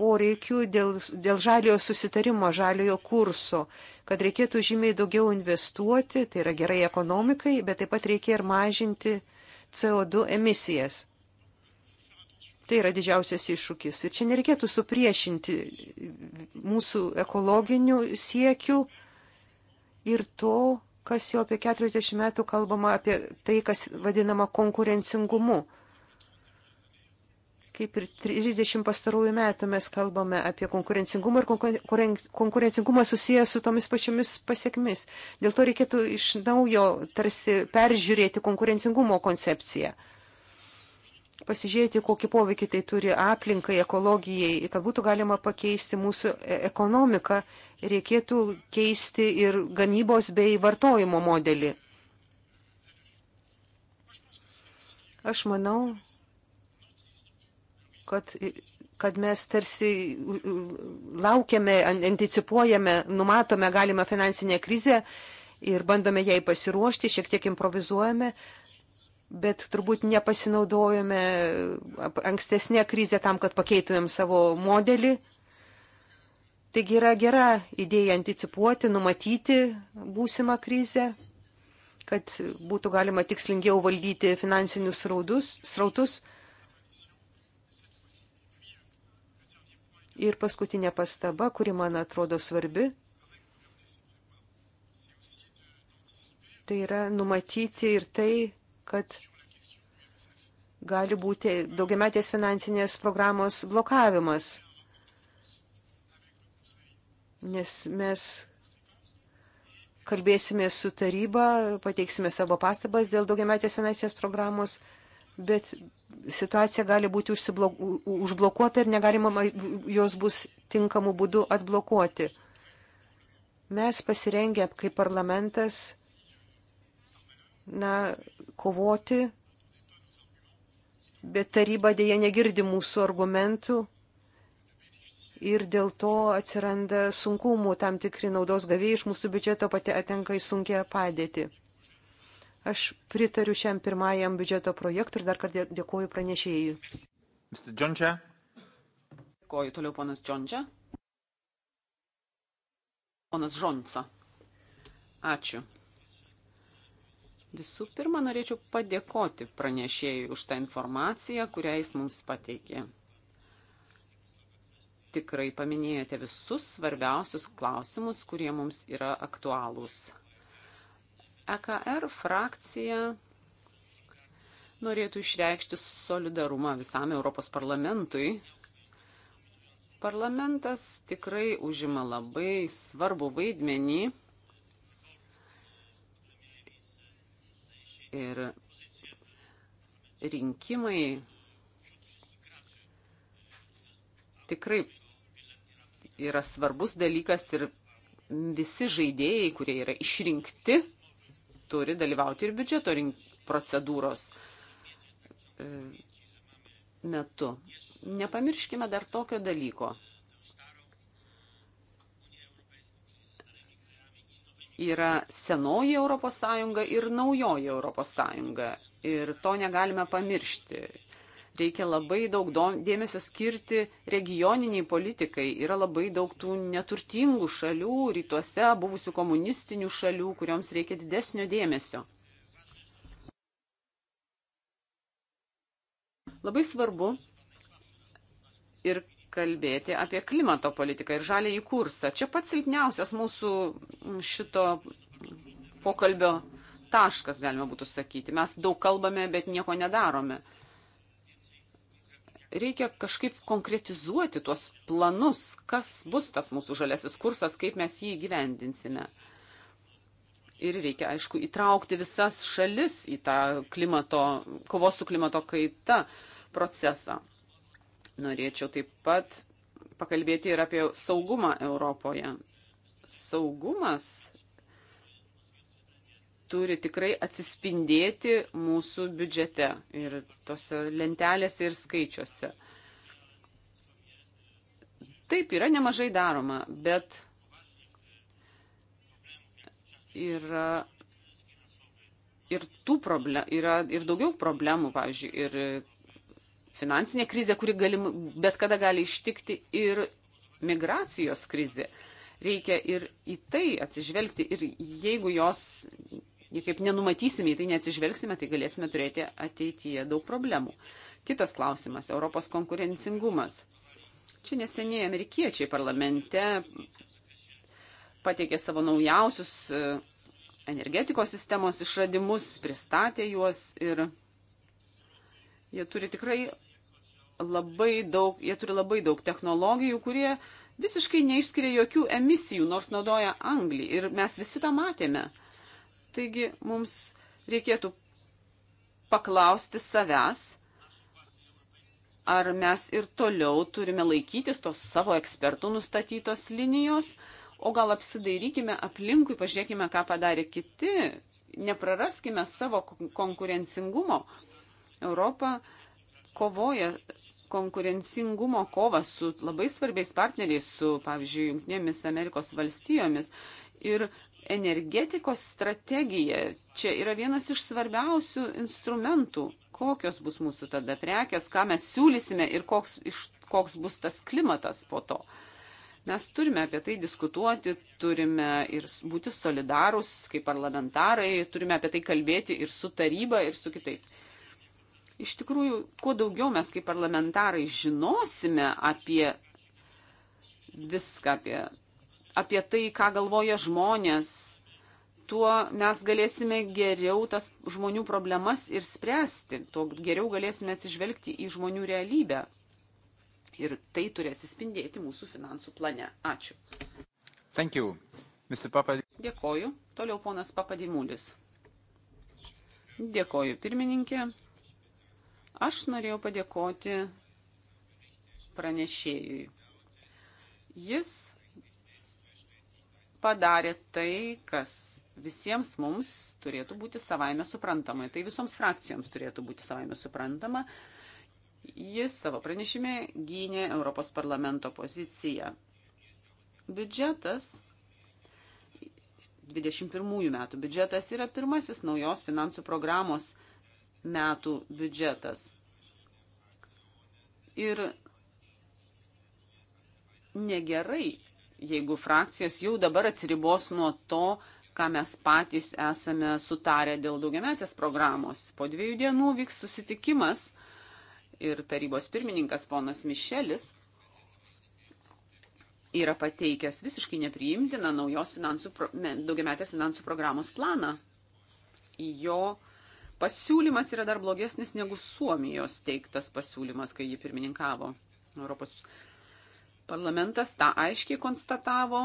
poreikių dėl, dėl žaliojo susitarimo, žaliojo kurso, kad reikėtų žymiai daugiau investuoti, tai yra gerai ekonomikai, bet taip pat reikia ir mažinti CO2 emisijas. Tai yra didžiausias iššūkis. Ir čia nereikėtų supriešinti mūsų ekologinių siekių ir to, kas jau apie 40 metų kalbama apie tai, kas vadinama konkurencingumu. Kaip ir 30 pastarųjų metų mes kalbame apie konkurencingumą ir konkurencingumas susijęs su tomis pačiomis pasiekmis. Dėl to reikėtų iš naujo tarsi peržiūrėti konkurencingumo koncepciją pasižiūrėti, kokį poveikį tai turi aplinkai, ekologijai, kad būtų galima pakeisti mūsų e, ekonomiką, reikėtų keisti ir gamybos bei vartojimo modelį. Aš manau, kad, kad mes tarsi laukiame, anticipuojame, numatome galimą finansinę krizę ir bandome jai pasiruošti, šiek tiek improvizuojame, bet turbūt nepasinaudojome ankstesnė krizė tam, kad pakeitumėm savo modelį. Taigi yra gera idėja anticipuoti, numatyti būsimą krizę, kad būtų galima tikslingiau valdyti finansinius sraudus, srautus. Ir paskutinė pastaba, kuri man atrodo svarbi, tai yra numatyti ir tai, kad gali būti daugiametės finansinės programos blokavimas, nes mes kalbėsime su taryba, pateiksime savo pastabas dėl daugiametės finansinės programos, bet situacija gali būti užblokuota ir negalima jos bus tinkamų būdų atblokuoti. Mes pasirengę kaip parlamentas na, kovoti, bet taryba dėja negirdi mūsų argumentų ir dėl to atsiranda sunkumų, tam tikri naudos gavėjai iš mūsų biudžeto pati atenka į sunkę padėtį. Aš pritariu šiam pirmajam biudžeto projektui ir dar kartą dėkoju pranešėjui. Mr. Džončia. Dėkoju toliau ponas Džončia. Ponas Žonca. Ačiū. Visų pirma, norėčiau padėkoti pranešėjui už tą informaciją, kurią jis mums pateikė. Tikrai paminėjote visus svarbiausius klausimus, kurie mums yra aktualūs. EKR er frakcija norėtų išreikšti solidarumą visam Europos parlamentui. Parlamentas tikrai užima labai svarbų vaidmenį Ir rinkimai tikrai yra svarbus dalykas ir visi žaidėjai, kurie yra išrinkti, turi dalyvauti ir biudžeto procedūros e, metu. Nepamirškime dar tokio dalyko. yra senoji ES ir naujoji ES. Ir to negalime pamiršti. Reikia labai daug dėmesio skirti regioniniai politikai. Yra labai daug tų neturtingų šalių, rytuose buvusių komunistinių šalių, kurioms reikia didesnio dėmesio. Labai svarbu ir kalbėti apie klimato politiką ir žalį į kursą. Čia pats silpniausias mūsų šito pokalbio taškas, galima būtų sakyti. Mes daug kalbame, bet nieko nedarome. Reikia kažkaip konkretizuoti tuos planus, kas bus tas mūsų žalesis kursas, kaip mes jį gyvendinsime. Ir reikia, aišku, įtraukti visas šalis į tą klimato, kovos su klimato kaita procesą. Norėčiau taip pat pakalbėti ir apie saugumą Europoje. Saugumas turi tikrai atsispindėti mūsų biudžete ir tose lentelėse ir skaičiuose. Taip, yra nemažai daroma, bet yra ir, tų problem, yra ir daugiau problemų, pavyzdžiui, ir finansinė krizė, kuri galim, bet kada gali ištikti ir migracijos krizė. Reikia ir į tai atsižvelgti ir jeigu jos, kaip nenumatysime, į tai neatsižvelgsime, tai galėsime turėti ateityje daug problemų. Kitas klausimas - Europos konkurencingumas. Čia neseniai amerikiečiai parlamente pateikė savo naujausius e, energetikos sistemos išradimus, pristatė juos ir Jie turi tikrai labai daug, jie turi labai daug technologijų, kurie visiškai neišskiria jokių emisijų, nors naudoja anglį. Ir mes visi tą matėme. Taigi mums reikėtų paklausti savęs, ar mes ir toliau turime laikytis tos savo ekspertų nustatytos linijos, o gal apsidairykime aplinkui, pažiūrėkime, ką padarė kiti, nepraraskime savo konkurencingumo. Europa kovoja konkurencingumo kovą su labai svarbiais partneriais, su, pavyzdžiui, Junktinėmis Amerikos valstijomis. Ir energetikos strategija čia yra vienas iš svarbiausių instrumentų, kokios bus mūsų tada prekes, ką mes siūlysime ir koks, iš, koks bus tas klimatas po to. Mes turime apie tai diskutuoti, turime ir būti solidarūs kaip parlamentarai, turime apie tai kalbėti ir su taryba, ir su kitais. Iš tikrųjų, kuo daugiau mes kaip parlamentarai žinosime apie viską, apie, apie tai, ką galvoja žmonės, tuo mes galėsime geriau tas žmonių problemas ir spręsti, tuo geriau galėsime atsižvelgti į žmonių realybę. Ir tai turi atsispindėti mūsų finansų plane. Ačiū. Thank you. Mr. Papadi. Dėkoju. Toliau ponas Papadimulis. Dėkoju, pirmininkė. Aš norėjau padėkoti pranešėjui. Jis padarė tai, kas visiems mums turėtų būti savaime suprantama. Tai visoms frakcijoms turėtų būti savaime suprantama. Jis savo pranešime gynė Europos parlamento poziciją. Biudžetas, 21 metų biudžetas yra pirmasis naujos finansų programos metų biudžetas. Ir negerai, jeigu frakcijos jau dabar atsiribos nuo to, ką mes patys esame sutarę dėl daugiametės programos. Po dviejų dienų vyks susitikimas ir tarybos pirmininkas ponas Mišelis yra pateikęs visiškai nepriimtiną naujos finansų, daugiametės finansų programos planą. Jo pasiūlymas yra dar blogesnis negu Suomijos teiktas pasiūlymas, kai ji pirmininkavo. Europos parlamentas tą aiškiai konstatavo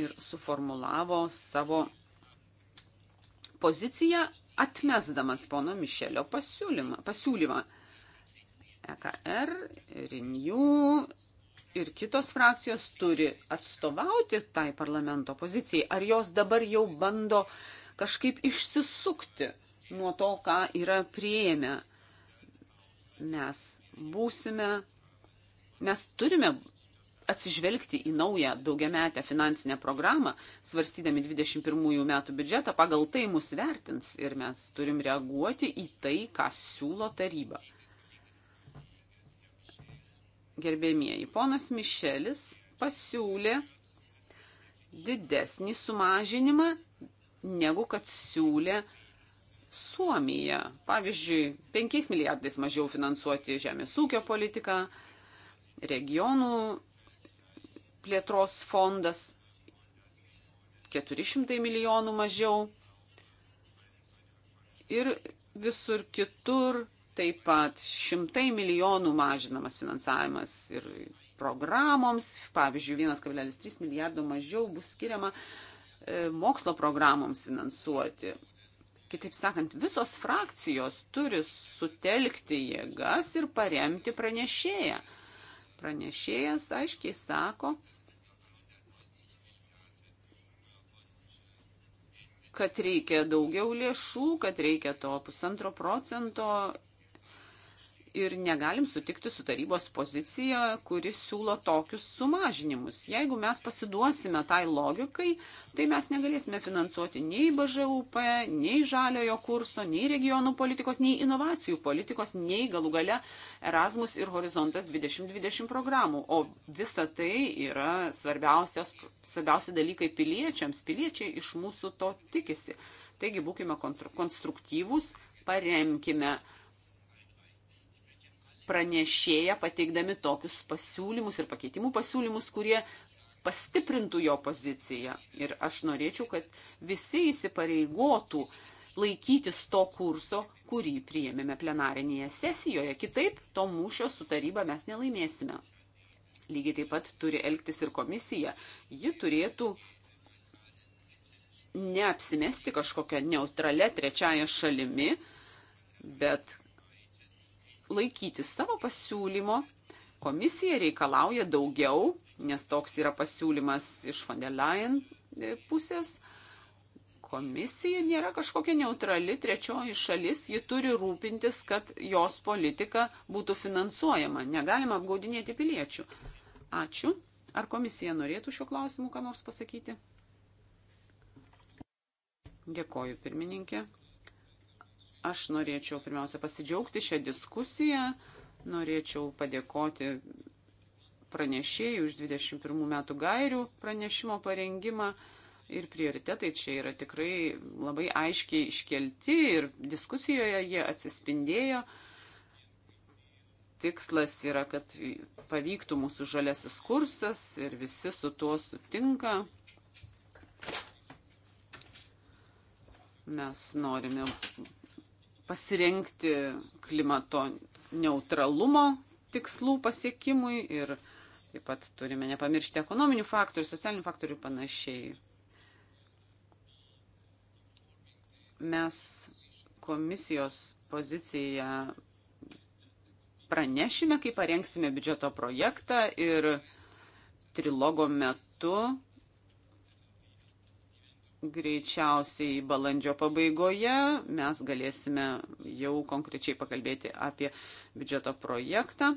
ir suformulavo savo poziciją atmesdamas pono Mišelio pasiūlymą. pasiūlymą. EKR, er, Renew ir kitos frakcijos turi atstovauti tai parlamento pozicijai. Ar jos dabar jau bando kažkaip išsisukti? nuo to, ką yra prieėmę. Mes būsime, mes turime atsižvelgti į naują daugiametę finansinę programą, svarstydami 21 metų biudžetą, pagal tai mus vertins ir mes turim reaguoti į tai, ką siūlo taryba. Gerbėmieji, ponas Mišelis pasiūlė didesnį sumažinimą, negu kad siūlė Suomija, pavyzdžiui, 5 milijardais mažiau finansuoti žemės ūkio politiką, regionų plėtros fondas 400 milijonų mažiau ir visur kitur taip pat šimtai milijonų mažinamas finansavimas ir programoms, pavyzdžiui, 1,3 milijardo mažiau bus skiriama e, mokslo programoms finansuoti Kitaip sakant, visos frakcijos turi sutelkti jėgas ir paremti pranešėją. Pranešėjas aiškiai sako, kad reikia daugiau lėšų, kad reikia to pusantro procento ir negalim sutikti su tarybos pozicija, kuris siūlo tokius sumažinimus. Jeigu mes pasiduosime tai logikai, tai mes negalėsime finansuoti nei BŽUP, nei žaliojo kurso, nei regionų politikos, nei inovacijų politikos, nei galų gale Erasmus ir Horizontas 2020 programų. O visa tai yra svarbiausi dalykai piliečiams. Piliečiai iš mūsų to tikisi. Taigi būkime konstruktyvūs, paremkime uh, pranešėją, pateikdami tokius pasiūlymus ir pakeitimų pasiūlymus, kurie pastiprintų jo poziciją. Ir aš norėčiau, kad visi įsipareigotų laikytis to kurso, kurį priėmėme plenarinėje sesijoje. Kitaip to mūšio su taryba mes nelaimėsime. Lygiai taip pat turi elgtis ir komisija. Ji turėtų neapsimesti kažkokią neutralę trečiąją šalimi, bet laikytis savo pasiūlymo. Komisija reikalauja daugiau, nes toks yra pasiūlymas iš von der Leyen e, pusės. Komisija nėra kažkokia neutrali trečioji šalis, ji turi rūpintis, kad jos politika būtų finansuojama. Negalima apgaudinėti piliečių. Ačiū. Ar komisija norėtų šiuo klausimu ką nors pasakyti? Dėkoju, pirmininkė. Aš norėčiau pirmiausia pasidžiaugti šią diskusiją, norėčiau padėkoti pranešėjų už 21 metų gairių pranešimo parengimą ir prioritetai čia yra tikrai labai aiškiai iškelti ir diskusijoje jie atsispindėjo. Tikslas yra, kad pavyktų mūsų žalesis kursas ir visi su tuo sutinka. Mes norime pasirinkti klimato neutralumo tikslų pasiekimui ir taip pat turime nepamiršti ekonominių faktorių, socialinių faktorių ir panašiai. Mes komisijos poziciją pranešime, kai parengsime biudžeto projektą ir trilogo metu greičiausiai balandžio pabaigoje mes galėsime jau konkrečiai pakalbėti apie biudžeto projektą.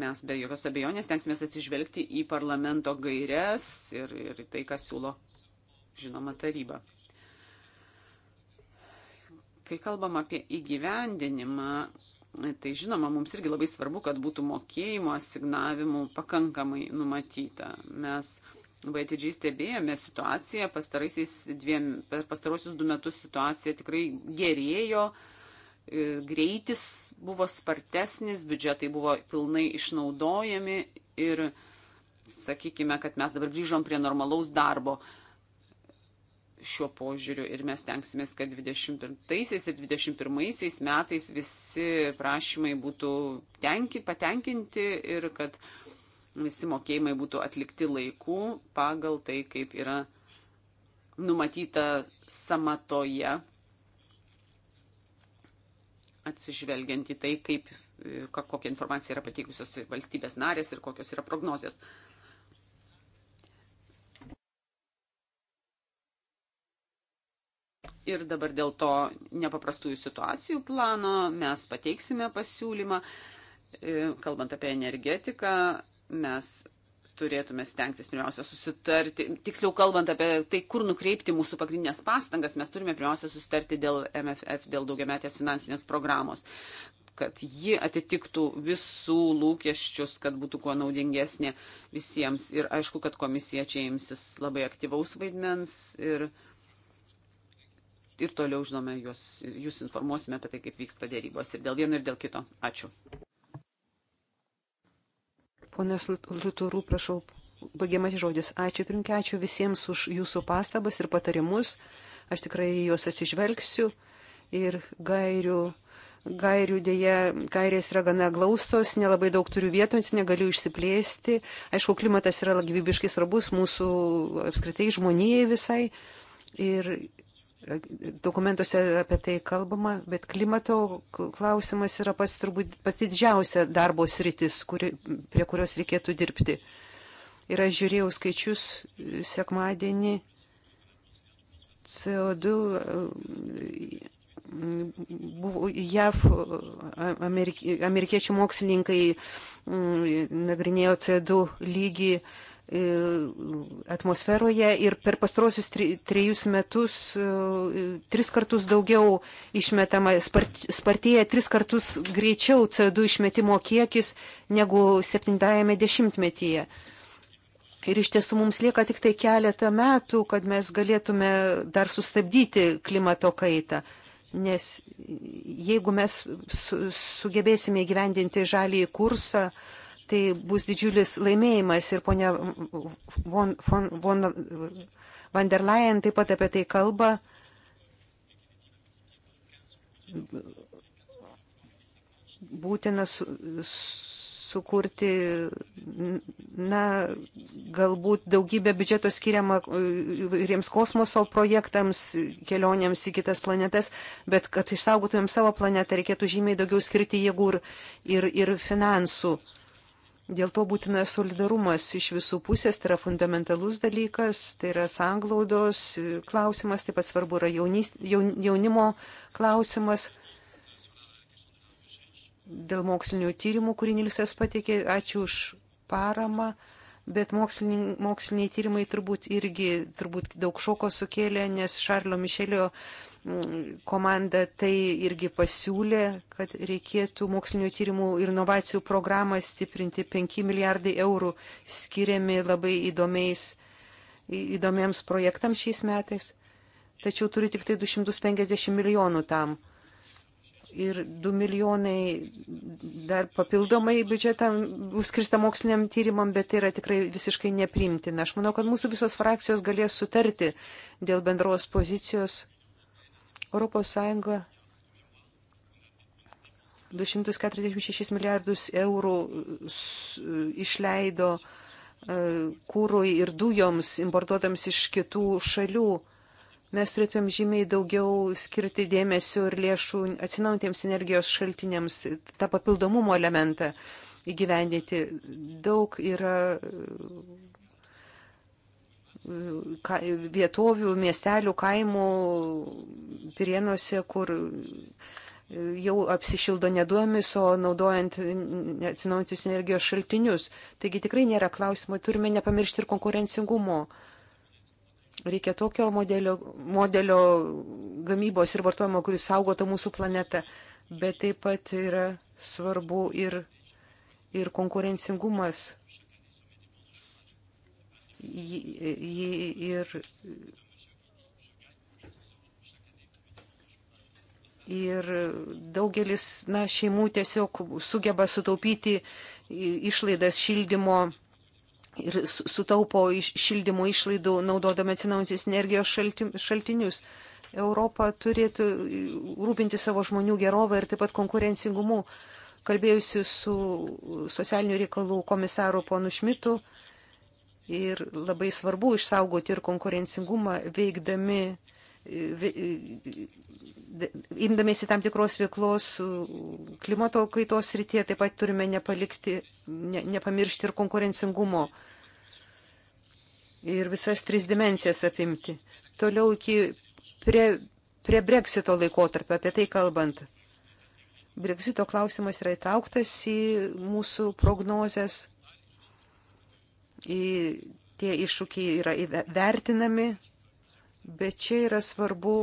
Mes be jokios abejonės tenksime atsižvelgti į parlamento gairias ir, ir tai, ką siūlo žinoma taryba. Kai kalbam apie įgyvendinimą, tai žinoma, mums irgi labai svarbu, kad būtų mokėjimo asignavimų pakankamai numatyta. Mes uh, labai atidžiai stebėjome situaciją. Dviem, per pastarosius du metus situacija tikrai gerėjo, e, greitis buvo spartesnis, biudžetai buvo pilnai išnaudojami ir sakykime, kad mes dabar grįžom prie normalaus darbo šiuo požiūriu ir mes tenksimės, kad 21 ir 21 metais visi prašymai būtų tenki, patenkinti ir kad uh, visi mokėjimai būtų atlikti laiku pagal tai, kaip yra numatyta samatoje, atsižvelgiant į tai, kaip, kokią informaciją yra pateikusios valstybės narės ir kokios yra prognozijas. ir dabar dėl to nepaprastųjų situacijų plano mes pateiksime pasiūlymą, e, kalbant apie energetiką, mes turėtume stengtis pirmiausia susitarti, tiksliau kalbant apie tai, kur nukreipti mūsų pagrindinės pastangas, mes turime pirmiausia susitarti dėl MFF, dėl daugiametės finansinės programos, kad ji atitiktų visų lūkesčius, kad būtų kuo naudingesnė visiems. Ir aišku, kad komisija čia imsis labai aktyvaus vaidmens ir, ir toliau, žinome, jūs, jūs informuosime apie tai, kaip vyksta dėrybos ir dėl vieno, ir dėl kito. Ačiū. Ponas Luturų, prašau, baigiamas žodis. Ačiū, pirmkia, ačiū visiems už jūsų pastabas ir patarimus. Aš tikrai juos atsižvelgsiu ir gairių. Gairių dėja, gairės yra gana glaustos, nelabai daug turiu vietos, negaliu išsiplėsti. Aišku, klimatas yra gyvybiškai svarbus mūsų apskritai žmonijai visai. Ir dokumentuose apie tai kalbama, bet klimato klausimas yra pats turbūt pati didžiausia darbo sritis, kuri, prie kurios reikėtų dirbti. Ir aš žiūrėjau skaičius e, sekmadienį CO2 e, buvo JAV e, amerikiečių mokslininkai nagrinėjo CO2 lygį E, atmosferoje ir per pastarosius trejus metus e, tris kartus daugiau išmetama, spartėja tris kartus greičiau CO2 išmetimo kiekis negu 70-ame dešimtmetyje. Ir iš tiesų mums lieka tik tai keletą metų, kad mes galėtume dar sustabdyti klimato kaitą. Nes jeigu mes sugebėsime įgyvendinti žalį kursą, uh, Tai bus didžiulis laimėjimas ir ponia von, von, von van der Leyen taip pat apie tai kalba. Būtina su, sukurti, na, galbūt daugybę biudžeto skiriama įvairiems kosmoso projektams, kelionėms į kitas planetas, bet kad išsaugotumėm savo planetą, reikėtų žymiai daugiau skirti jėgų ir, ir, ir finansų. Dėl to būtina solidarumas iš visų pusės, tai yra fundamentalus dalykas, tai yra sanglaudos klausimas, taip pat svarbu yra jaunys, jaun, jaunimo klausimas. Dėl mokslinių tyrimų, kurį Nilsės patikė, ačiū už paramą. Bet moksliniai, moksliniai tyrimai turbūt irgi turbūt daug šoko sukėlė, nes Šarlio Mišelio mm, komanda tai irgi pasiūlė, kad reikėtų mokslinio tyrimų ir inovacijų programą stiprinti. 5 milijardai eurų skiriami labai įdomiais, įdomiems projektams šiais metais. Tačiau turi tik tai 250 milijonų tam ir 2 milijonai dar papildomai biudžetam bus skirsta moksliniam tyrimam, bet tai yra tikrai visiškai neprimtina. Aš manau, kad mūsų visos frakcijos galės sutarti dėl bendros pozicijos. ES 246 milijardus eurų išleido e, kūrui ir dujoms importuotams iš kitų šalių. Mes turėtumėm žymiai daugiau skirti dėmesio ir lėšų atsinaujantiems energijos šaltiniams, tą papildomumo elementą įgyvendinti. Daug yra e, vietovių, miestelių, kaimų, pirienuose, kur e, jau apsišildo neduomis, o naudojant atsinaujantis energijos šaltinius. Taigi tikrai nėra klausimo, turime nepamiršti ir konkurencingumo. Reikia tokio modelio, modelio gamybos ir vartojimo, kuris saugotų mūsų planetą, bet taip pat yra svarbu ir, ir konkurencingumas. Ir, ir daugelis na, šeimų tiesiog sugeba sutaupyti išlaidas šildymo ir sutaupo iš šildymo išlaidų naudodami atsinaujančius energijos šaltinius. Europa turėtų e, rūpinti savo žmonių gerovę ir taip pat konkurencingumu. Kalbėjusi su socialinių reikalų komisaru ponu Šmitu ir labai svarbu išsaugoti ir konkurencingumą veikdami e, e, imdamėsi tam tikros veiklos klimato kaitos rytie, taip pat turime nepalikti, ne, nepamiršti ir konkurencingumo ir visas tris dimensijas apimti. Toliau iki prie, prie breksito laikotarpio, apie tai kalbant. Breksito klausimas yra įtrauktas į mūsų prognozes, į tie iššūkiai yra vertinami, bet čia yra svarbu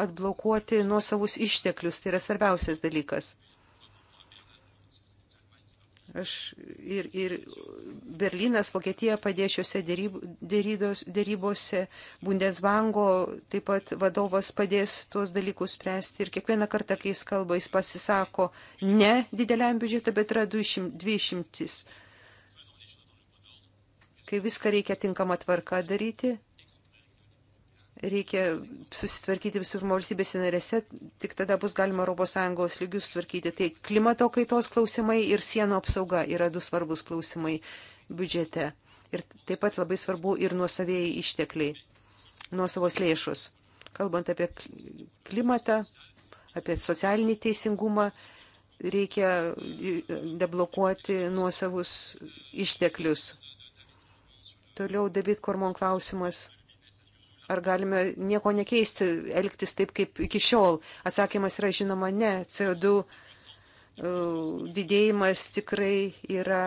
atblokuoti nuosavus išteklius, tai yra svarbiausias dalykas. Aš ir, ir Berlynas, Vokietija padėšiuose dėrybose, Bundesbango taip pat vadovas padės tuos dalykus spręsti ir kiekvieną kartą, kai jis kalba, jis pasisako ne dideliam biudžetui, bet yra dvi išimtis. Kai viską reikia tinkamą tvarką daryti, reikia susitvarkyti visų pirma valstybėse narėse, tik tada bus galima ES lygių sutvarkyti. Tai klimato kaitos klausimai ir sienų apsauga yra du svarbus klausimai biudžete. Ir taip pat labai svarbu ir nuosavėjai ištekliai, nuosavos lėšus. Kalbant apie klimatą, apie socialinį teisingumą, reikia deblokuoti nuosavus išteklius. Toliau David Kormon klausimas Ar galime nieko nekeisti, elgtis taip kaip iki šiol? Atsakymas yra žinoma ne. CO2 uh, didėjimas tikrai yra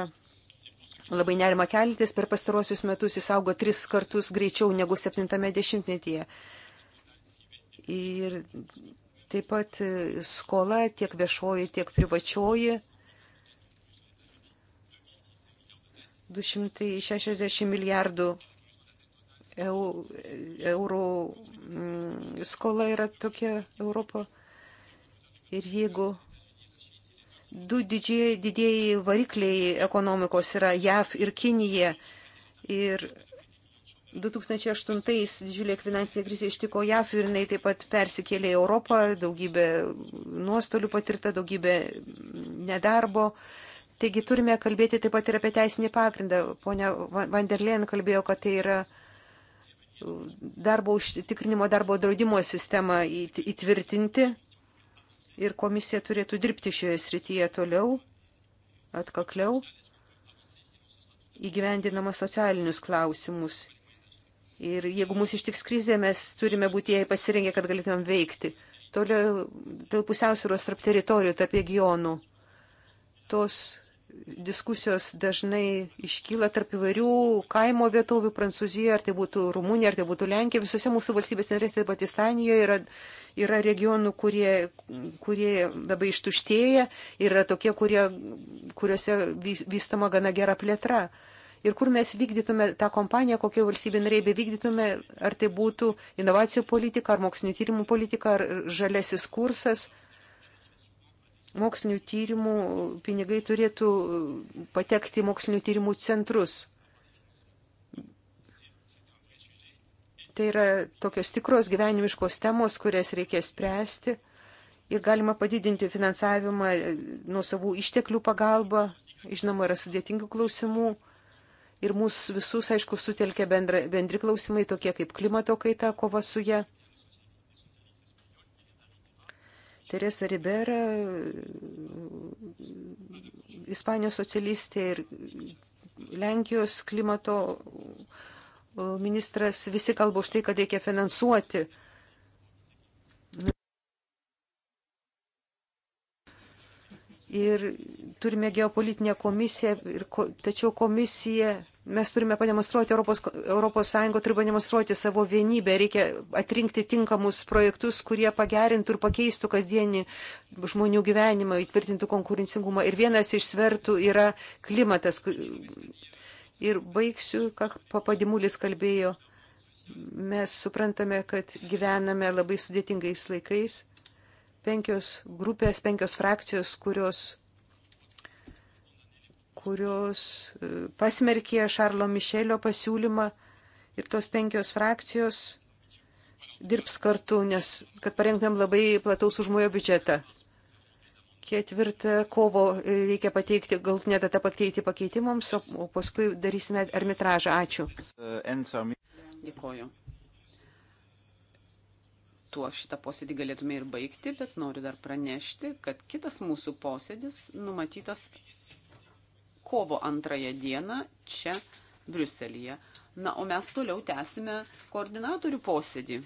labai nerima keltis. Per pastarosius metus jis augo tris kartus greičiau negu 70-metyje. Ir taip pat uh, skola tiek viešoji, tiek privačioji 260 milijardų eurų mm, skola yra tokia Europo. Ir jeigu du didžiai, didėjai varikliai ekonomikos yra JAV ir Kinija, ir 2008-ais didžiulė finansinė krizė ištiko JAF ir jinai taip pat persikėlė į Europą, daugybė nuostolių patirta, daugybė nedarbo. Taigi turime kalbėti taip pat ir apie teisinį pagrindą. Pone Vanderlien kalbėjo, kad tai yra darbo užtikrinimo darbo draudimo sistemą įtvirtinti ir komisija turėtų dirbti šioje srityje toliau, atkakliau, įgyvendinama socialinius klausimus. Ir jeigu mūsų ištiks krizė, mes turime būti jai pasirengę, kad galėtumėm veikti. Toliau dėl pusiausvėros tarp teritorijų, tarp regionų. Tos diskusijos dažnai iškyla tarp įvairių kaimo vietovių Prancūzijoje, ar tai būtų Rumunija, ar tai būtų Lenkija, visose mūsų valstybės narėse, taip pat Istanijoje yra, yra regionų, kurie, kurie labai ištuštėja ir yra tokie, kurie, kuriuose vystoma gana gera plėtra. Ir kur mes vykdytume tą kompaniją, kokie valstybė nariai bevykdytume, ar tai būtų inovacijų politika, ar mokslinio tyrimų politika, ar žalesis kursas mokslinių tyrimų pinigai turėtų patekti į mokslinių tyrimų centrus. Tai yra tokios tikros gyvenimiškos temos, kurias reikės spręsti ir galima padidinti finansavimą nuo savų išteklių pagalba. Žinoma, yra sudėtingų klausimų ir mūsų visus, aišku, sutelkia bendra, bendri klausimai, tokie kaip klimato kaita, kova su ją. Teresa Ribera, Ispanijos socialistė ir Lenkijos klimato ministras visi kalba už tai, kad reikia finansuoti. Ir turime geopolitinę komisiją, ir ko, tačiau komisija Mes turime pademonstruoti, Europos, Europos Sąjunga turi pademonstruoti savo vienybę, reikia atrinkti tinkamus projektus, kurie pagerintų ir pakeistų kasdienį žmonių gyvenimą, įtvirtintų konkurencingumą. Ir vienas iš svertų yra klimatas. Ir baigsiu, ką papadimulis kalbėjo. Mes suprantame, kad gyvename labai sudėtingais laikais. Penkios grupės, penkios frakcijos, kurios kurios e, pasmerkė Šarlo Mišelio pasiūlymą ir tos penkios frakcijos dirbs kartu, nes kad parengtum labai plataus užmojo biudžetą. Ketvirtą kovo e, reikia pateikti, galtinę datą pateikti pakeitimams, o paskui darysime arbitražą. Ačiū. Dėkoju. Tuo šitą posėdį galėtume ir baigti, bet noriu dar pranešti, kad kitas mūsų posėdis numatytas kovo antrąją dieną čia Briuselėje. Na, o mes toliau tęsime koordinatorių posėdį.